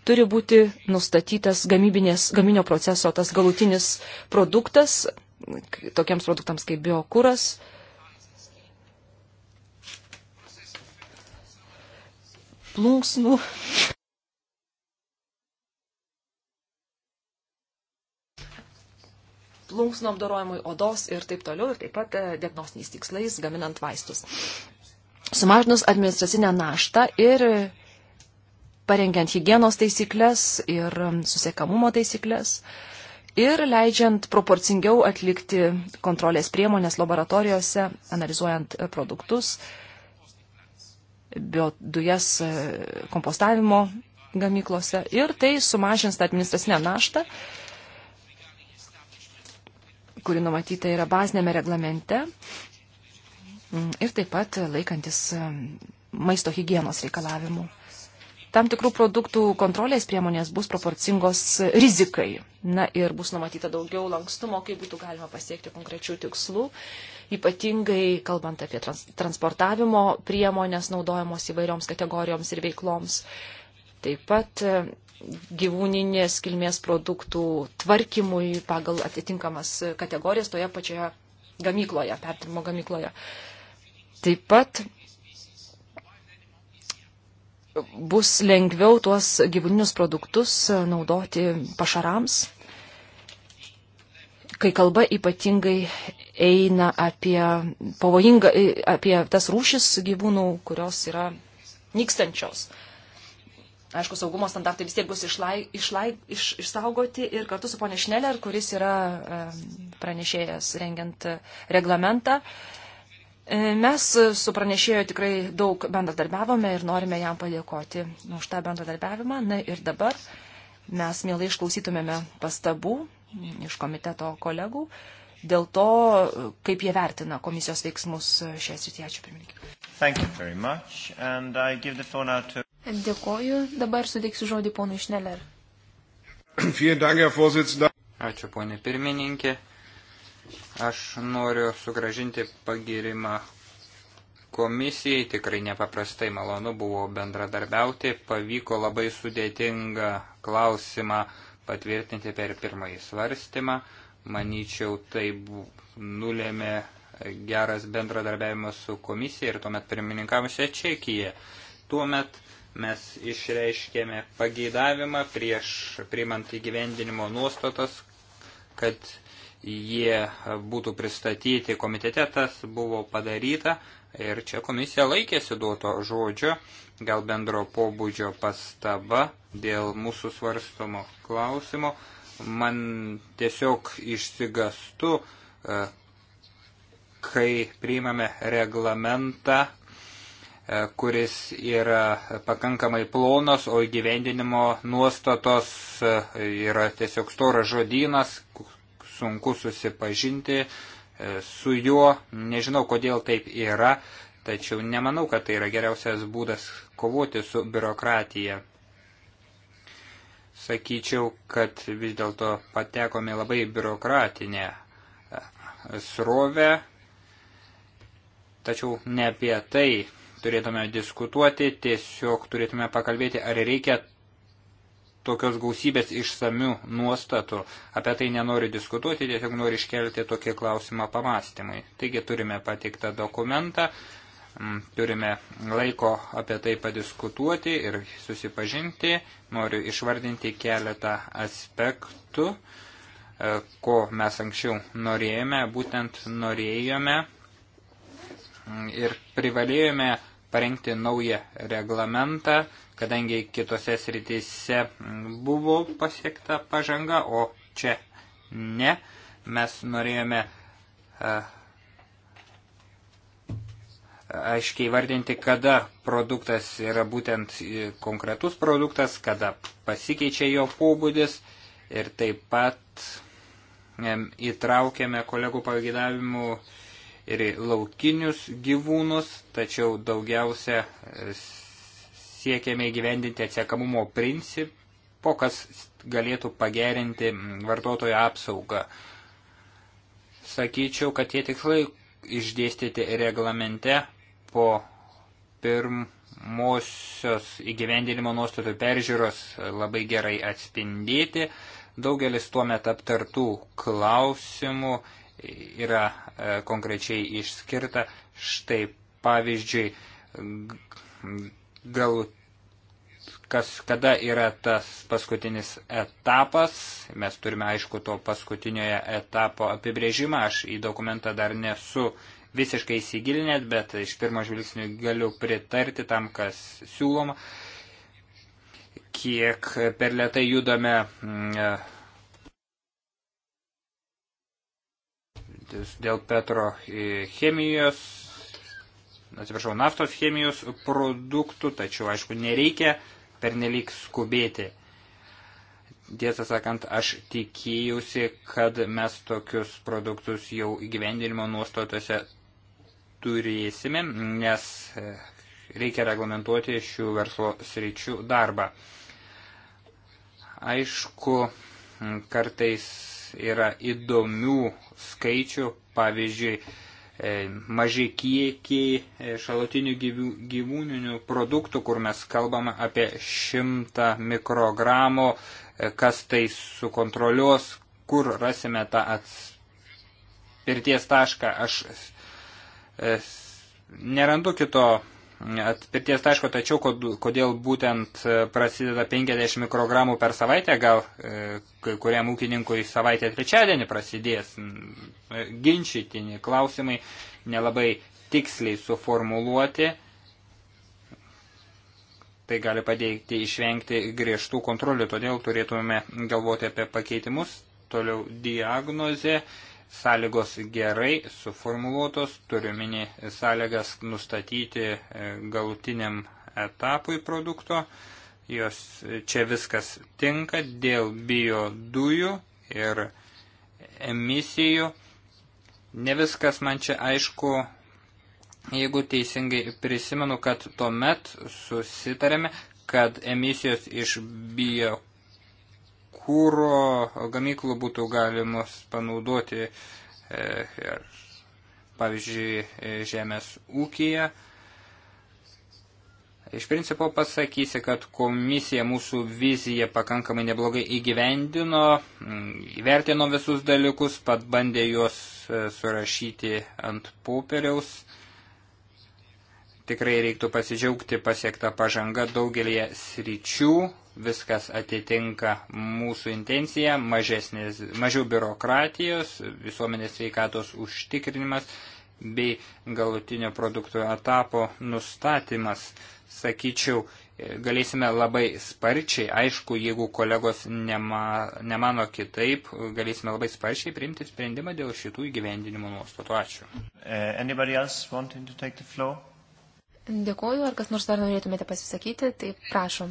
Speaker 2: turi būti nustatytas gaminio proceso tas galutinis produktas, tokiems produktams kaip biokūras plunksnų. plunksnų apdorojimui odos ir taip toliau, ir taip pat e, diagnostiniais tikslais gaminant vaistus. Sumažinus administracinę naštą ir parengiant hygienos taisyklės ir susiekamumo taisyklės ir leidžiant proporcingiau atlikti kontrolės priemonės laboratorijose, analizuojant e, produktus, biodujas e, kompostavimo gamyklose ir tai sumažins tą administracinę naštą, kuri numatyta yra bazinėme reglamente mm, ir taip pat laikantis e, maisto hygienos reikalavimų tam tikrų produktų kontrolės priemonės bus proporcingos rizikai. Na ir bus numatyta daugiau lankstumo, kaip būtų galima pasiekti konkrečių tikslų, ypatingai kalbant apie trans transportavimo priemonės naudojamos įvairioms kategorijoms ir veikloms. Taip pat e, gyvūninės kilmės produktų tvarkymui pagal atitinkamas kategorijas toje pačioje gamykloje, pertirimo gamykloje. Taip pat bus lengviau tuos gyvūninius produktus e, naudoti pašarams, kai kalba ypatingai eina apie, pavojinga, e, apie tas rūšis gyvūnų, kurios yra nykstančios. Aišku, saugumo standartai vis tiek bus išlai, išlai, iš, išsaugoti ir kartu su ponė Šneler, kuris yra e, pranešėjas rengiant reglamentą, uh, Mes su pranešėjo tikrai daug bendradarbiavome ir norime jam padėkoti už tą bendradarbiavimą. Na ir dabar mes mielai išklausytumėme pastabų iš komiteto kolegų dėl to, kaip jie vertina komisijos veiksmus šioje srityje. Ačiū, pirmininkai. Dėkoju. Dabar suteiksiu žodį ponui
Speaker 3: Šneler.
Speaker 1: Ačiū, ponė pirmininkė. Aš noriu sugražinti pagirimą komisijai, tikrai nepaprastai malonu buvo bendradarbiauti, pavyko labai sudėtingą klausimą patvirtinti per pirmąjį svarstymą. Manyčiau, tai nulėmė geras bendradarbiavimas su komisija ir tuomet pirmininkavusią Čekiją. Tuomet mes išreiškėme pageidavimą prieš priimant įgyvendinimo nuostatas, kad jie būtų pristatyti komitete, tas buvo padaryta ir čia komisija laikėsi duoto žodžio, gal bendro pobūdžio pastaba dėl mūsų svarstomo klausimo. Man tiesiog išsigastu, e, kai priimame reglamentą, e, kuris yra pakankamai plonas, o įgyvendinimo nuostatos e, yra tiesiog storas žodynas, sunku susipažinti e, su juo, nežinau kodėl taip yra, tačiau nemanau, kad tai yra geriausias būdas kovoti su biurokratija. Sakyčiau, kad vis dėlto patekome labai biurokratinę e, srovę, tačiau ne apie tai turėtume diskutuoti, tiesiog turėtume pakalbėti, ar reikia tokios gausybės išsamių nuostatų. Apie tai nenoriu diskutuoti, tiesiog noriu iškelti tokį klausimą pamastymai. Taigi turime patiktą dokumentą, turime laiko apie tai padiskutuoti ir susipažinti. Noriu išvardinti keletą aspektų, e, ko mes anksčiau norėjome, būtent norėjome ir privalėjome parengti naują reglamentą kadangi kitose srityse buvo pasiekta pažanga, o čia ne. Mes norėjome e, aiškiai vardinti, kada produktas yra būtent konkretus produktas, kada pasikeičia jo pobūdis ir taip pat e, įtraukėme kolegų pavydavimų ir laukinius gyvūnus, tačiau daugiausia siekiame įgyvendinti atsiekamumo principo, kas galėtų pagerinti mm, vartotojo apsaugą. Sakyčiau, kad tie tikslai išdėstyti reglamente po pirmosios įgyvendinimo nuostatų peržiūros labai gerai atspindėti. Daugelis tuo metu aptartų klausimų yra e, konkrečiai išskirta. Štai pavyzdžiui, gal kas kada yra tas paskutinis etapas. Mes turime aišku to paskutiniojo etapo apibrėžimą. Aš į dokumentą dar nesu visiškai įsigilinęs, bet iš pirmo žvilgsnio galiu pritarti tam, kas siūloma. Kiek per lietai judame mm, dėl Petro chemijos atsiprašau, naftos chemijos produktų, tačiau, aišku, nereikia pernelyg skubėti. Tiesą sakant, aš tikėjausi, kad mes tokius produktus jau įgyvendinimo nuostatose turėsime, nes e, reikia reglamentuoti šių verslo sričių darbą. Aišku, kartais yra įdomių skaičių, pavyzdžiui, E, maži kiekiai e, šalutinių gyvūninių produktų, kur mes kalbame apie 100 mikrogramų, e, kas tai sukontroliuos, kur rasime tą atspirties tašką. Aš nerandu kito atpirties taško, tačiau kodėl būtent e, prasideda 50 mikrogramų per savaitę, gal e, kai kuriam ūkininkui savaitę trečiadienį prasidės e, ginčytini klausimai, nelabai tiksliai suformuluoti, tai gali padėti išvengti griežtų kontrolių, todėl turėtume galvoti apie pakeitimus, toliau diagnozė, sąlygos gerai suformuluotos, turiuomenį sąlygas nustatyti e, galutiniam etapui produkto, jos čia viskas tinka dėl bio dujų ir emisijų. Ne viskas man čia aišku, jeigu teisingai prisimenu, kad tuomet susitarėme, kad emisijos iš bio kūro gamyklų būtų galimos panaudoti, e, ir, pavyzdžiui, e, žemės ūkija. Iš principo pasakysi, kad komisija mūsų viziją pakankamai neblogai įgyvendino, įvertino visus dalykus, pat bandė juos e, surašyti ant popieriaus Tikrai reiktų pasidžiaugti pasiektą pažangą daugelie sričių, viskas atitinka mūsų intenciją, mažesnės, mažiau biurokratijos, visuomenės sveikatos užtikrinimas bei galutinio produkto etapo nustatymas. Sakyčiau, galėsime labai sparčiai, aišku, jeigu kolegos nema, nemano kitaip, galėsime labai sparčiai priimti sprendimą dėl šitų įgyvendinimo nuostatų. Ačiū. Uh,
Speaker 3: Dėkoju, ar kas nors dar norėtumėte pasisakyti, tai prašom.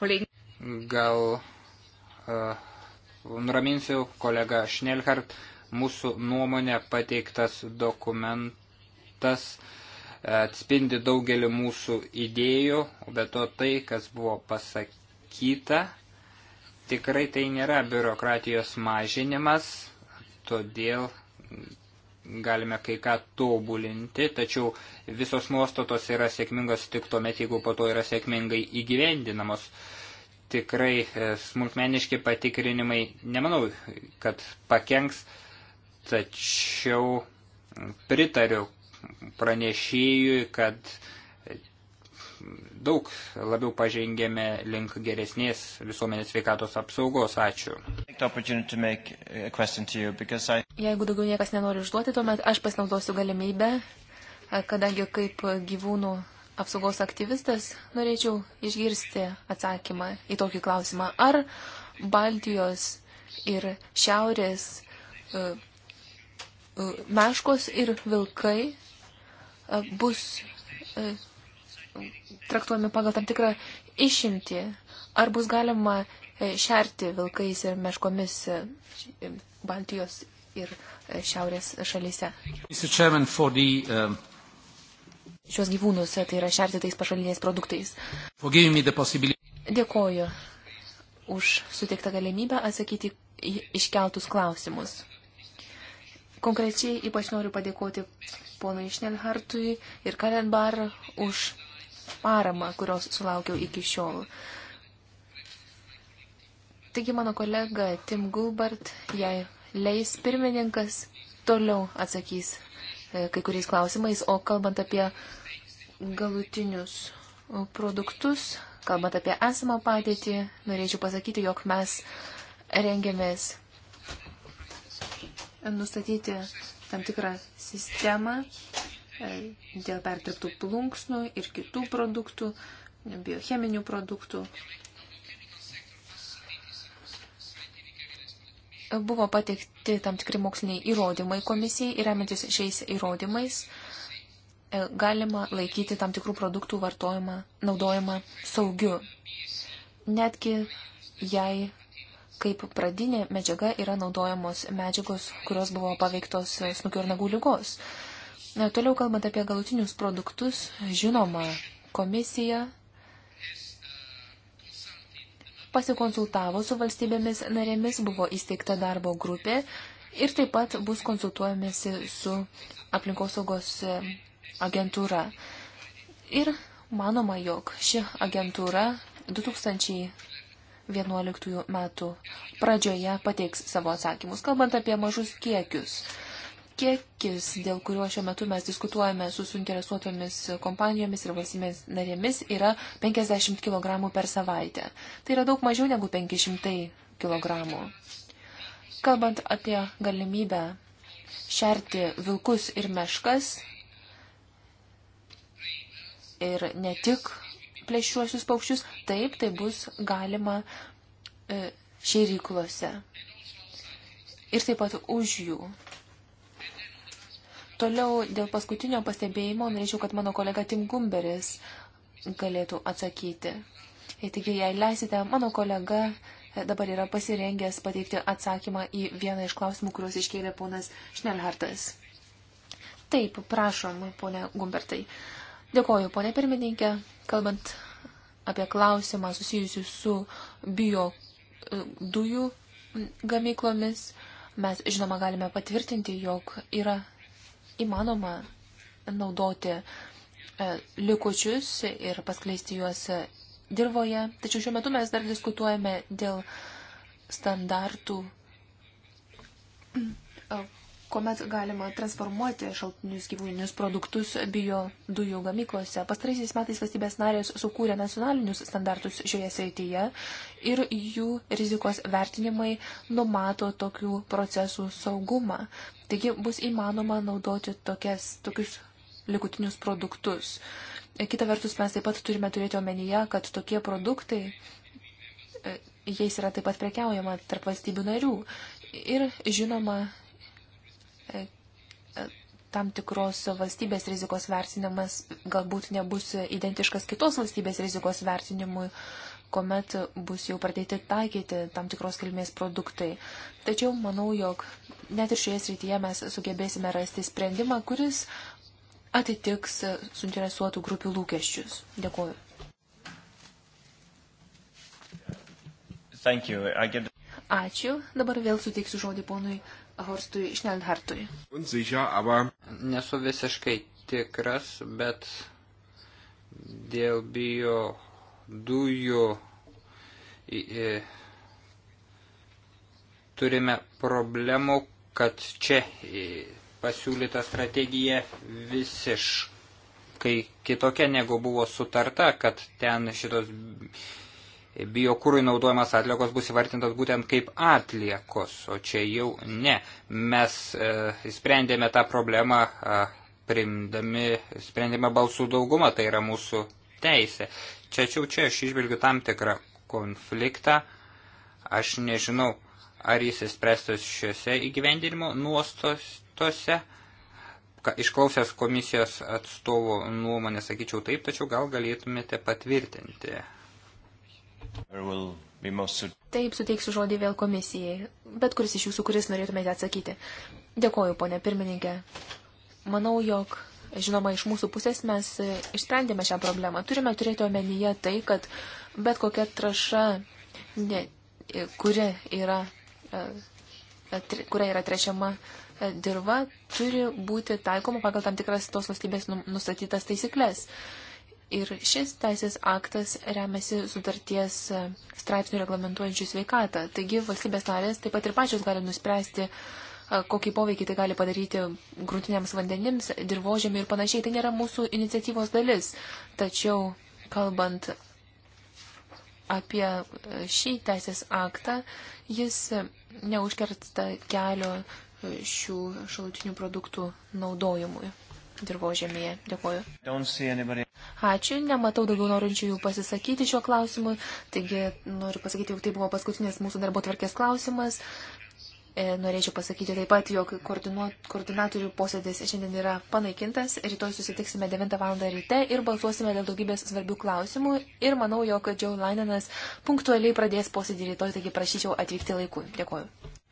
Speaker 3: Kolegin.
Speaker 1: Gal uh, nuraminsiu kolega Šnelhart, mūsų nuomonė pateiktas dokumentas atspindi daugelį mūsų idėjų, bet to tai, kas buvo pasakyta, tikrai tai nėra biurokratijos mažinimas, todėl galime kai ką tobulinti, tačiau visos nuostatos yra sėkmingos tik tuomet, jeigu po to yra sėkmingai įgyvendinamos. Tikrai e, smulkmeniški patikrinimai, nemanau, kad pakenks, tačiau pritariu pranešėjui, kad daug labiau pažengėme link geresnės visuomenės sveikatos apsaugos. Ačiū.
Speaker 3: Jeigu daugiau niekas nenori užduoti, tuomet aš pasinaudosiu galimybę, kadangi kaip gyvūnų apsaugos aktyvistas norėčiau išgirsti atsakymą į tokį klausimą. Ar Baltijos ir Šiaurės meškos ir vilkai bus traktuojami pagal tam tikrą išimtį. Ar bus galima e, šerti vilkais ir meškomis e, e, Baltijos ir šiaurės šalyse?
Speaker 1: Um,
Speaker 3: Šios gyvūnus, tai yra šerti tais pašaliniais produktais. Dėkoju už suteiktą galimybę atsakyti iškeltus klausimus. Konkrečiai ypač noriu padėkoti ponui Šnelhartui ir Kalenbar už paramą, kurios sulaukiau iki šiol. Taigi mano kolega Tim Gulbart, jei leis pirmininkas, toliau atsakys e, kai kuriais klausimais, o kalbant apie galutinius produktus, kalbant apie esamą padėtį, norėčiau pasakyti, jog mes rengiamės nustatyti tam tikrą sistemą, E, dėl pertriktų plunksnų ir kitų produktų, biocheminių produktų. Buvo pateikti tam tikri moksliniai įrodymai komisijai ir remiantis šiais įrodymais e, galima laikyti tam tikrų produktų vartojimą, naudojimą saugiu. Netgi jei kaip pradinė medžiaga yra naudojamos medžiagos, kurios buvo paveiktos e, snukio ir nagų lygos. Na, toliau kalbant apie galutinius produktus, žinoma, komisija pasikonsultavo su valstybėmis narėmis, buvo įsteigta darbo grupė ir taip pat bus konsultuojamėsi su aplinkosaugos agentūra. Ir manoma, jog ši agentūra 2011 metų pradžioje pateiks savo atsakymus, kalbant apie mažus kiekius kiekis, dėl kurio šiuo metu mes diskutuojame su suinteresuotomis kompanijomis ir valstybės narėmis, yra 50 kg per savaitę. Tai yra daug mažiau negu 500 kg. Kalbant apie galimybę šerti vilkus ir meškas ir ne tik plėšiuosius paukščius, taip tai bus galima e, šeiryklose ir taip pat už jų. Toliau dėl paskutinio pastebėjimo norėčiau, kad mano kolega Tim Gumberis galėtų atsakyti. Ir e, taigi, jei leisite, mano kolega e, dabar yra pasirengęs pateikti atsakymą į vieną iš klausimų, kuriuos iškėlė ponas Šnelhartas. Taip, prašom, ponė Gumbertai. Dėkoju, ponė pirmininkė, kalbant apie klausimą susijusiu su bio e, dujų gamyklomis. Mes, žinoma, galime patvirtinti, jog yra įmanoma naudoti e, likučius ir paskleisti juos dirboje. Tačiau šiuo metu mes dar diskutuojame dėl standartų e, kuomet galima transformuoti šaltinius gyvūninius produktus bio dujų gamyklose. Pastaraisiais metais valstybės narės sukūrė nacionalinius standartus šioje srityje ir jų rizikos vertinimai numato tokių procesų saugumą. Taigi bus įmanoma naudoti tokias, tokius likutinius produktus. Kita vertus, mes taip pat turime turėti omenyje, kad tokie produktai, e, jais yra taip pat prekiaujama tarp valstybių narių. Ir žinoma, tam tikros valstybės rizikos vertinimas galbūt nebus identiškas kitos valstybės rizikos vertinimui, kuomet bus jau pradėti taikyti tam tikros kilmės produktai. Tačiau manau, jog net ir šioje srityje mes sugebėsime rasti sprendimą, kuris atitiks suinteresuotų grupių lūkesčius. Dėkuoju. Get... Ačiū. Dabar vėl suteiksiu žodį ponui Horstui Schnellhartui.
Speaker 1: Nesu visiškai tikras, bet dėl bio dujų turime problemų, kad čia pasiūlyta strategija visiškai kitokia negu buvo sutarta, kad ten šitos biokūrui naudojamas atliekos bus įvartintas būtent kaip atliekos, o čia jau ne. Mes e, sprendėme tą problemą e, primdami sprendimą balsų daugumą, tai yra mūsų teisė. Čia čia, čia aš išvelgiu tam tikrą konfliktą. Aš nežinau, ar jis įspręstas šiuose įgyvendinimo nuostose. Išklausęs komisijos atstovų nuomonę, sakyčiau taip, tačiau gal galėtumėte patvirtinti
Speaker 3: Taip, suteiksiu žodį vėl komisijai, bet kuris iš jūsų, kuris norėtumėte atsakyti. Dėkoju, ponė pirmininkė. Manau, jog, žinoma, iš mūsų pusės mes e, išsprendėme šią problemą. Turime turėti omenyje tai, kad bet kokia traša, ne, e, kuri yra, e, kuria yra trešiama dirba, turi būti taikoma pagal tam tikras tos valstybės nustatytas taisyklės. Ir šis teisės aktas remiasi sutarties straipsnių reglamentuojančių sveikatą. Taigi valstybės narės taip pat ir pačios gali nuspręsti, kokį poveikį tai gali padaryti grūtiniams vandenims, dirbožėmiui ir panašiai. Tai nėra mūsų iniciatyvos dalis. Tačiau kalbant apie šį teisės aktą, jis neužkerta kelio šių šalutinių produktų naudojimui dirbožėmėje. Dėkuoju. Ačiū, nematau daugiau norinčiųjų pasisakyti šiuo klausimu, taigi noriu pasakyti, jog tai buvo paskutinis mūsų darbo tvarkės klausimas. E, norėčiau pasakyti taip pat, jog koordinatorių posėdis šiandien yra panaikintas, rytoj susitiksime 9 val. ryte ir balsuosime dėl daugybės svarbių klausimų ir manau, jog Džiau Lainenas punktualiai pradės posėdį rytoj, taigi prašyčiau atvykti laiku. Dėkuoju.